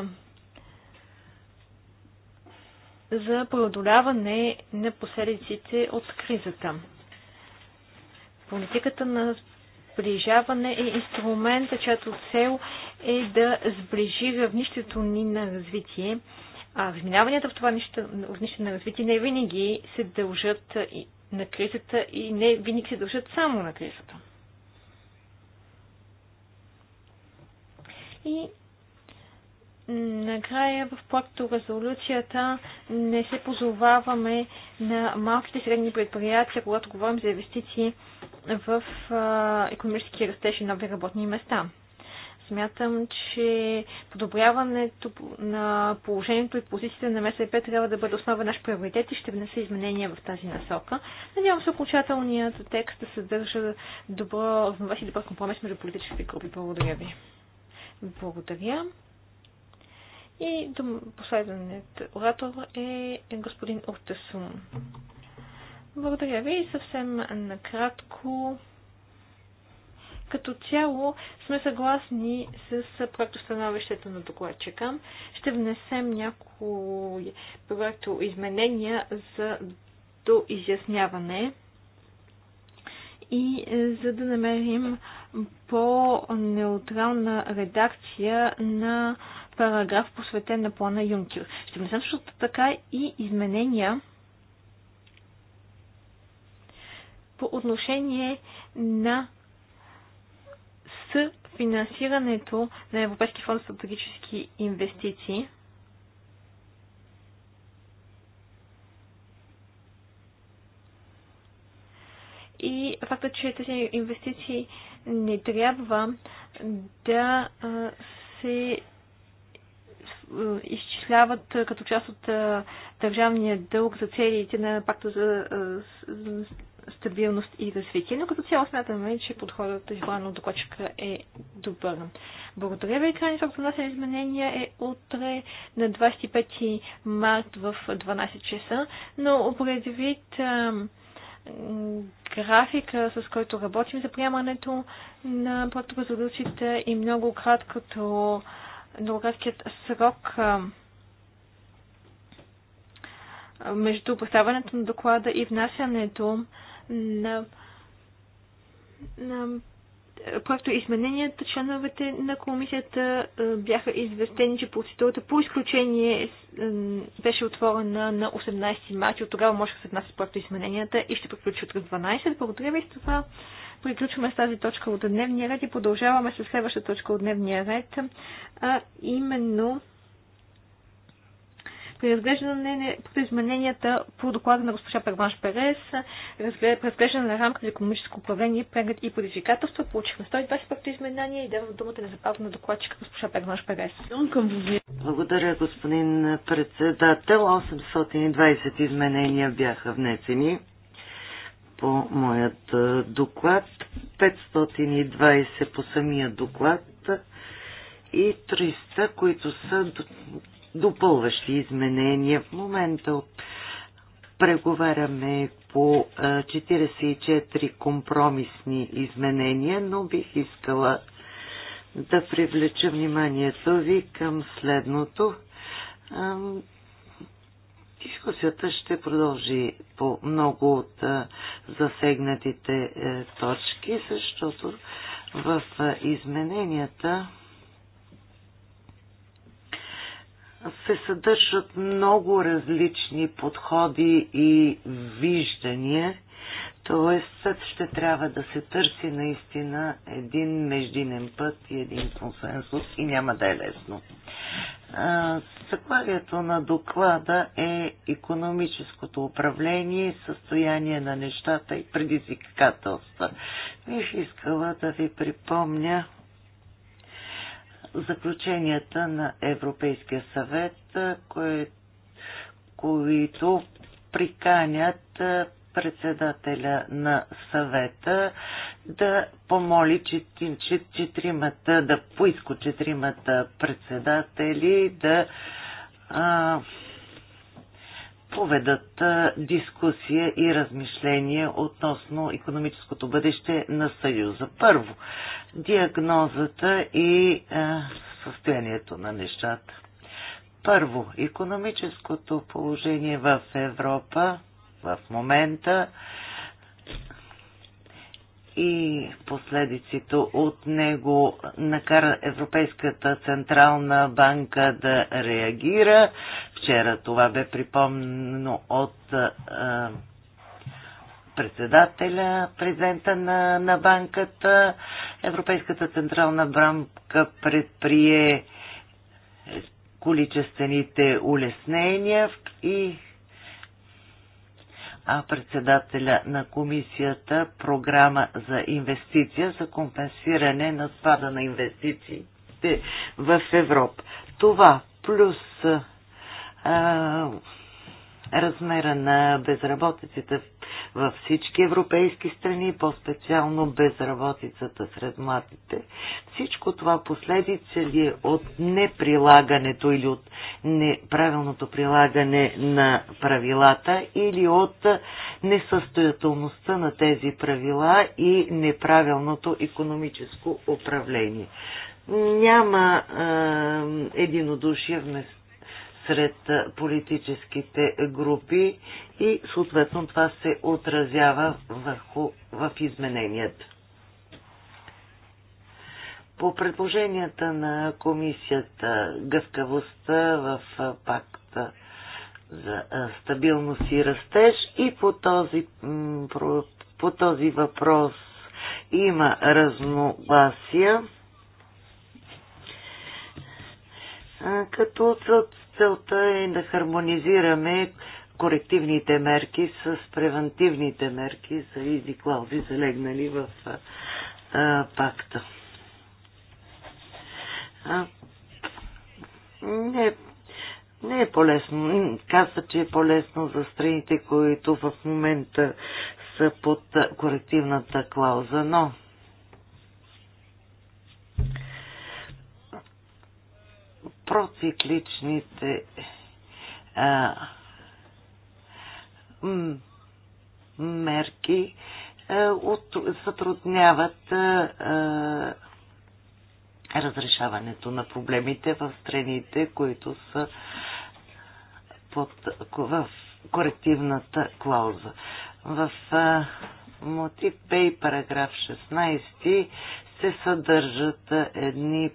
за преодоляване на последиците от кризата. Политиката на сближаване е инструмента, чиято цел е да сближи равнището ни на развитие. А разминаванията в това равнище на развитие не винаги се дължат на кризата и не винаги се дължат само на кризата. И Накрая в проекто резолюцията не се позоваваме на малките и средни предприятия, когато говорим за инвестиции в економически растеж и нови работни места. Смятам, че подобряването на положението и позицията на МСП трябва да бъде основа наш приоритет и ще внесе изменения в тази насока. Надявам се окончателният текст да съдържа добро и добър компромис между политическите групи. Благодаря ви. Благодаря. И последният оратор е господин Уртесун. Благодаря ви и съвсем накратко. Като цяло сме съгласни с проектостановището на докладчика. Ще внесем някои проекто изменения за доизясняване и е, за да намерим по-неутрална редакция на параграф посветен на плана Юнкер. Ще внесем също така и изменения по отношение на с финансирането на Европейски фонд стратегически инвестиции. И факта, че тези инвестиции не трябва да се е, изчисляват е, като част от е, държавния дълг за целите на пакта за стабилност и развитие, но като цяло смятаме, че подходът желан от докладчика е добър. Благодаря ви. Крайни срок за нас изменения е утре на 25 март в 12 часа, но предвид графика, с който работим за приемането на проекторезолюцията и много краткото дългократкият срок между поставянето на доклада и внасянето на, на проекто измененията, членовете на комисията бяха известени, че процедурата по изключение беше отворена на 18 марта. От тогава може да се внася проекто измененията и ще приключи от 12. Благодаря ви с това приключваме с тази точка от дневния ред и продължаваме с следващата точка от дневния ред, а именно при разглеждане измененията по доклада на госпожа Перванш Перес, разглеждане на рамката за економическо управление, преглед и предизвикателство, получихме 120 пъти изменения и давам думата на запазна на докладчика госпожа Перванш Перес. Благодаря, господин председател. 820 изменения бяха внесени по моят доклад, 520 по самия доклад и 300, които са допълващи изменения. В момента преговаряме по 44 компромисни изменения, но бих искала да привлеча вниманието ви към следното. Дискусията ще продължи по много от засегнатите е, точки, защото в измененията се съдържат много различни подходи и виждания, т.е. ще трябва да се търси наистина един междинен път и един консенсус и няма да е лесно. Заглавието на доклада е економическото управление, състояние на нещата и предизвикателства. Бих искала да ви припомня заключенията на Европейския съвет, кои, които приканят председателя на съвета да помоли четиримата, да поиска четиримата председатели да а, поведат дискусия и размишления относно економическото бъдеще на Съюза. Първо, диагнозата и а, състоянието на нещата. Първо, економическото положение в Европа в момента и последиците от него накара Европейската централна банка да реагира. Вчера това бе припомнено от а, председателя, президента на, на банката. Европейската централна банка предприе количествените улеснения и председателя на комисията програма за инвестиция за компенсиране на спада на инвестициите в Европа. Това плюс а, размера на безработицата във всички европейски страни, по-специално безработицата сред младите. Всичко това последица ли е от неприлагането или от неправилното прилагане на правилата или от несъстоятелността на тези правила и неправилното економическо управление няма е, единодушие сред политическите групи и съответно това се отразява върху, в измененията. По предложенията на комисията гъвкавостта в пакта за стабилност и растеж и по този, по този въпрос има разногласия. Като целта е да хармонизираме корективните мерки с превентивните мерки за изи клаузи, залегнали в а, пакта. А, не, не е по-лесно. Каза, че е по-лесно за страните, които в момента са под корективната клауза, но процикличните а, мерки а, от, затрудняват а, разрешаването на проблемите в страните, които са под, в корективната клауза. В а, мотив Б и параграф 16 се съдържат едни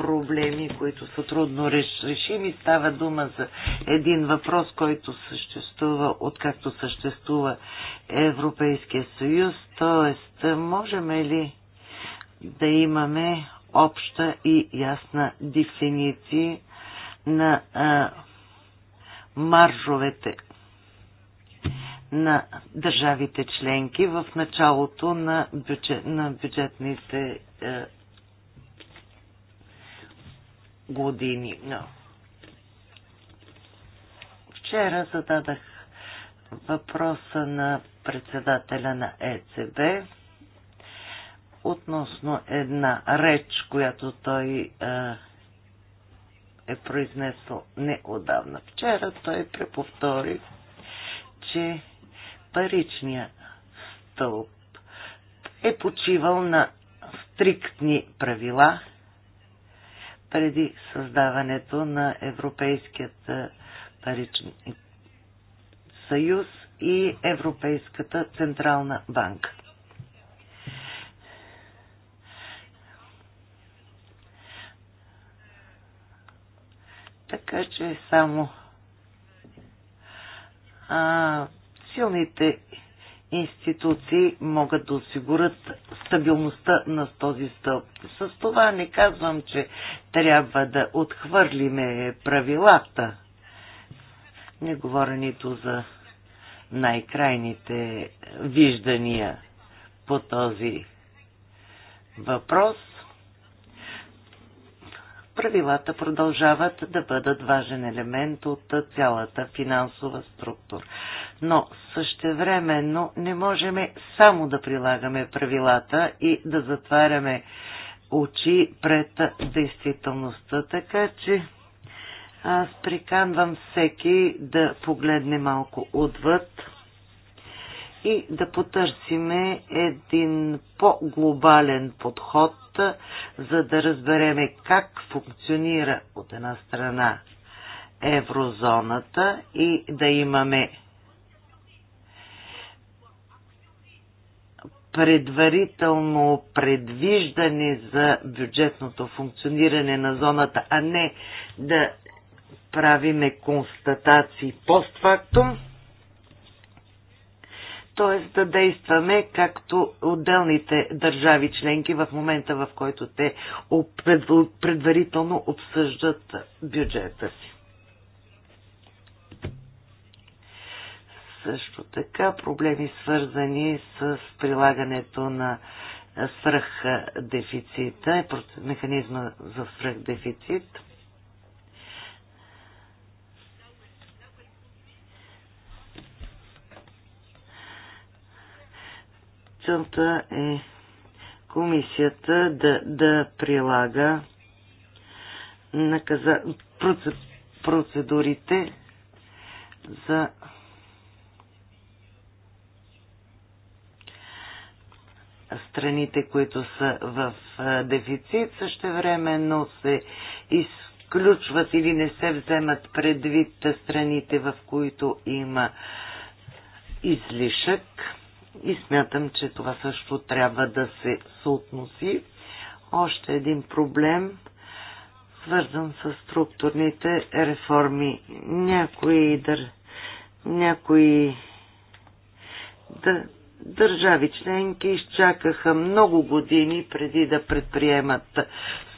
проблеми, които са трудно решими. Става дума за един въпрос, който съществува, откакто съществува Европейския съюз, т.е. можем ли да имаме обща и ясна дефиниция на а, маржовете на държавите членки в началото на, бюджет, на бюджетните е, години. Вчера зададах въпроса на председателя на ЕЦБ относно една реч, която той е произнесъл неодавна. Вчера той преповтори, че паричният стълб е почивал на стриктни правила преди създаването на Европейският е, паричен съюз и Европейската централна банка. Така че само а, силните институции могат да осигурят стабилността на този стълб. С това не казвам, че трябва да отхвърлиме правилата. Не говоря нито за най-крайните виждания по този въпрос. Правилата продължават да бъдат важен елемент от цялата финансова структура но същевременно не можем само да прилагаме правилата и да затваряме очи пред действителността. Така че аз приканвам всеки да погледне малко отвъд и да потърсиме един по-глобален подход, за да разбереме как функционира от една страна еврозоната и да имаме предварително предвиждане за бюджетното функциониране на зоната, а не да правиме констатации постфактум, т.е. да действаме както отделните държави членки в момента, в който те предварително обсъждат бюджета си. също така проблеми свързани с прилагането на свръхдефицита и механизма за свръхдефицит. Целта е комисията да, да прилага наказа, процедурите за страните, които са в дефицит, също но се изключват или не се вземат предвид страните, в които има излишък. И смятам, че това също трябва да се съотноси. Още един проблем, свързан с структурните реформи. Някои, дър... някои да, държави членки изчакаха много години преди да предприемат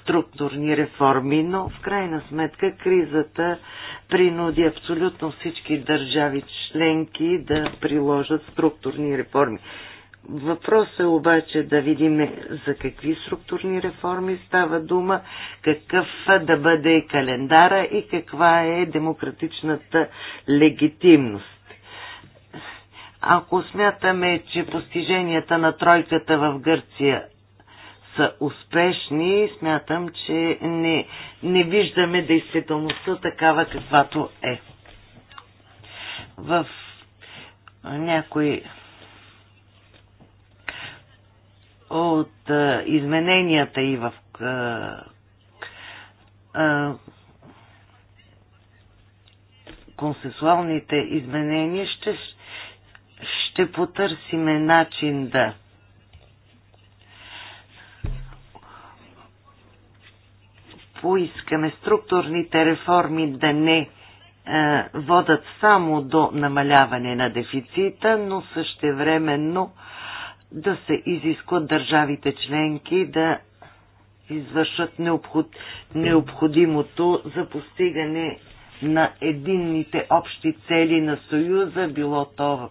структурни реформи, но в крайна сметка кризата принуди абсолютно всички държави членки да приложат структурни реформи. Въпросът е обаче да видим за какви структурни реформи става дума, какъв да бъде календара и каква е демократичната легитимност. Ако смятаме, че постиженията на тройката в Гърция са успешни, смятам, че не, не виждаме действителността такава каквато е. В някои от а, измененията и в а, а, консесуалните изменения ще, ще потърсиме начин да поискаме структурните реформи да не е, водат само до намаляване на дефицита, но същевременно да се изискват държавите членки да извършат необход... необходимото за постигане на единните общи цели на Съюза, било то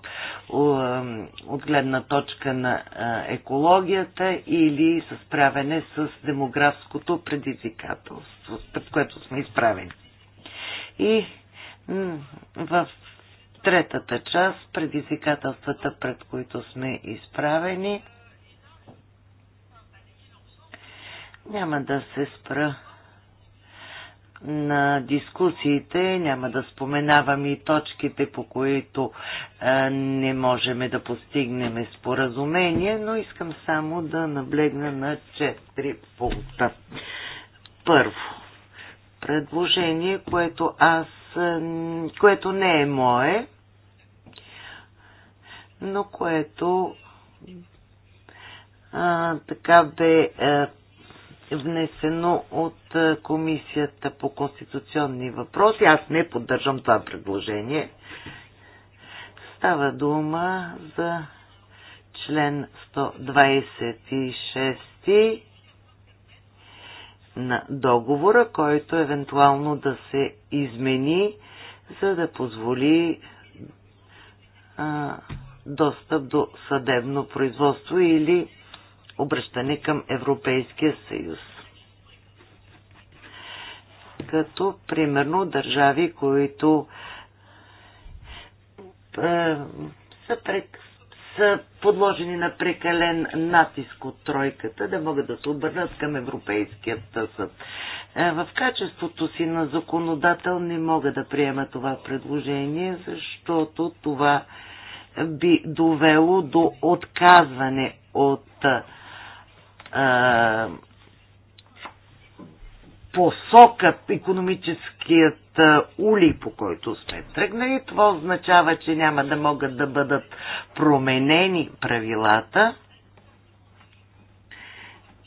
от гледна точка на екологията или с справяне с демографското предизвикателство, пред което сме изправени. И в третата част, предизвикателствата, пред които сме изправени, няма да се спра на дискусиите. Няма да споменавам и точките, по които а, е, не можем да постигнем споразумение, но искам само да наблегна на четири пункта. Първо, предложение, което аз, е, което не е мое, но което а, е, така бе внесено от е, Комисията по конституционни въпроси. Аз не поддържам това предложение. Става дума за член 126 на договора, който евентуално да се измени, за да позволи а, достъп до съдебно производство или обръщане към Европейския съюз. Като, примерно, държави, които е, са, прек, са подложени на прекален натиск от тройката, да могат да се обърнат към Европейския съд. Е, в качеството си на законодател не мога да приема това предложение, защото това би довело до отказване от е, а, посока, економическият ули, по който сме тръгнали. Това означава, че няма да могат да бъдат променени правилата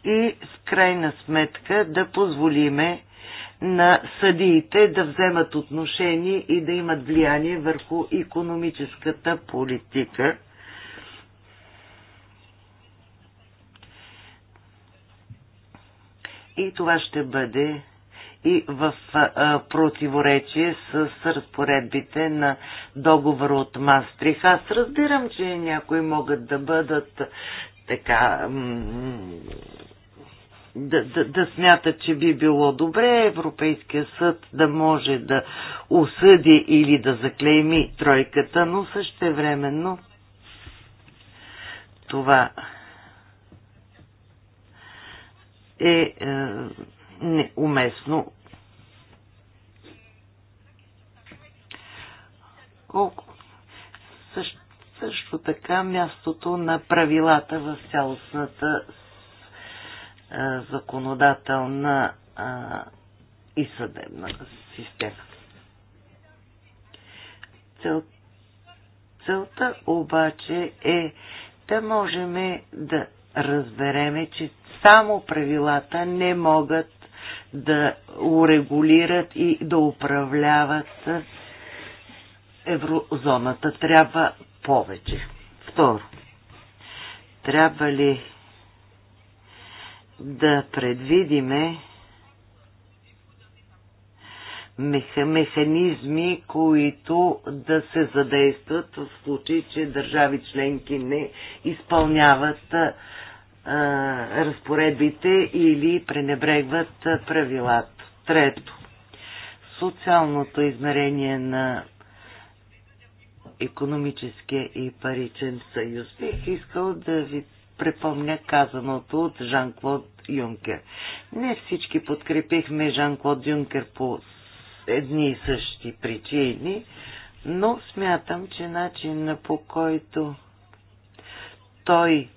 и в крайна сметка да позволиме на съдиите да вземат отношение и да имат влияние върху економическата политика И това ще бъде и в противоречие с разпоредбите на договора от Мастрих. Аз разбирам, че някои могат да бъдат така да, да, да смятат, че би било добре Европейския съд да може да осъди или да заклейми тройката, но същевременно това е, е неуместно. Колко? Също, също така мястото на правилата в цялостната е, законодателна е, и съдебна система. Цел, целта обаче е да можем да разбереме, че само правилата не могат да урегулират и да управляват еврозоната. Трябва повече. Второ, трябва ли да предвидиме механизми, които да се задействат в случай, че държави членки не изпълняват разпоредбите или пренебрегват правилата. Трето, социалното измерение на економическия и паричен съюз. Бих искал да ви препомня казаното от Жан-Клод Юнкер. Не всички подкрепихме Жан-Клод Юнкер по едни и същи причини, но смятам, че начинът по който той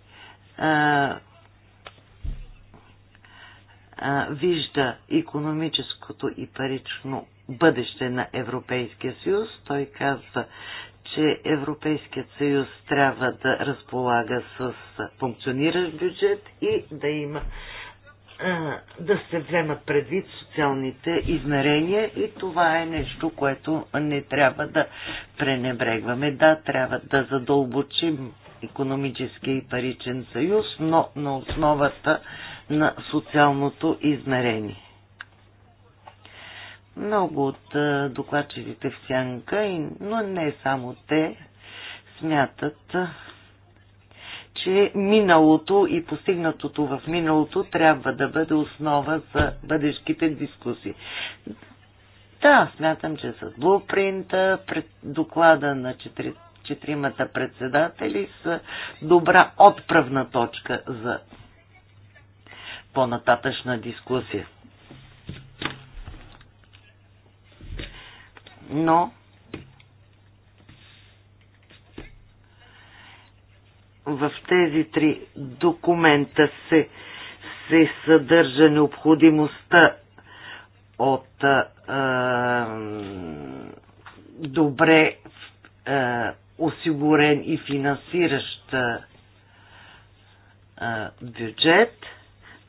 вижда економическото и парично бъдеще на Европейския съюз. Той казва, че Европейският съюз трябва да разполага с функциониращ бюджет и да има да се вземат предвид социалните измерения и това е нещо, което не трябва да пренебрегваме. Да, трябва да задълбочим Економически и паричен съюз, но на основата на социалното измерение. Много от докладчиците в Сянка, но не само те, смятат, че миналото и постигнатото в миналото трябва да бъде основа за бъдещите дискусии. Да, смятам, че с блупринта, пред доклада на четиримата председатели са добра отправна точка за по-нататъчна дискусия. Но в тези три документа се, се съдържа необходимостта от а, добре а, осигурен и финансиращ бюджет,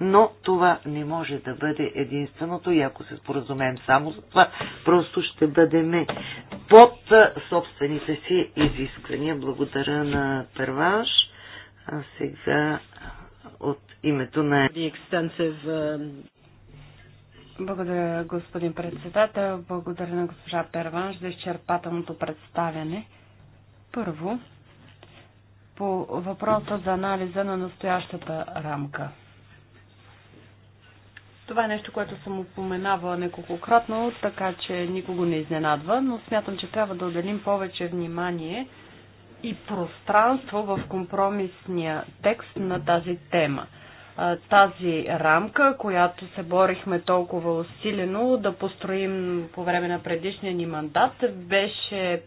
но това не може да бъде единственото и ако се споразумеем само за това, просто ще бъдем под собствените си изисквания. Благодаря на Перваш. А сега от името на... Um, Благодаря, господин председател. Благодаря на госпожа Перванш за изчерпателното представяне. Първо, по въпроса за анализа на настоящата рамка. Това е нещо, което съм упоменавала неколкократно, така че никого не изненадва, но смятам, че трябва да отделим повече внимание и пространство в компромисния текст на тази тема. Тази рамка, която се борихме толкова усилено да построим по време на предишния ни мандат, беше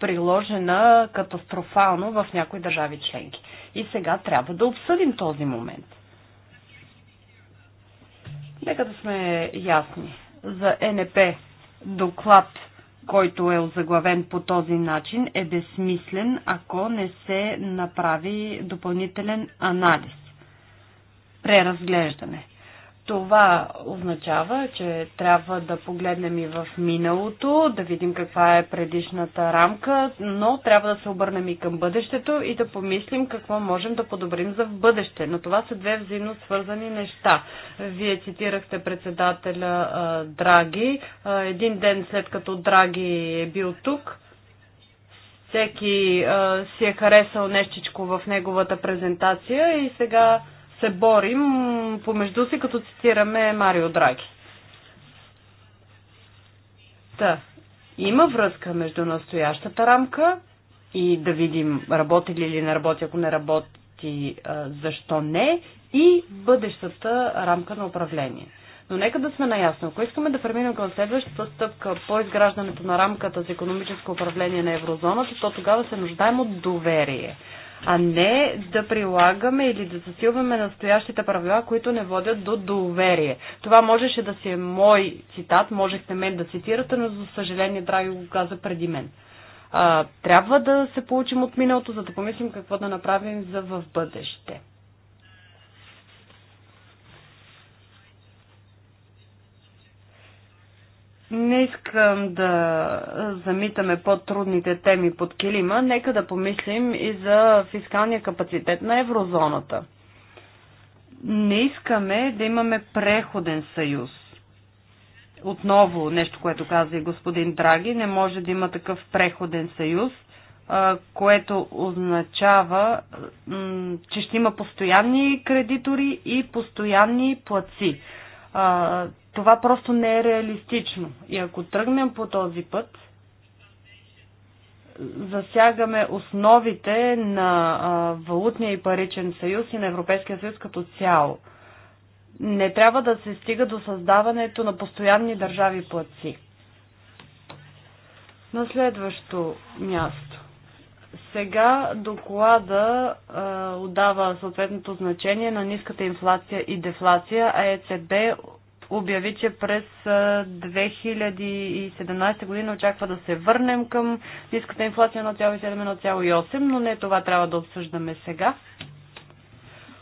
приложена катастрофално в някои държави членки. И сега трябва да обсъдим този момент. Нека да сме ясни. За НП доклад, който е озаглавен по този начин, е безсмислен, ако не се направи допълнителен анализ. Преразглеждане. Това означава, че трябва да погледнем и в миналото, да видим каква е предишната рамка, но трябва да се обърнем и към бъдещето и да помислим какво можем да подобрим за в бъдеще. Но това са две взаимно свързани неща. Вие цитирахте председателя Драги. един ден след като Драги е бил тук, всеки си е харесал нещичко в неговата презентация и сега се борим помежду си, като цитираме Марио Драги. Та, има връзка между настоящата рамка и да видим работи ли или не работи, ако не работи, защо не, и бъдещата рамка на управление. Но нека да сме наясно. Ако искаме да преминем към следващата стъпка по изграждането на рамката за економическо управление на еврозоната, то тогава се нуждаем от доверие а не да прилагаме или да засилваме настоящите правила, които не водят до доверие. Това можеше да си е мой цитат, можехте мен да цитирате, но за съжаление Драги го каза преди мен. А, трябва да се получим от миналото, за да помислим какво да направим за в бъдеще. Не искам да замитаме по-трудните теми под килима. Нека да помислим и за фискалния капацитет на еврозоната. Не искаме да имаме преходен съюз. Отново нещо, което каза и господин Драги, не може да има такъв преходен съюз, което означава, че ще има постоянни кредитори и постоянни плаци а, това просто не е реалистично. И ако тръгнем по този път, засягаме основите на а, валутния и паричен съюз и на Европейския съюз като цяло. Не трябва да се стига до създаването на постоянни държави платци. На следващо място. Сега доклада а, отдава съответното значение на ниската инфлация и дефлация, а ЕЦБ обяви, че през 2017 година очаква да се върнем към ниската инфлация на 1,7-1,8, но не това трябва да обсъждаме сега.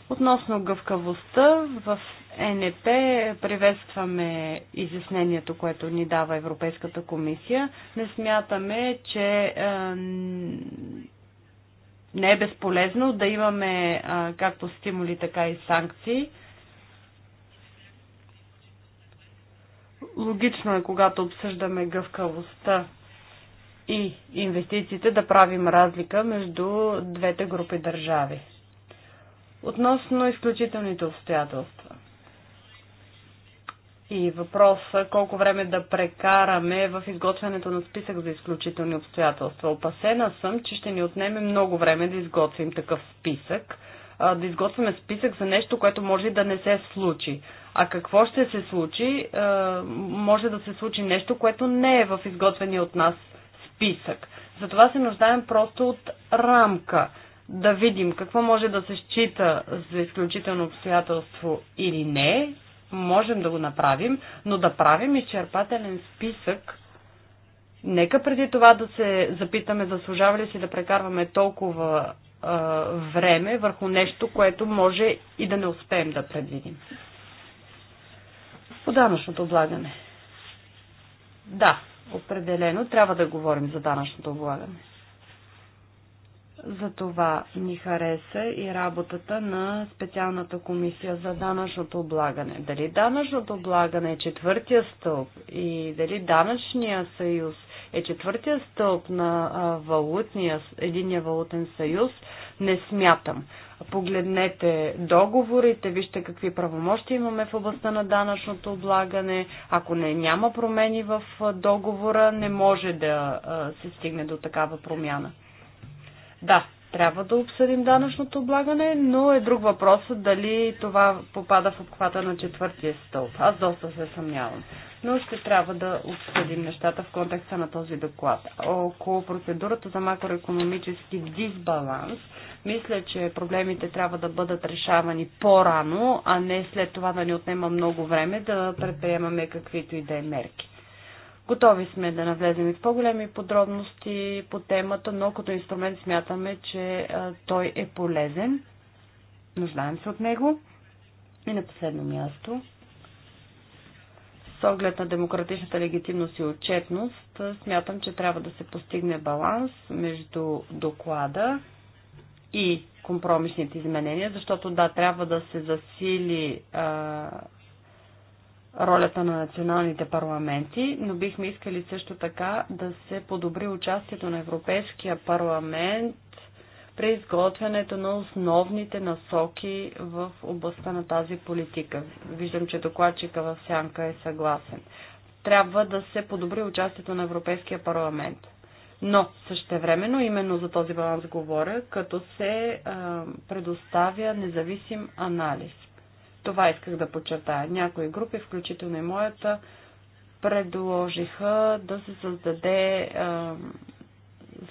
Относно гъвкавостта, в ЕНП приветстваме изяснението, което ни дава Европейската комисия. Не смятаме, че е, не е безполезно да имаме е, както стимули, така и санкции. Логично е, когато обсъждаме гъвкавостта и инвестициите, да правим разлика между двете групи държави. Относно изключителните обстоятелства и въпроса колко време да прекараме в изготвянето на списък за изключителни обстоятелства. Опасена съм, че ще ни отнеме много време да изготвим такъв списък, да изготвяме списък за нещо, което може да не се случи. А какво ще се случи? Може да се случи нещо, което не е в изготвения от нас списък. Затова се нуждаем просто от рамка да видим какво може да се счита за изключително обстоятелство или не, можем да го направим, но да правим изчерпателен списък Нека преди това да се запитаме, заслужава ли си да прекарваме толкова а, време върху нещо, което може и да не успеем да предвидим. По данъчното облагане. Да, определено трябва да говорим за данъчното облагане. За това ни хареса и работата на специалната комисия за данъчното облагане. Дали данъчното облагане е четвъртия стълб и дали данъчния съюз е четвъртия стълб на валутния, единия валутен съюз, не смятам. Погледнете договорите, вижте какви правомощи имаме в областта на данъчното облагане. Ако не няма промени в договора, не може да се стигне до такава промяна. Да, трябва да обсъдим данъчното облагане, но е друг въпрос дали това попада в обхвата на четвъртия стълб. Аз доста се съмнявам. Но ще трябва да обсъдим нещата в контекста на този доклад. Около процедурата за макроекономически дисбаланс, мисля, че проблемите трябва да бъдат решавани по-рано, а не след това да ни отнема много време да предприемаме каквито и да е мерки. Готови сме да навлезем и в по-големи подробности по темата, но като инструмент смятаме, че той е полезен. Нуждаем се от него. И на последно място, с оглед на демократичната легитимност и отчетност, смятам, че трябва да се постигне баланс между доклада и компромисните изменения, защото да, трябва да се засили а, ролята на националните парламенти, но бихме искали също така да се подобри участието на Европейския парламент при изготвянето на основните насоки в областта на тази политика. Виждам, че докладчика в Сянка е съгласен. Трябва да се подобри участието на Европейския парламент. Но същевременно, именно за този баланс говоря, като се а, предоставя независим анализ. Това исках да подчертая. Някои групи, включително и моята, предложиха да се създаде е,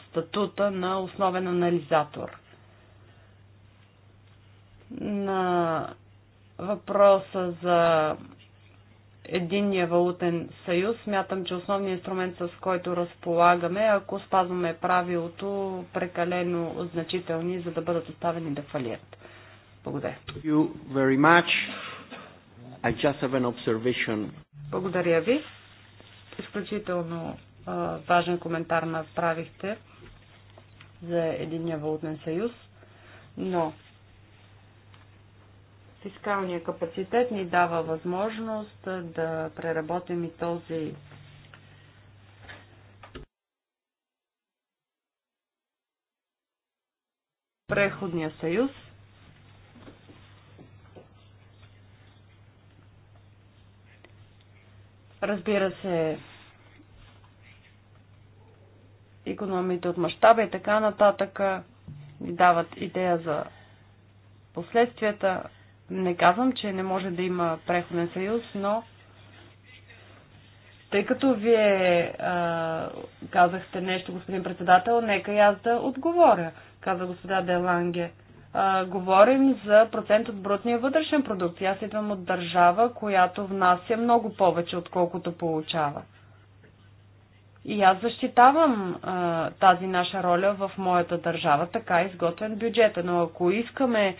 статута на основен анализатор. На въпроса за единния валутен съюз, смятам, че основният инструмент, с който разполагаме, ако спазваме правилото, прекалено значителни, за да бъдат оставени да фалират. Благодаря. Благодаря ви. Изключително важен коментар направихте за Единния валутен съюз, но фискалния капацитет ни дава възможност да преработим и този преходния съюз. Разбира се, економите от мащаба и така нататък ни дават идея за последствията. Не казвам, че не може да има преходен съюз, но тъй като вие а, казахте нещо, господин председател, нека и аз да отговоря, каза господа Деланге а, говорим за процент от брутния вътрешен продукт. Аз идвам от държава, която внася много повече, отколкото получава. И аз защитавам а, тази наша роля в моята държава, така е изготвен бюджета. Но ако искаме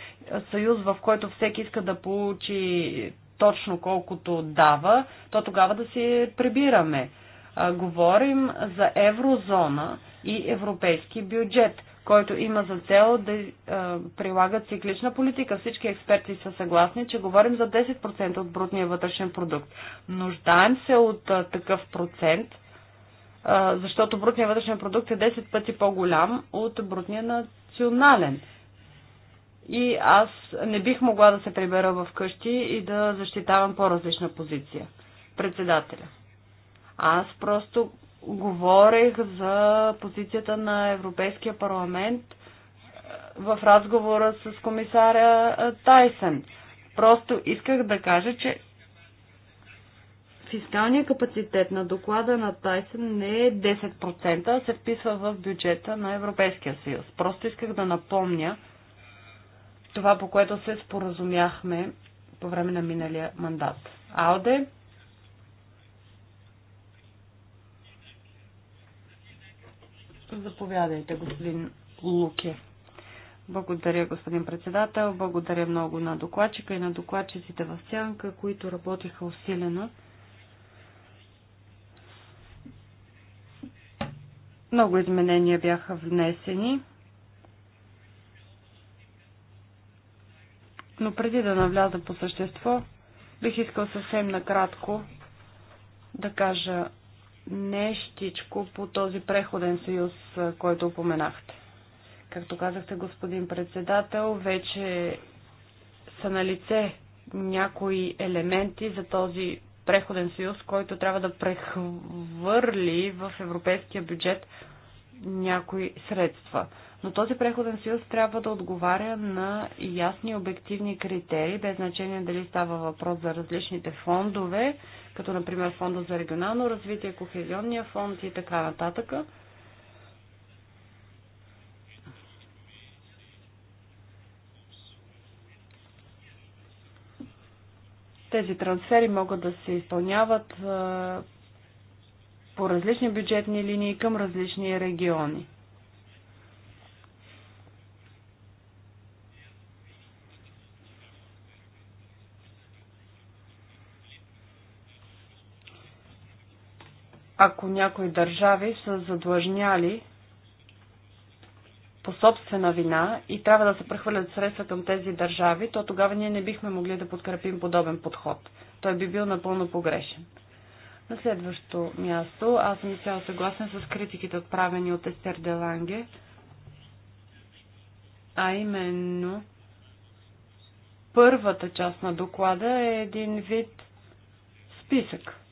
съюз, в който всеки иска да получи точно колкото дава, то тогава да си прибираме. А, говорим за еврозона и европейски бюджет който има за цел да е, прилага циклична политика. Всички експерти са съгласни, че говорим за 10% от брутния вътрешен продукт. Нуждаем се от е, такъв процент, е, защото брутния вътрешен продукт е 10 пъти по-голям от брутния национален. И аз не бих могла да се прибера в къщи и да защитавам по-различна позиция. Председателя. Аз просто говорех за позицията на Европейския парламент е, в разговора с комисаря е, Тайсен. Просто исках да кажа, че фискалния капацитет на доклада на Тайсен не е 10%, а се вписва в бюджета на Европейския съюз. Просто исках да напомня това, по което се споразумяхме по време на миналия мандат. Ауде, Заповядайте, господин Луке. Благодаря, господин председател. Благодаря много на докладчика и на докладчиците в Сянка, които работиха усилено. Много изменения бяха внесени. Но преди да навляза по същество, бих искал съвсем накратко да кажа нещичко по този преходен съюз, който упоменахте. Както казахте, господин председател, вече са на лице някои елементи за този преходен съюз, който трябва да прехвърли в европейския бюджет някои средства. Но този преходен съюз трябва да отговаря на ясни обективни критерии, без значение дали става въпрос за различните фондове като например Фонда за регионално развитие, Кохезионния фонд и така нататък. Тези трансфери могат да се изпълняват по различни бюджетни линии към различни региони. ако някои държави са задлъжняли по собствена вина и трябва да се прехвърлят средства към тези държави, то тогава ние не бихме могли да подкрепим подобен подход. Той би бил напълно погрешен. На следващо място, аз съм изцяло съгласен с критиките, отправени от Естер Деланге, а именно първата част на доклада е един вид списък.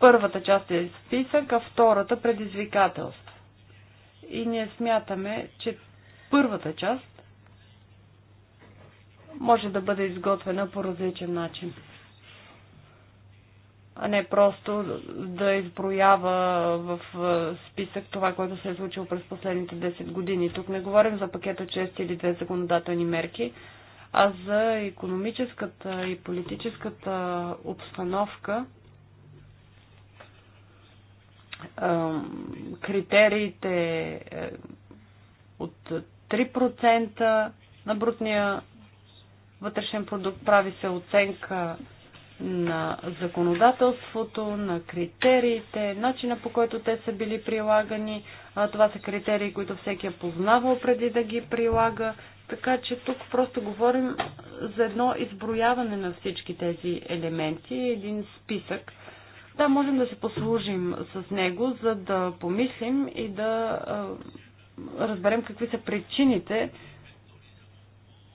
Първата част е списък, а втората предизвикателство. И ние смятаме, че първата част може да бъде изготвена по различен начин. А не просто да изброява в списък това, което се е случило през последните 10 години. Тук не говорим за пакет от 6 или 2 законодателни мерки, а за економическата и политическата обстановка – критериите е, от 3% на брутния вътрешен продукт прави се оценка на законодателството, на критериите, начина по който те са били прилагани. Това са критерии, които всеки е познавал преди да ги прилага. Така че тук просто говорим за едно изброяване на всички тези елементи, един списък, да, можем да се послужим с него, за да помислим и да разберем какви са причините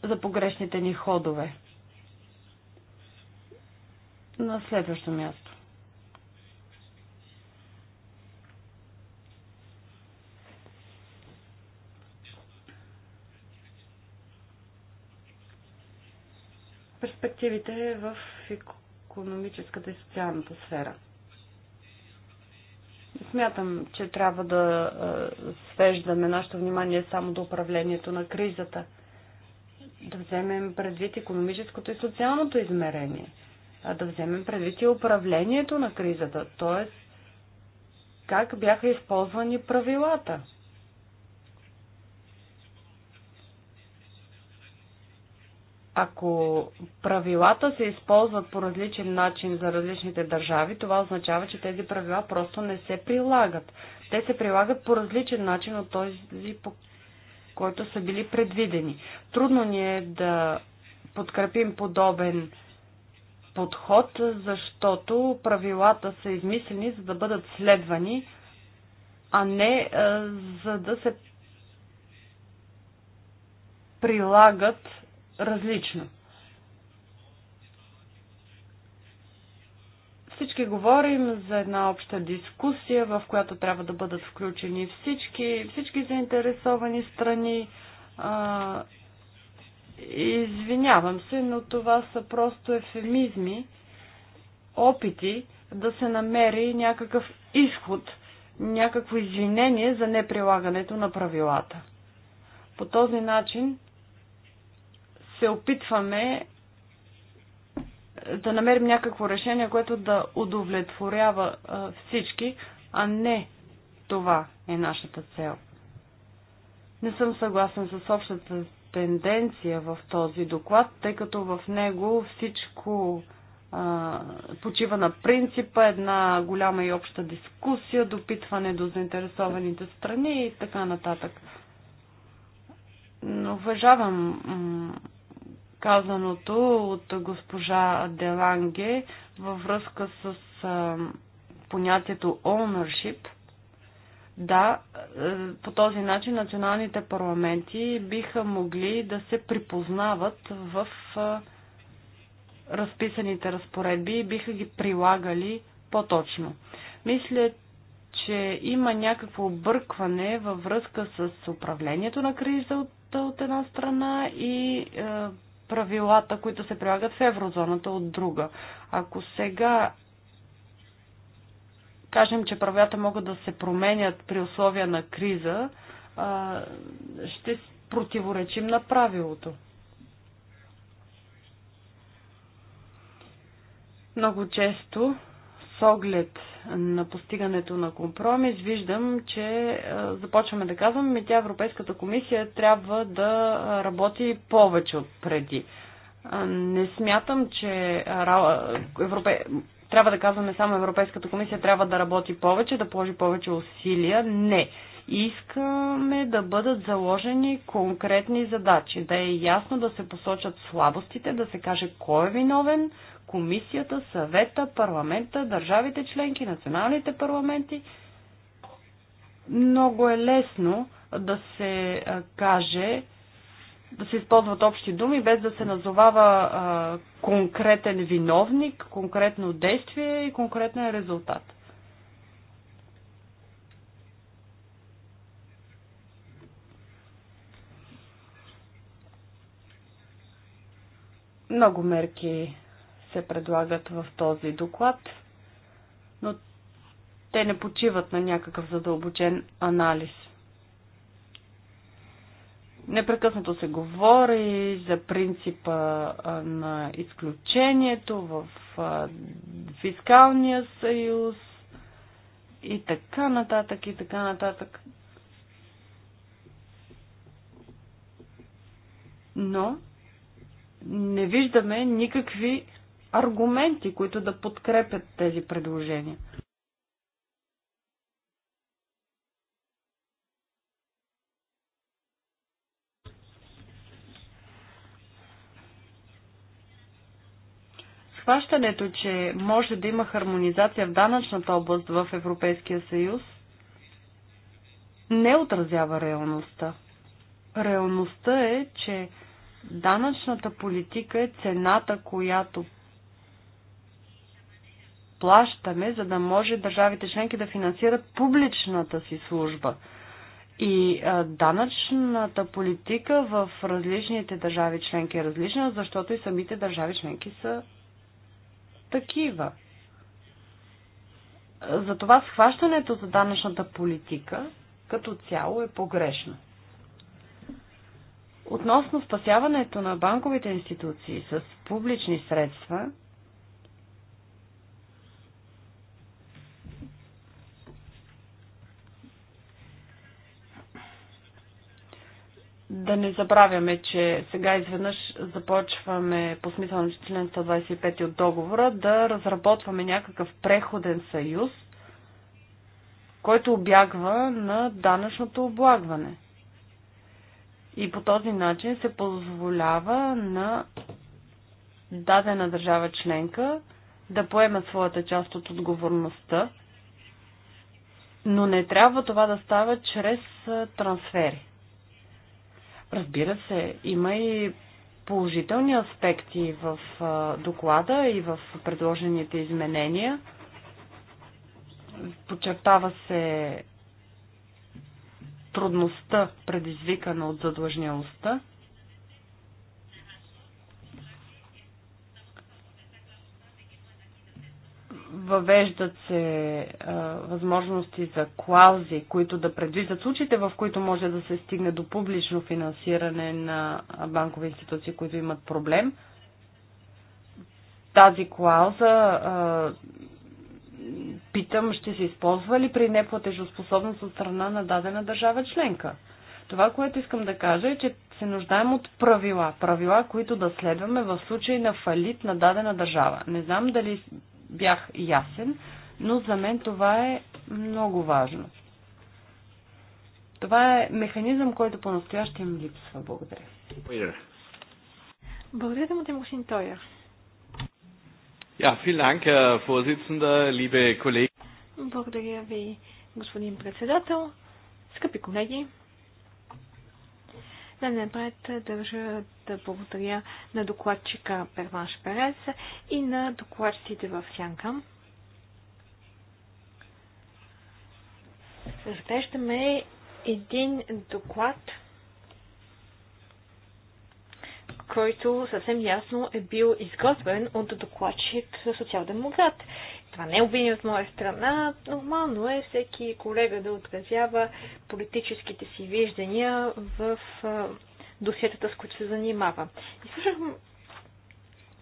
за погрешните ни ходове. На следващо място. перспективите в економическата и социалната сфера. Смятам, че трябва да свеждаме нашето внимание само до управлението на кризата. Да вземем предвид економическото и социалното измерение. А да вземем предвид и управлението на кризата, т.е. как бяха използвани правилата. Ако правилата се използват по различен начин за различните държави, това означава, че тези правила просто не се прилагат. Те се прилагат по различен начин от този, по който са били предвидени. Трудно ни е да подкрепим подобен подход, защото правилата са измислени за да бъдат следвани, а не за да се прилагат различно. Всички говорим за една обща дискусия, в която трябва да бъдат включени всички, всички заинтересовани страни. Извинявам се, но това са просто ефемизми, опити да се намери някакъв изход, някакво извинение за неприлагането на правилата. По този начин се опитваме е, да намерим някакво решение, което да удовлетворява е, всички, а не това е нашата цел. Не съм съгласен с общата тенденция в този доклад, тъй като в него всичко а, почива на принципа, една голяма и обща дискусия, допитване до заинтересованите страни и така нататък. Но уважавам казаното от госпожа Деланге във връзка с понятието ownership. Да, е, по този начин националните парламенти биха могли да се припознават в разписаните разпоредби и биха ги прилагали по-точно. Мисля, че има някакво объркване във връзка с управлението на от, от една страна и е, правилата, които се прилагат в еврозоната от друга. Ако сега кажем, че правилата могат да се променят при условия на криза, ще противоречим на правилото. Много често, с оглед на постигането на компромис, виждам, че е, започваме да казваме, тя Европейската комисия трябва да работи повече от преди. Е, не смятам, че е, Европе... трябва да казваме само Европейската комисия трябва да работи повече, да положи повече усилия. Не. Искаме да бъдат заложени конкретни задачи, да е ясно да се посочат слабостите, да се каже кой е виновен, комисията, съвета, парламента, държавите членки, националните парламенти. Много е лесно да се каже, да се използват общи думи, без да се назовава конкретен виновник, конкретно действие и конкретен резултат. Много мерки се предлагат в този доклад, но те не почиват на някакъв задълбочен анализ. Непрекъснато се говори за принципа на изключението в фискалния съюз и така нататък, и така нататък. Но не виждаме никакви аргументи, които да подкрепят тези предложения. схващането, че може да има хармонизация в данъчната област в Европейския съюз, не отразява реалността. Реалността е, че данъчната политика е цената, която плащаме, за да може държавите членки да финансират публичната си служба. И а, данъчната политика в различните държави членки е различна, защото и самите държави членки са такива. Затова схващането за данъчната политика като цяло е погрешно. Относно спасяването на банковите институции с публични средства, да не забравяме, че сега изведнъж започваме по смисъл на член 125 от договора да разработваме някакъв преходен съюз, който обягва на данъчното облагване. И по този начин се позволява на дадена държава членка да поеме своята част от отговорността, но не трябва това да става чрез трансфери. Разбира се, има и положителни аспекти в доклада и в предложените изменения. Подчертава се трудността, предизвикана от задлъжнялостта. Въвеждат се а, възможности за клаузи, които да предвиждат случаите, в които може да се стигне до публично финансиране на банкови институции, които имат проблем. Тази клауза а, питам, ще се използва ли при неплатежоспособност от страна на дадена държава членка? Това, което искам да кажа е, че се нуждаем от правила. Правила, които да следваме в случай на фалит на дадена държава. Не знам дали бях ясен, но за мен това е много важно. Това е механизъм, който по-настоящем липсва. Благодаря. Благодаря, Демоксин Тойер. Ja, vielen Dank, Herr Vorsitzender, liebe Kollegen. Благодаря ви, господин председател. Скъпи колеги, да не напред държа да благодаря на докладчика Перванш Перес и на докладците в Сянка. Разглеждаме един доклад, който съвсем ясно е бил изготвен от докладчик социал-демократ. Това не е обвинение от моя страна. Нормално е всеки колега да отразява политическите си виждания в досиетата, с които се занимава. И слушам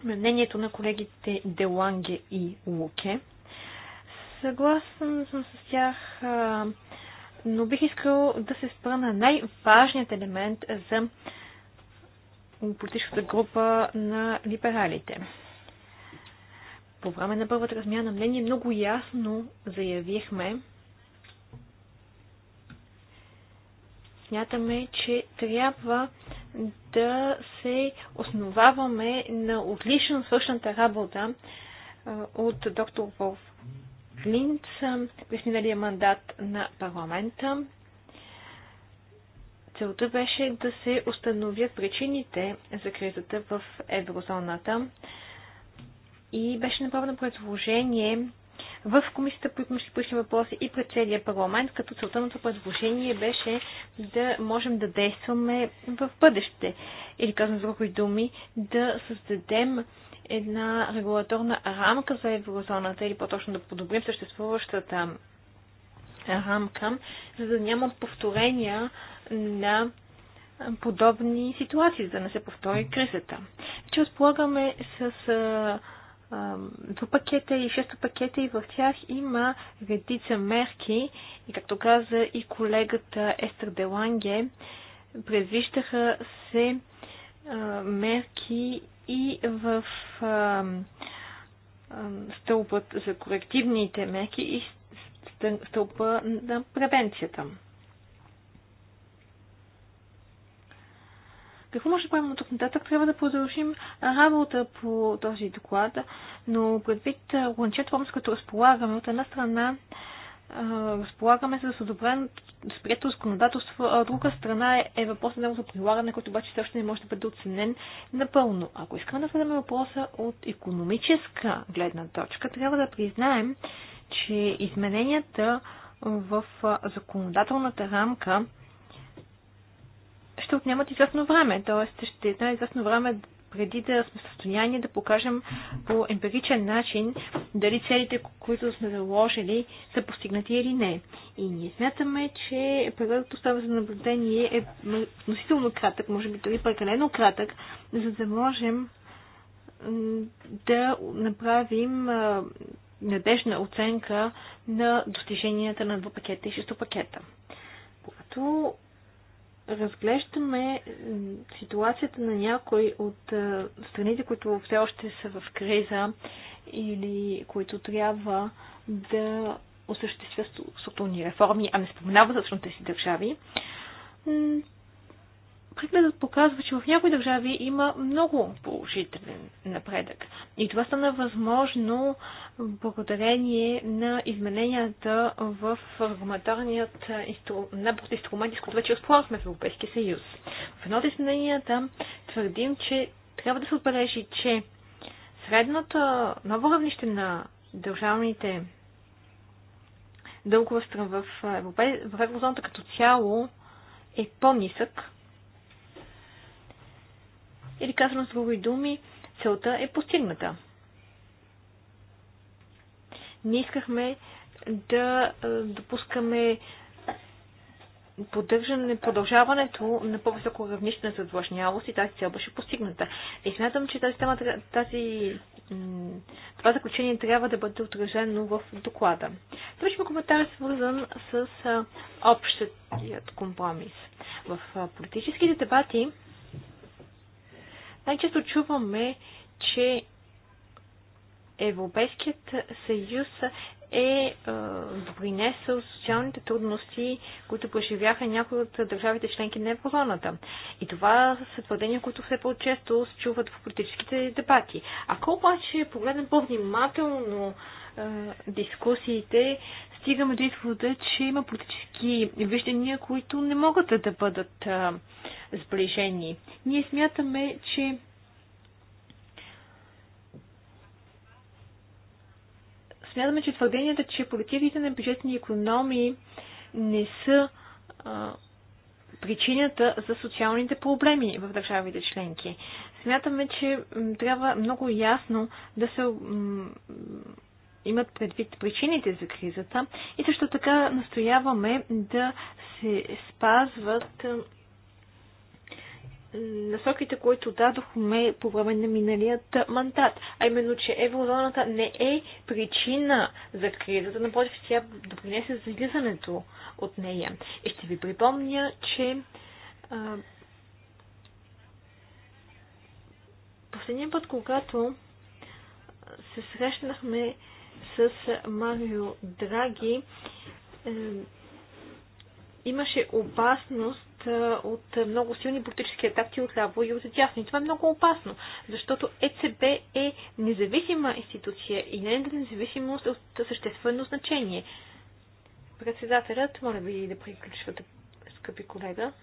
мнението на колегите Деланге и Луке. Съгласен съм с тях, но бих искал да се спра на най-важният елемент за политическата група на либералите по време на първата размяна мнение много ясно заявихме, смятаме, че трябва да се основаваме на отлично свършната работа от доктор Волф Глинц през миналия мандат на парламента. Целта беше да се установят причините за кризата в еврозоната, и беше направено предложение в Комисията по економически пътни въпроси и пред целия парламент, като целта на това предложение беше да можем да действаме в бъдеще. Или казвам с други думи, да създадем една регулаторна рамка за еврозоната или по-точно да подобрим съществуващата рамка, за да няма повторения на подобни ситуации, за да не се повтори кризата. Че разполагаме с два пакета и шесто пакета и в тях има редица мерки и както каза и колегата Естер Деланге, предвиждаха се мерки и в стълбът за корективните мерки и стълба на превенцията. Какво може да правим от тук нататък? Трябва да продължим работа по този доклад, но предвид лънчето, помощ, като разполагаме, от една страна разполагаме с одобрен спрятел законодателство, а от друга страна е въпрос на неговото прилагане, който обаче все още не може да бъде оценен напълно. Ако искаме да следваме въпроса от економическа гледна точка, трябва да признаем, че измененията в законодателната рамка ще отнемат известно време, т.е. ще е известно време преди да сме в състояние да покажем по емпиричен начин дали целите, които сме заложили, са постигнати или не. И ние смятаме, че периодът остава за наблюдение е относително кратък, може би дори прекалено кратък, за да можем да направим надежна оценка на достиженията на два пакета и шесто пакета. Когато разглеждаме ситуацията на някой от страните, които все още са в криза или които трябва да осъществят структурни реформи, а не споменава за си държави, Прегледът показва, че в някои държави има много положителен напредък. И това стана възможно благодарение на измененията в регламентарният набор набор инструменти, с които вече разполагахме в Европейския съюз. В едно от измененията твърдим, че трябва да се отбележи, че средното ново равнище на държавните дългове в, Европе... в еврозоната като цяло е по-нисък или казано с други думи, целта е постигната. Не искахме да допускаме поддържане, продължаването на по-високо равнище на задлъжнявост и тази цел беше постигната. И смятам, че тази, тема, тази това заключение трябва да бъде отражено в доклада. Следващия коментар е свързан с общият компромис. В политическите дебати най-често чуваме, че Европейският съюз е, е допринесъл социалните трудности, които преживяха някои от държавите членки на еврозоната. И това са твърдения, които все по-често се чуват в политическите дебати. Ако обаче погледнем по-внимателно е, дискусиите, стигаме до извода, че има политически виждания, които не могат да бъдат а, сближени. Ние смятаме, че смятаме, че твърденията, че политиките на бюджетни економии не са а, причината за социалните проблеми в държавите членки. Смятаме, че трябва много ясно да се имат предвид причините за кризата и също така настояваме да се спазват насоките, които дадохме по време на миналият мандат, а именно, че еврозоната не е причина за кризата, напротив, тя допринесе за излизането от нея. И ще ви припомня, че а, последния път, когато се срещнахме с Марио Драги е, имаше опасност е, от много силни политически атаки от ляво и от дясно. И това е много опасно, защото ЕЦБ е независима институция и нейната независимост е от съществено значение. Председателят, моля ви да приключвате, скъпи колега.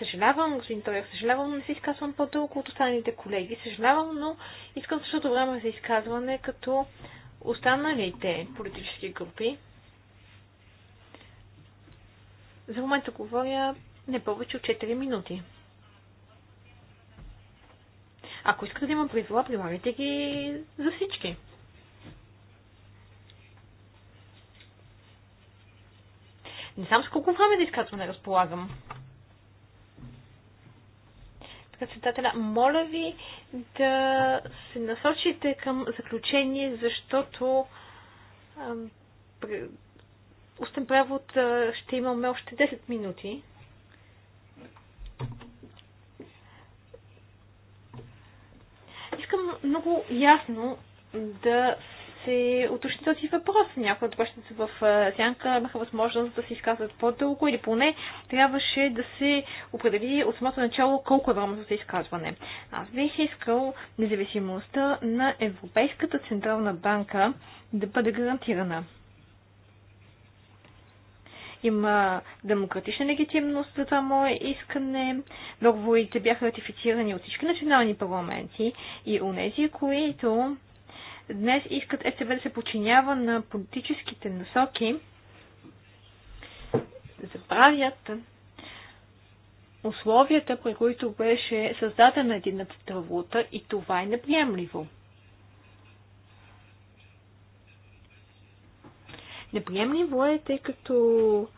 Съжалявам, господин Тоев, съжалявам, но не се изказвам по-дълго от останалите колеги. Съжалявам, но искам същото време за изказване като останалите политически групи. За момента говоря не повече от 4 минути. Ако искате да има правила, прилагайте ги за всички. Не знам с колко време да не разполагам председателя. Моля ви да се насочите към заключение, защото устен превод ще имаме още 10 минути. Искам много ясно да се уточни този въпрос. Някои от гостите в сянка имаха възможност да се изказват по-дълго или поне трябваше да се определи от самото начало колко е времето за изказване. Аз бих искал независимостта на Европейската Централна банка да бъде гарантирана има демократична легитимност за това мое искане. Договорите бяха ратифицирани от всички национални парламенти и у нези, които днес искат ЕЦБ да се подчинява на политическите насоки, забравят условията, при които беше създадена едината валута и това е неприемливо. Неприемливо е, тъй като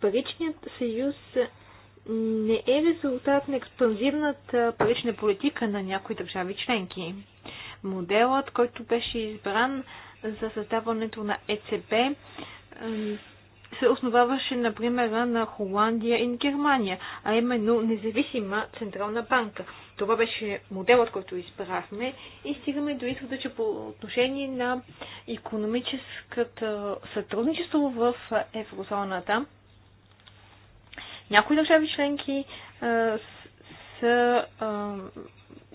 паричният съюз не е резултат на експанзивната парична политика на някои държави членки. Моделът, който беше избран за създаването на ЕЦБ, се основаваше, например, на Холандия и Германия, а именно независима централна банка. Това беше моделът, който избрахме и стигаме до извода, че по отношение на економическата е, сътрудничество в еврозоната, някои държави членки а, е, са а,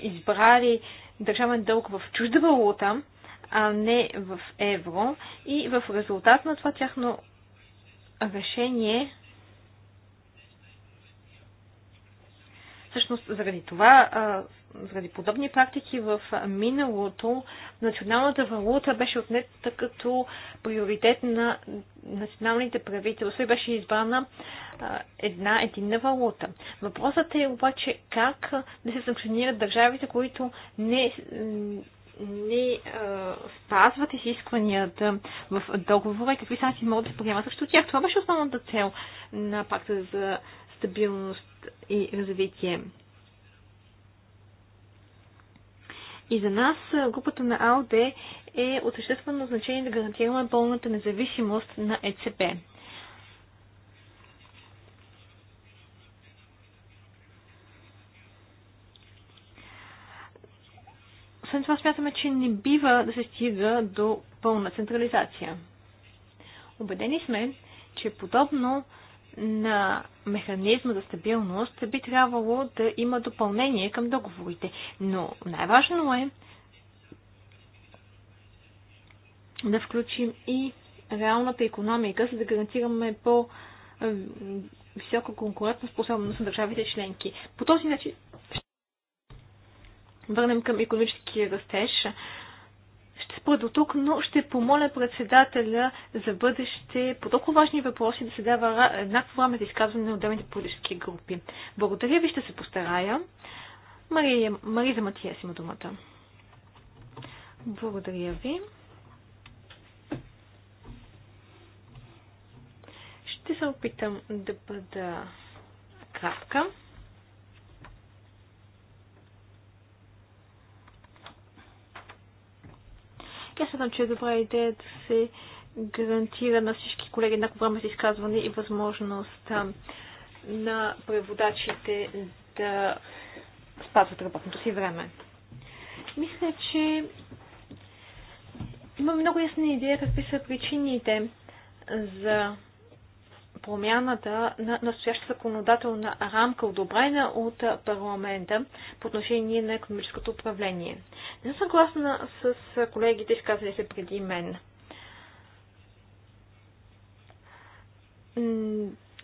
избрали държавен дълг в чужда валута, а не в евро. И в резултат на това тяхно решение Всъщност, заради това заради подобни практики в миналото националната валута беше отнета като приоритет на националните правителства и беше избрана една единна валута. Въпросът е обаче как да се санкционират държавите, които не не а, спазват изискванията в договора и какви санкции могат да се приемат срещу тях. Това беше основната цел на пакта за стабилност и развитие. И за нас групата на АОД е от съществено значение да гарантираме пълната независимост на ЕЦП. Освен това смятаме, че не бива да се стига до пълна централизация. Обедени сме, че подобно на механизма за стабилност би трябвало да има допълнение към договорите. Но най-важно е да включим и реалната економика, за да гарантираме по- висока конкурентна способност на държавите членки. По този начин върнем към економическия растеж, ще спра до тук, но ще помоля председателя за бъдеще по толкова важни въпроси да се дава еднакво време за изказване на отделните политически групи. Благодаря ви, ще се постарая. Мария, Мариза си има думата. Благодаря ви. Ще се опитам да бъда кратка. Тя смятам, че е добра идея да се гарантира на всички колеги на време за изказване и възможност на преводачите да спазват работното си време. Мисля, че имам много ясна идея какви са причините за промяната на настоящата законодателна рамка, одобрена от парламента по отношение на економическото управление. Не съм съгласна с колегите, изказали се преди мен.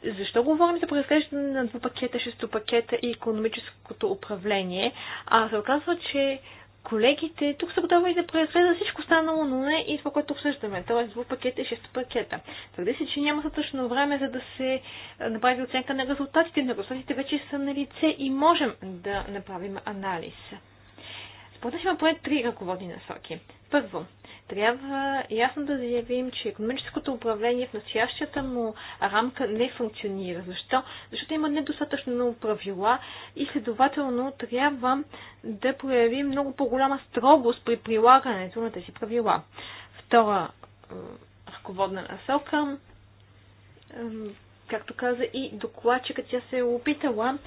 Защо говорим за произглеждане на два пакета, шесто пакета и економическото управление? А се оказва, че колегите тук са готови да произвеждат всичко останало, но не и това, което обсъждаме, т.е. двупакета пакета и шест пакета. Твърди се, че няма достатъчно време, за да се направи оценка на резултатите, на резултатите вече са на лице и можем да направим анализ. Според има поне три ръководни насоки. Първо, трябва ясно да заявим, че економическото управление в настоящата му рамка не функционира. Защо? Защото има недостатъчно правила и следователно трябва да проявим много по-голяма строгост при прилагането на тези правила. Втора ръководна насока Както каза и докладчикът, тя се е опитала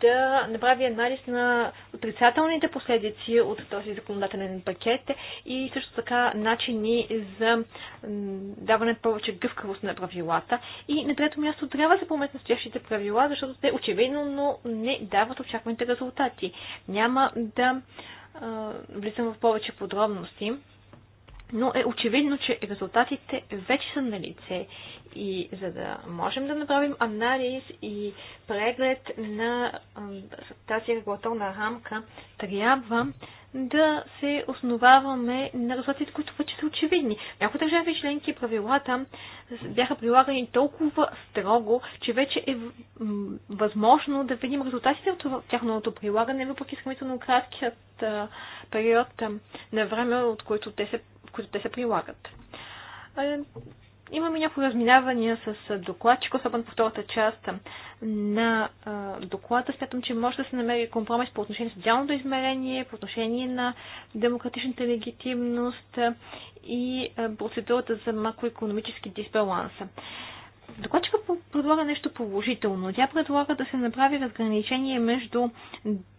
да направи анализ на отрицателните последици от този законодателен пакет и също така начини за даване повече гъвкавост на правилата. И на трето място трябва да се поменят настоящите правила, защото те очевидно но не дават очакваните резултати. Няма да влизам в повече подробности но е очевидно, че резултатите вече са на лице и за да можем да направим анализ и преглед на тази регулаторна рамка, трябва да се основаваме на резултатите, които вече са очевидни. Някои държави членки правилата бяха прилагани толкова строго, че вече е възможно да видим резултатите от тяхното прилагане, въпреки сравнително краткият период на време, от който те се които те се прилагат. Имаме някои разминавания с докладчик, особено по втората част на доклада. Смятам, че може да се намери компромис по отношение на социалното измерение, по отношение на демократичната легитимност и процедурата за макроекономически дисбаланс. Докладчика предлага нещо положително. Тя предлага да се направи разграничение между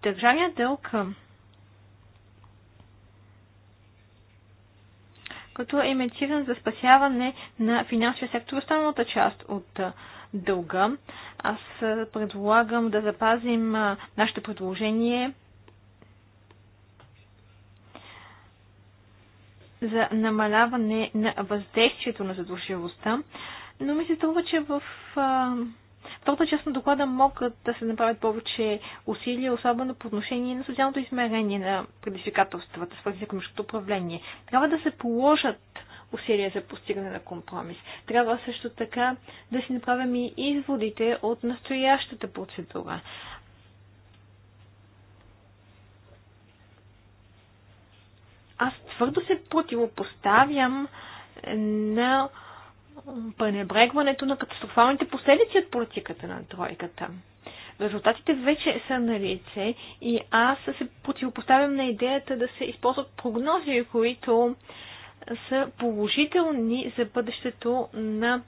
държавния дълг, като е иницииран за спасяване на финансовия сектор, останалата част от дълга. Аз предлагам да запазим нашето предложение за намаляване на въздействието на задушевостта, но ми се струва, че в втората част на доклада могат да се направят повече усилия, особено по отношение на социалното измерение на предизвикателствата, свързани с економическото управление. Трябва да се положат усилия за постигане на компромис. Трябва също така да си направим и изводите от настоящата процедура. Аз твърдо се противопоставям на пренебрегването на катастрофалните последици от политиката на тройката. Резултатите вече са на лице и аз се противопоставям на идеята да се използват прогнози, които са положителни за бъдещето на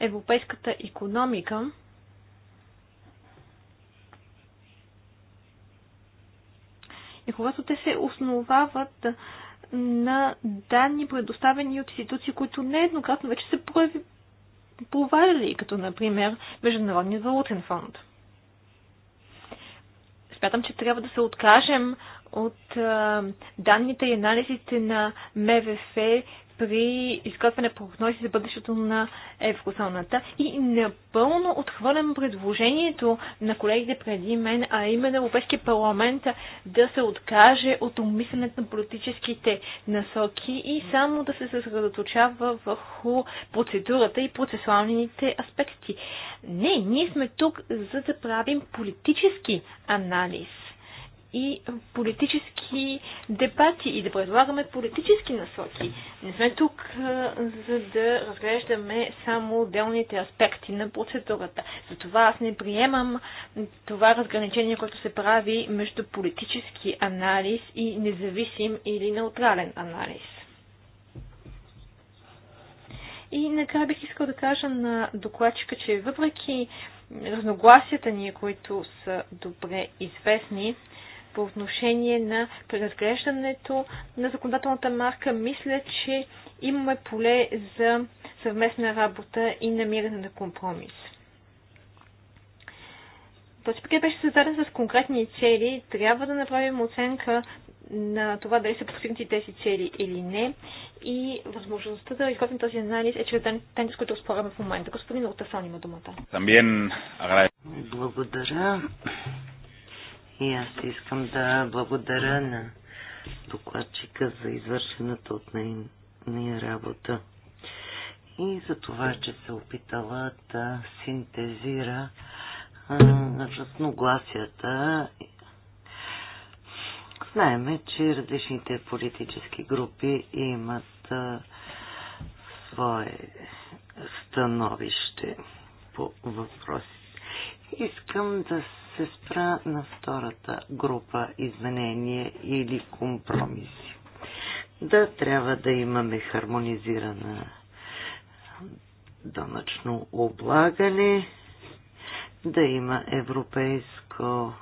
европейската економика. И когато те се основават на данни, предоставени от институции, които нееднократно вече се прояви, провалили, като например Международния валутен фонд. Смятам, че трябва да се откажем от а, данните и анализите на МВФ, при изготвяне прогнози за бъдещето на еврозоната и напълно отхвърлям предложението на колегите преди мен, а именно Европейския парламент да се откаже от умисленето на политическите насоки и само да се съсредоточава върху процедурата и процесуалните аспекти. Не, ние сме тук за да правим политически анализ и политически дебати и да предлагаме политически насоки. Не сме тук, за да разглеждаме само отделните аспекти на процедурата. Затова аз не приемам това разграничение, което се прави между политически анализ и независим или неутрален анализ. И накрая бих искал да кажа на докладчика, че въпреки разногласията ни, които са добре известни, по отношение на преразглеждането на законодателната марка, мисля, че имаме поле за съвместна работа и намиране на компромис. Този пакет беше създаден с конкретни цели. Трябва да направим оценка на това дали са постигнати тези цели или не. И възможността да изготвим този анализ е чрез данните, с които спораме в момента. Господин Ортасон има думата. Благодаря. И аз искам да благодаря на докладчика за извършената от нея работа и за това, че се опитала да синтезира разногласията. Знаеме, че различните политически групи имат а, свое становище по въпроси. Искам да се спра на втората група изменения или компромиси. Да, трябва да имаме хармонизирана данъчно облагане, да има европейско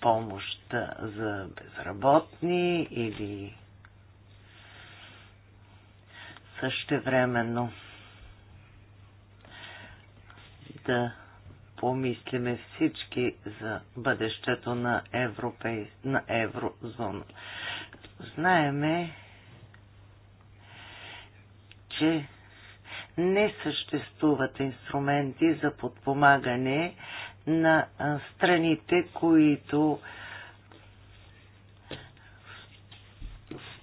помощ за безработни или същевременно да помислиме всички за бъдещето на, европей... на еврозона. Знаеме, че не съществуват инструменти за подпомагане на страните, които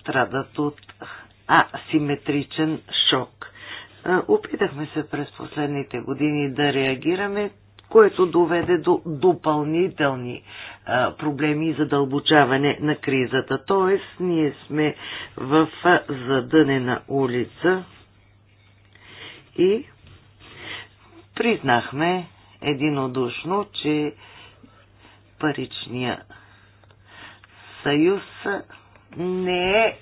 страдат от асиметричен шок. Опитахме се през последните години да реагираме, което доведе до допълнителни проблеми и задълбочаване на кризата. Тоест, ние сме в задънена улица и признахме единодушно, че паричния съюз не е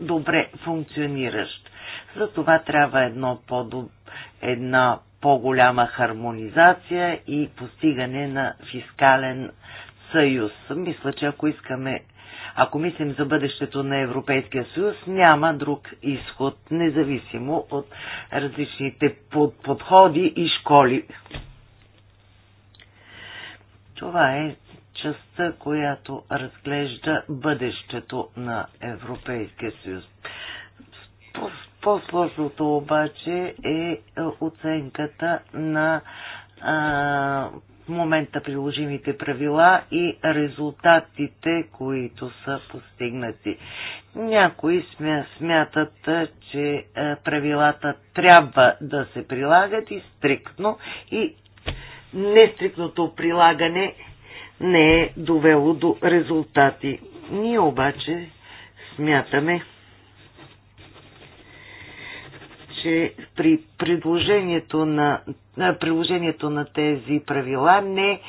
добре функциониращ. За това трябва едно по една по-голяма хармонизация и постигане на фискален съюз. Мисля, че ако искаме, ако мислим за бъдещето на Европейския съюз, няма друг изход, независимо от различните подходи и школи. Това е частта, която разглежда бъдещето на Европейския съюз. По-сложното обаче е, е оценката на а, в момента приложимите правила и резултатите, които са постигнати. Някои смятат, че правилата трябва да се прилагат и стриктно и нестриктното прилагане не е довело до резултати. Ние обаче смятаме, че при предложението на, на приложението на тези правила не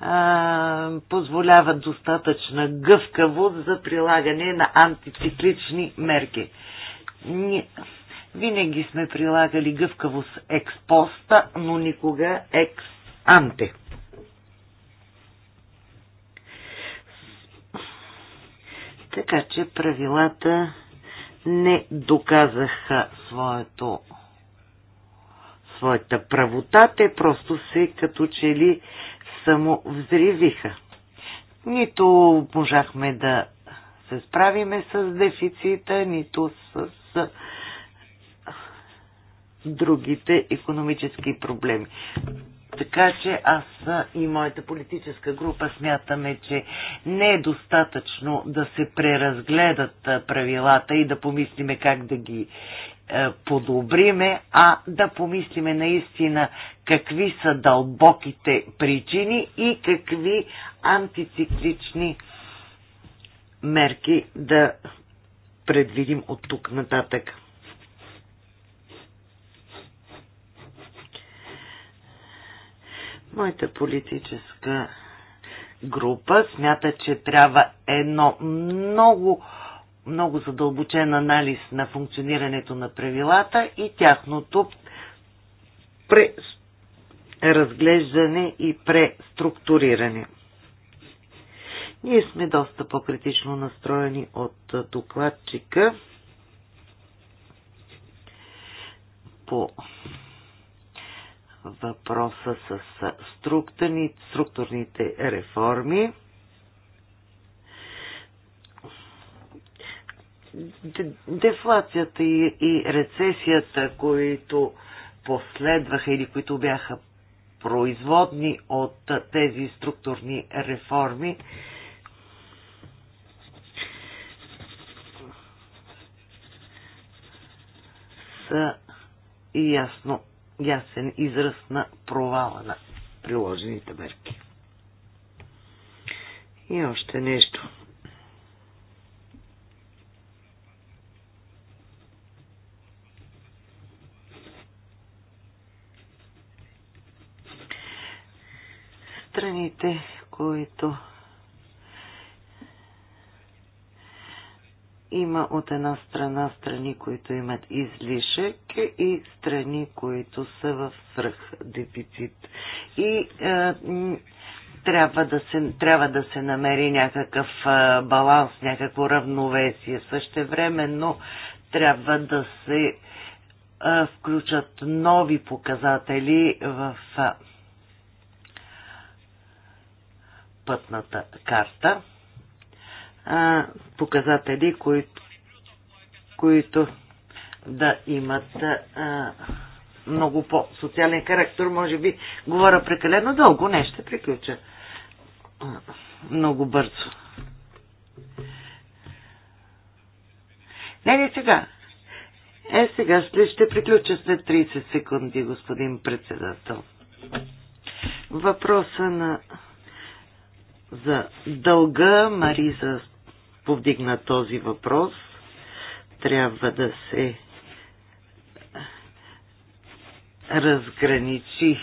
а, позволява достатъчна гъвкавост за прилагане на антициклични мерки. Ни, винаги сме прилагали гъвкавост експоста, но никога екс анте. Така че правилата не доказаха своето, своята правота, те просто се като че ли само взривиха. Нито можахме да се справиме с дефицита, нито с другите економически проблеми. Така че аз и моята политическа група смятаме, че не е достатъчно да се преразгледат правилата и да помислиме как да ги подобриме, а да помислиме наистина какви са дълбоките причини и какви антициклични мерки да предвидим от тук нататък. Моята политическа група смята, че трябва едно много, много задълбочен анализ на функционирането на правилата и тяхното преразглеждане и преструктуриране. Ние сме доста по-критично настроени от докладчика по въпроса с структурни, структурните реформи. Дефлацията и, и рецесията, които последваха или които бяха производни от тези структурни реформи, са ясно ясен израз на провала на приложените мерки. И още нещо. Страните, които има от една страна страни, които имат излишък и страни, които са в свръх дефицит. И е, трябва, да се, трябва да се намери някакъв е, баланс, някакво равновесие. Същевременно трябва да се е, включат нови показатели в е, пътната карта а, показатели, които, които да имат а, много по-социален характер. Може би говоря прекалено дълго, не ще приключа много бързо. Не, не сега. Е, сега ще, ще приключа след 30 секунди, господин председател. Въпроса на за дълга. Мариза повдигна този въпрос. Трябва да се разграничи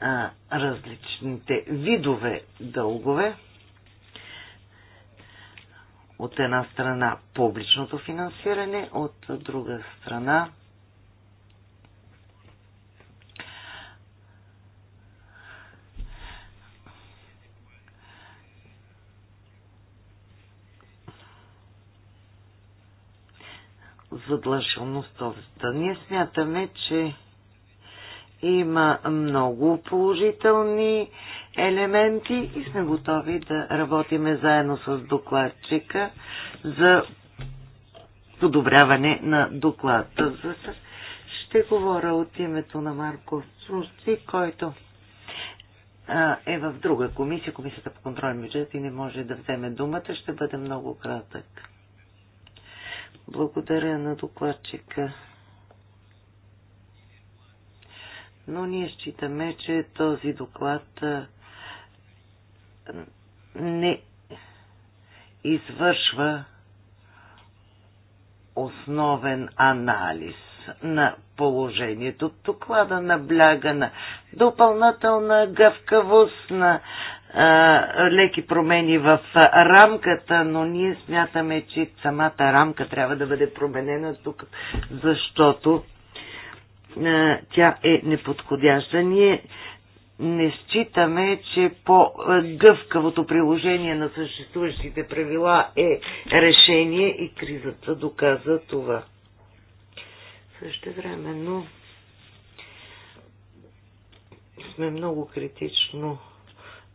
а, различните видове дългове. От една страна публичното финансиране, от друга страна задлъжността. Ние смятаме, че има много положителни елементи и сме готови да работиме заедно с докладчика за подобряване на доклада. Ще говоря от името на Марко Сурци, който е в друга комисия, комисията по контролен бюджет и не може да вземе думата. Ще бъде много кратък. Благодаря на докладчика. Но ние считаме, че този доклад не извършва основен анализ на положението. Доклада набляга на допълнителна гъвкавост, на леки промени в рамката, но ние смятаме, че самата рамка трябва да бъде променена тук, защото тя е неподходяща. Ние не считаме, че по-гъвкавото приложение на съществуващите правила е решение и кризата доказа това. Също но сме много критично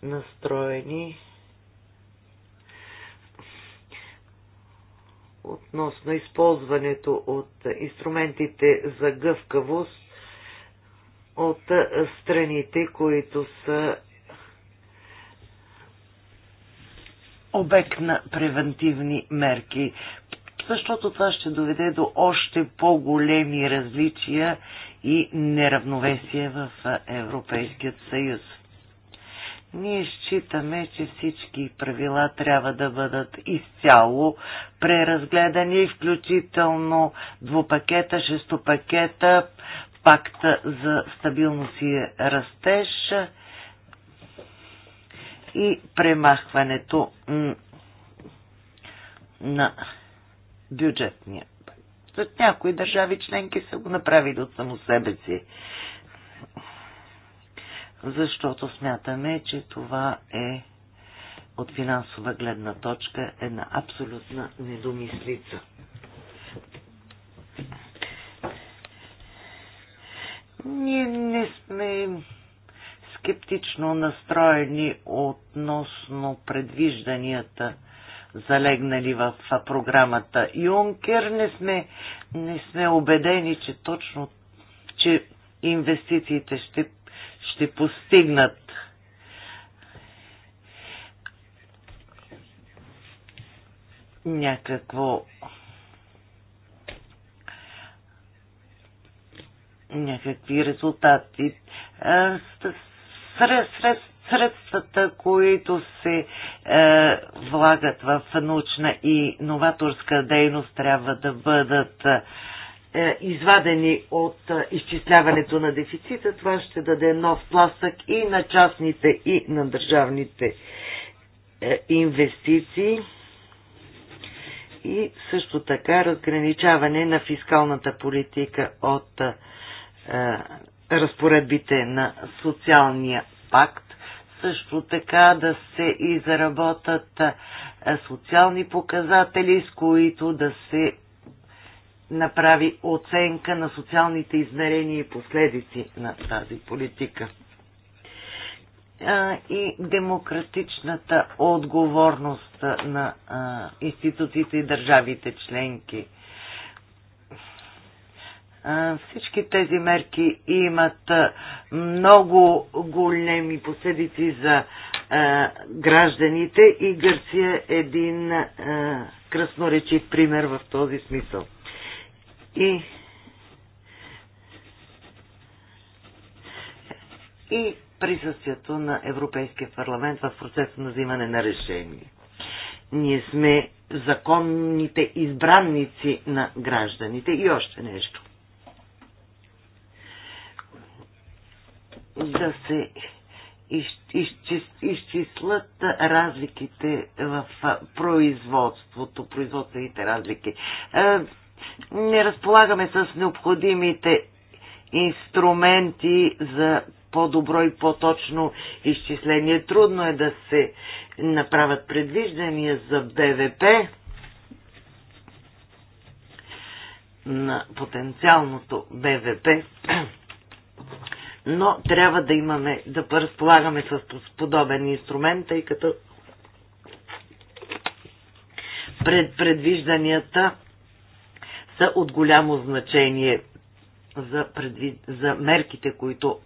настроени относно използването от инструментите за гъвкавост от страните, които са обект на превентивни мерки, защото това ще доведе до още по-големи различия и неравновесие в Европейският съюз. Ние считаме, че всички правила трябва да бъдат изцяло преразгледани, включително двупакета, шестопакета, пакта за стабилност и растеж и премахването на бюджетния. От някои държави членки са го направили от само себе си защото смятаме, че това е от финансова гледна точка една абсолютна недомислица. Ние не сме скептично настроени относно предвижданията, залегнали в програмата Юнкер. Не сме, не сме убедени, че точно че инвестициите ще ще постигнат. някакво някакви резултати. Сред, сред, средствата, които се е, влагат в научна и новаторска дейност, трябва да бъдат е, е, извадени от е, изчисляването на дефицита, това ще даде нов пластък и на частните, и на държавните е, инвестиции и също така разграничаване на фискалната политика от разпоредбите на социалния пакт, също така да се изработат социални показатели, с които да се направи оценка на социалните измерения и последици на тази политика. И демократичната отговорност на институциите и държавите членки. Всички тези мерки имат много големи последици за гражданите и Гърция е един красноречив пример в този смисъл. И, и присъствието на Европейския парламент в процеса на взимане на решение. Ние сме законните избранници на гражданите и още нещо. Да се изчислят разликите в производството, производствените разлики. Е, не разполагаме с необходимите инструменти за по-добро и по-точно изчисление. Трудно е да се направят предвиждания за БВП на потенциалното БВП, но трябва да имаме, да разполагаме с подобен инструмент, тъй като пред предвижданията са от голямо значение за, предвид, за мерките, които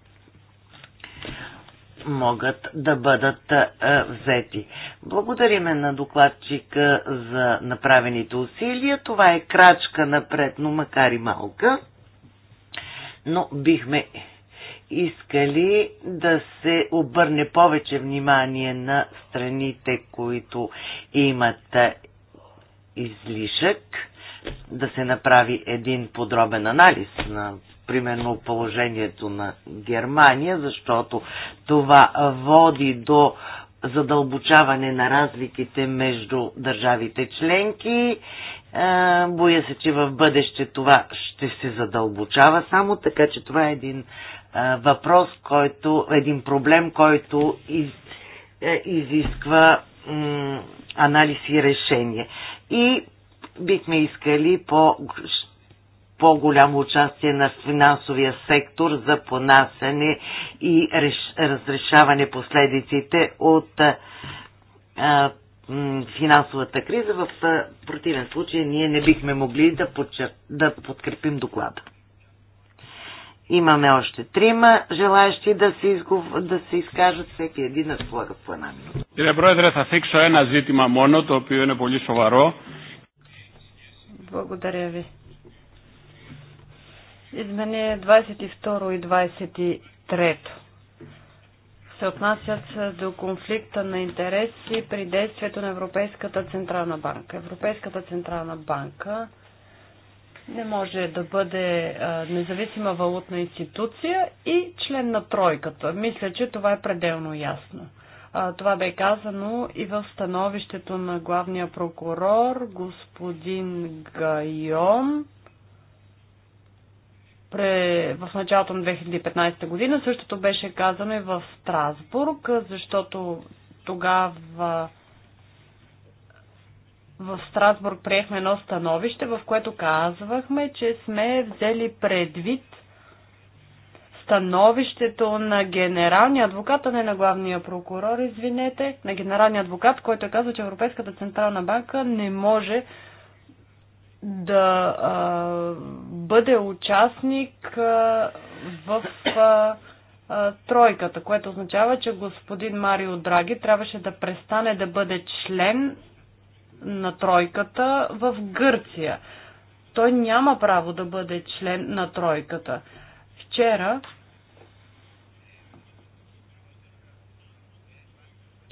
могат да бъдат а, взети. Благодариме на докладчика за направените усилия. Това е крачка напред, но макар и малка. Но бихме искали да се обърне повече внимание на страните, които имат излишък да се направи един подробен анализ на примерно положението на Германия, защото това води до задълбочаване на разликите между държавите членки. Е, боя се, че в бъдеще това ще се задълбочава само, така че това е един е, въпрос, който, един проблем, който из, е, изисква анализ и решение. И бихме искали по, по-голямо участие на финансовия сектор за понасяне и реш, разрешаване последиците от а, финансовата криза. В противен случай ние не бихме могли да, подчер... да подкрепим доклада. Имаме още трима желаящи да се, изгов... да се изкажат всеки един разполага по една минута. Κύριε Πρόεδρε, θα θίξω ένα ζήτημα μόνο, το οποίο είναι πολύ σοβαρό. Благодаря ви. Изменение 22 и 23 се отнасят до конфликта на интереси при действието на Европейската Централна банка. Европейската Централна банка не може да бъде независима валутна институция и член на тройката. Мисля, че това е пределно ясно. Това бе казано и в становището на главния прокурор господин Гайон в началото на 2015 година. Същото беше казано и в Страсбург, защото тогава в Страсбург приехме едно становище, в което казвахме, че сме взели предвид становището на генералния адвокат, а не на главния прокурор, извинете, на генералния адвокат, който е казал, че Европейската централна банка не може да а, бъде участник а, в а, а, тройката, което означава, че господин Марио Драги трябваше да престане да бъде член на тройката в Гърция. Той няма право да бъде член на тройката. Вчера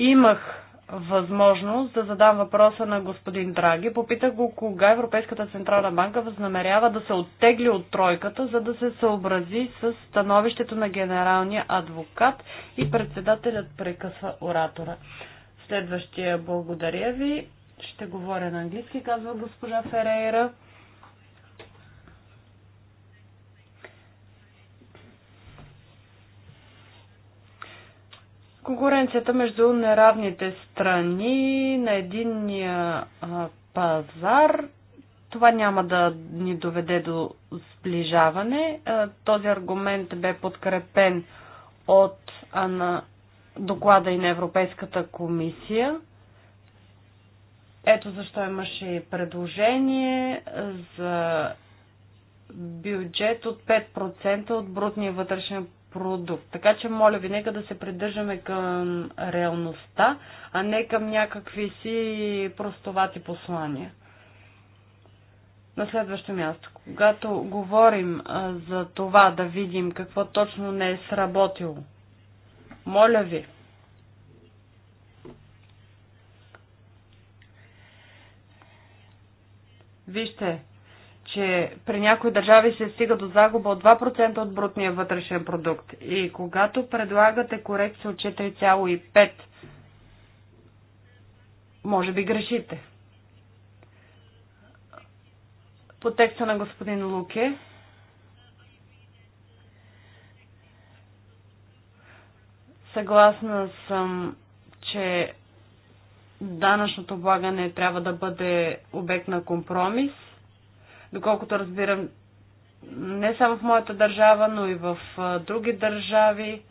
имах възможност да задам въпроса на господин Драги. Попитах го кога Европейската Централна банка възнамерява да се оттегли от тройката, за да се съобрази с становището на генералния адвокат и председателят прекъсва оратора. Следващия благодаря ви. Ще говоря на английски, казва госпожа Ферейра. конкуренцията между неравните страни на единния пазар. Това няма да ни доведе до сближаване. Този аргумент бе подкрепен от на доклада и на Европейската комисия. Ето защо имаше предложение за бюджет от 5% от брутния вътрешен продукт. Така че, моля ви, нека да се придържаме към реалността, а не към някакви си простовати послания. На следващо място, когато говорим а, за това да видим какво точно не е сработило, моля ви, вижте че при някои държави се стига до загуба от 2% от брутния вътрешен продукт. И когато предлагате корекция от 4,5%, може би грешите. По текста на господин Луке. Съгласна съм, че данъчното облагане трябва да бъде обект на компромис – Доколкото разбирам, не само в моята държава, но и в други държави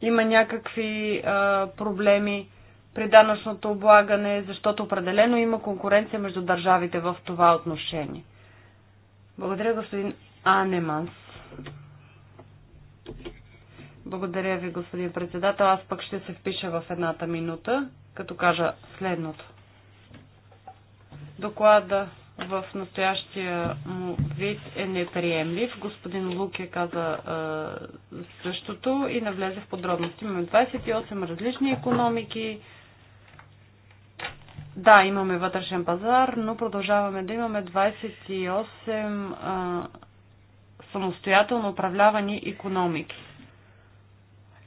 има някакви а, проблеми при данъчното облагане, защото определено има конкуренция между държавите в това отношение. Благодаря, господин Анеманс. Благодаря ви, господин председател. Аз пък ще се впиша в едната минута, като кажа следното. Доклада в настоящия му вид е неприемлив. Господин Луке каза е, същото и навлезе в подробности. Имаме 28 различни економики. Да, имаме вътрешен пазар, но продължаваме да имаме 28 е, самостоятелно управлявани економики.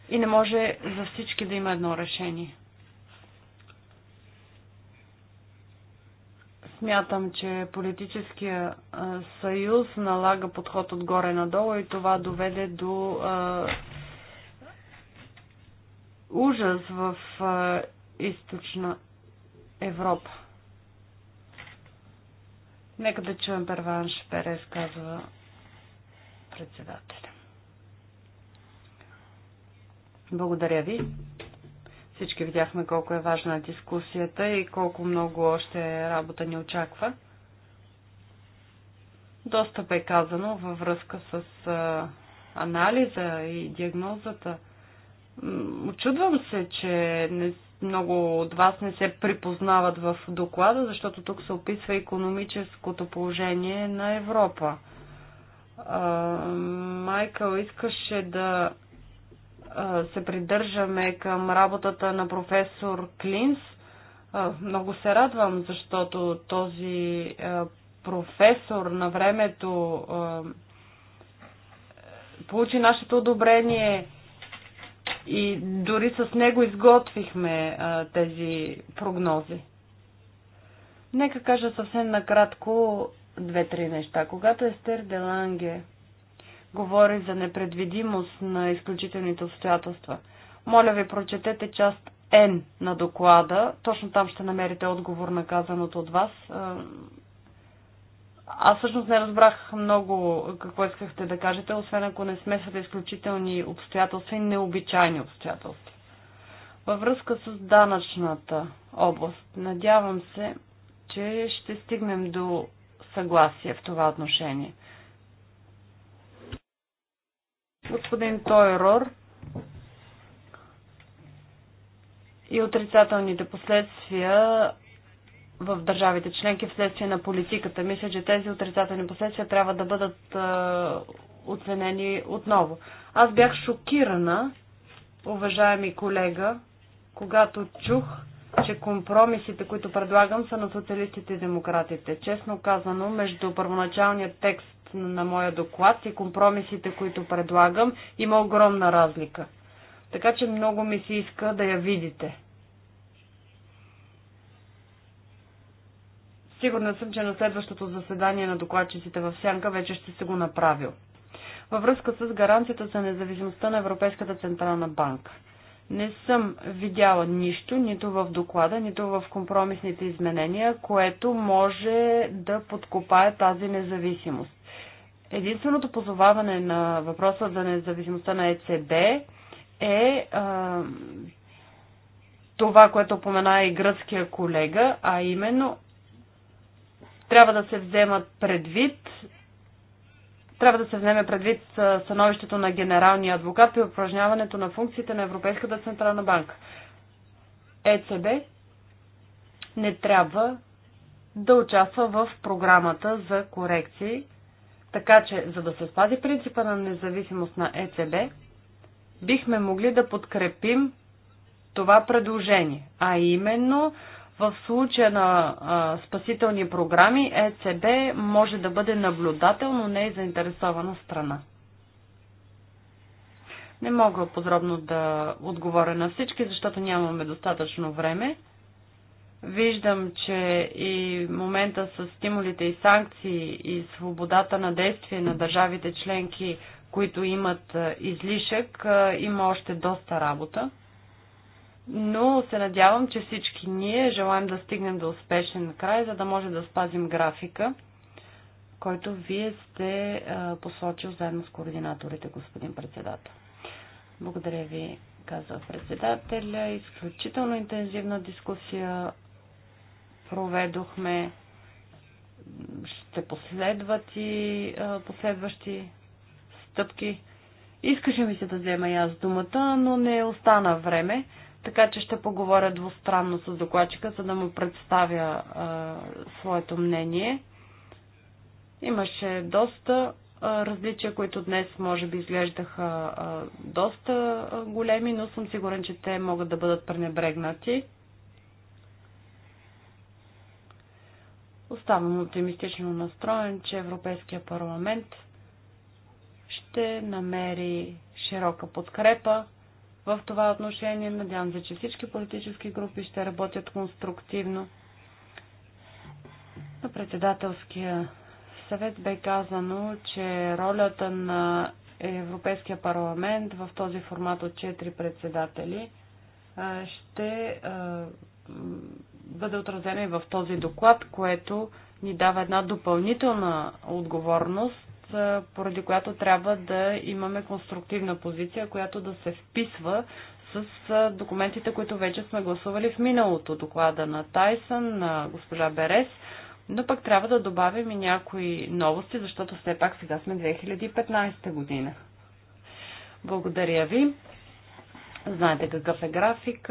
И не може за всички да има едно решение. Смятам, че политическия съюз налага подход отгоре надолу и това доведе до а, ужас в а, източна Европа. Нека да чуем Перванш Перес, казва председателя. Благодаря ви. Всички видяхме колко е важна дискусията и колко много още работа ни очаква. Доста бе казано във връзка с анализа и диагнозата. Очудвам се, че не, много от вас не се припознават в доклада, защото тук се описва економическото положение на Европа. А, Майкъл искаше да се придържаме към работата на професор Клинс. Много се радвам, защото този професор на времето получи нашето одобрение и дори с него изготвихме тези прогнози. Нека кажа съвсем накратко две-три неща. Когато Естер Деланге говори за непредвидимост на изключителните обстоятелства. Моля ви, прочетете част Н на доклада. Точно там ще намерите отговор на казаното от вас. Е, аз всъщност не разбрах много какво искахте да кажете, освен ако не смесвате изключителни обстоятелства и необичайни обстоятелства. Във връзка с данъчната област, надявам се, че ще стигнем до съгласие в това отношение. господин Тойрор и отрицателните последствия в държавите членки вследствие на политиката. Мисля, че тези отрицателни последствия трябва да бъдат оценени отново. Аз бях шокирана, уважаеми колега, когато чух, че компромисите, които предлагам, са на социалистите и демократите. Честно казано, между първоначалния текст на моя доклад и компромисите, които предлагам, има огромна разлика. Така че много ми се иска да я видите. Сигурна съм, че на следващото заседание на докладчиците в Сянка вече ще се го направил. Във връзка с гаранцията за независимостта на Европейската Централна банка. Не съм видяла нищо, нито в доклада, нито в компромисните изменения, което може да подкопае тази независимост. Единственото позоваване на въпроса за независимостта на ЕЦБ е а, това, което помена и гръцкия колега, а именно трябва да се вземат предвид трябва да се вземе предвид становището на генералния адвокат при упражняването на функциите на Европейската централна банка. ЕЦБ не трябва да участва в програмата за корекции, така че, за да се спази принципа на независимост на ЕЦБ, бихме могли да подкрепим това предложение, а именно в случая на а, спасителни програми ЕЦБ може да бъде наблюдател, но не и е заинтересована страна. Не мога подробно да отговоря на всички, защото нямаме достатъчно време. Виждам, че и момента с стимулите и санкции и свободата на действие на държавите членки, които имат излишък, има още доста работа но се надявам, че всички ние желаем да стигнем до успешен край, за да може да спазим графика, който вие сте посочил заедно с координаторите, господин председател. Благодаря ви, казва председателя. Изключително интензивна дискусия проведохме. Ще последват и последващи стъпки. Искаше ми се да взема и аз думата, но не остана време. Така че ще поговоря двустранно с докладчика, за да му представя а, своето мнение. Имаше доста а, различия, които днес може би изглеждаха а, доста а, големи, но съм сигурен, че те могат да бъдат пренебрегнати. Оставам оптимистично настроен, че Европейския парламент ще намери широка подкрепа в това отношение. Надявам се, че всички политически групи ще работят конструктивно. На председателския съвет бе казано, че ролята на Европейския парламент в този формат от 4 председатели ще бъде отразена и в този доклад, което ни дава една допълнителна отговорност поради която трябва да имаме конструктивна позиция, която да се вписва с документите, които вече сме гласували в миналото доклада на Тайсън, на госпожа Берес, но пък трябва да добавим и някои новости, защото все пак сега сме 2015 година. Благодаря ви. Знаете какъв е график.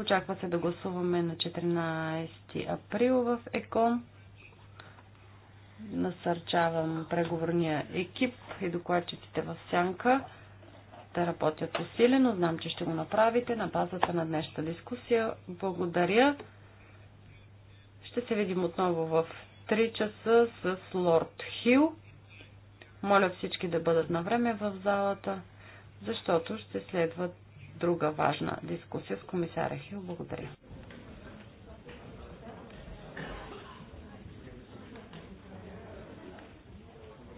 Очаква се да гласуваме на 14 април в ЕКОН. Насърчавам преговорния екип и докладчиците в сянка да работят усилено. Знам, че ще го направите на базата на днешната дискусия. Благодаря. Ще се видим отново в 3 часа с Лорд Хил. Моля всички да бъдат на време в залата, защото ще следва друга важна дискусия с комисаря Хил. Благодаря.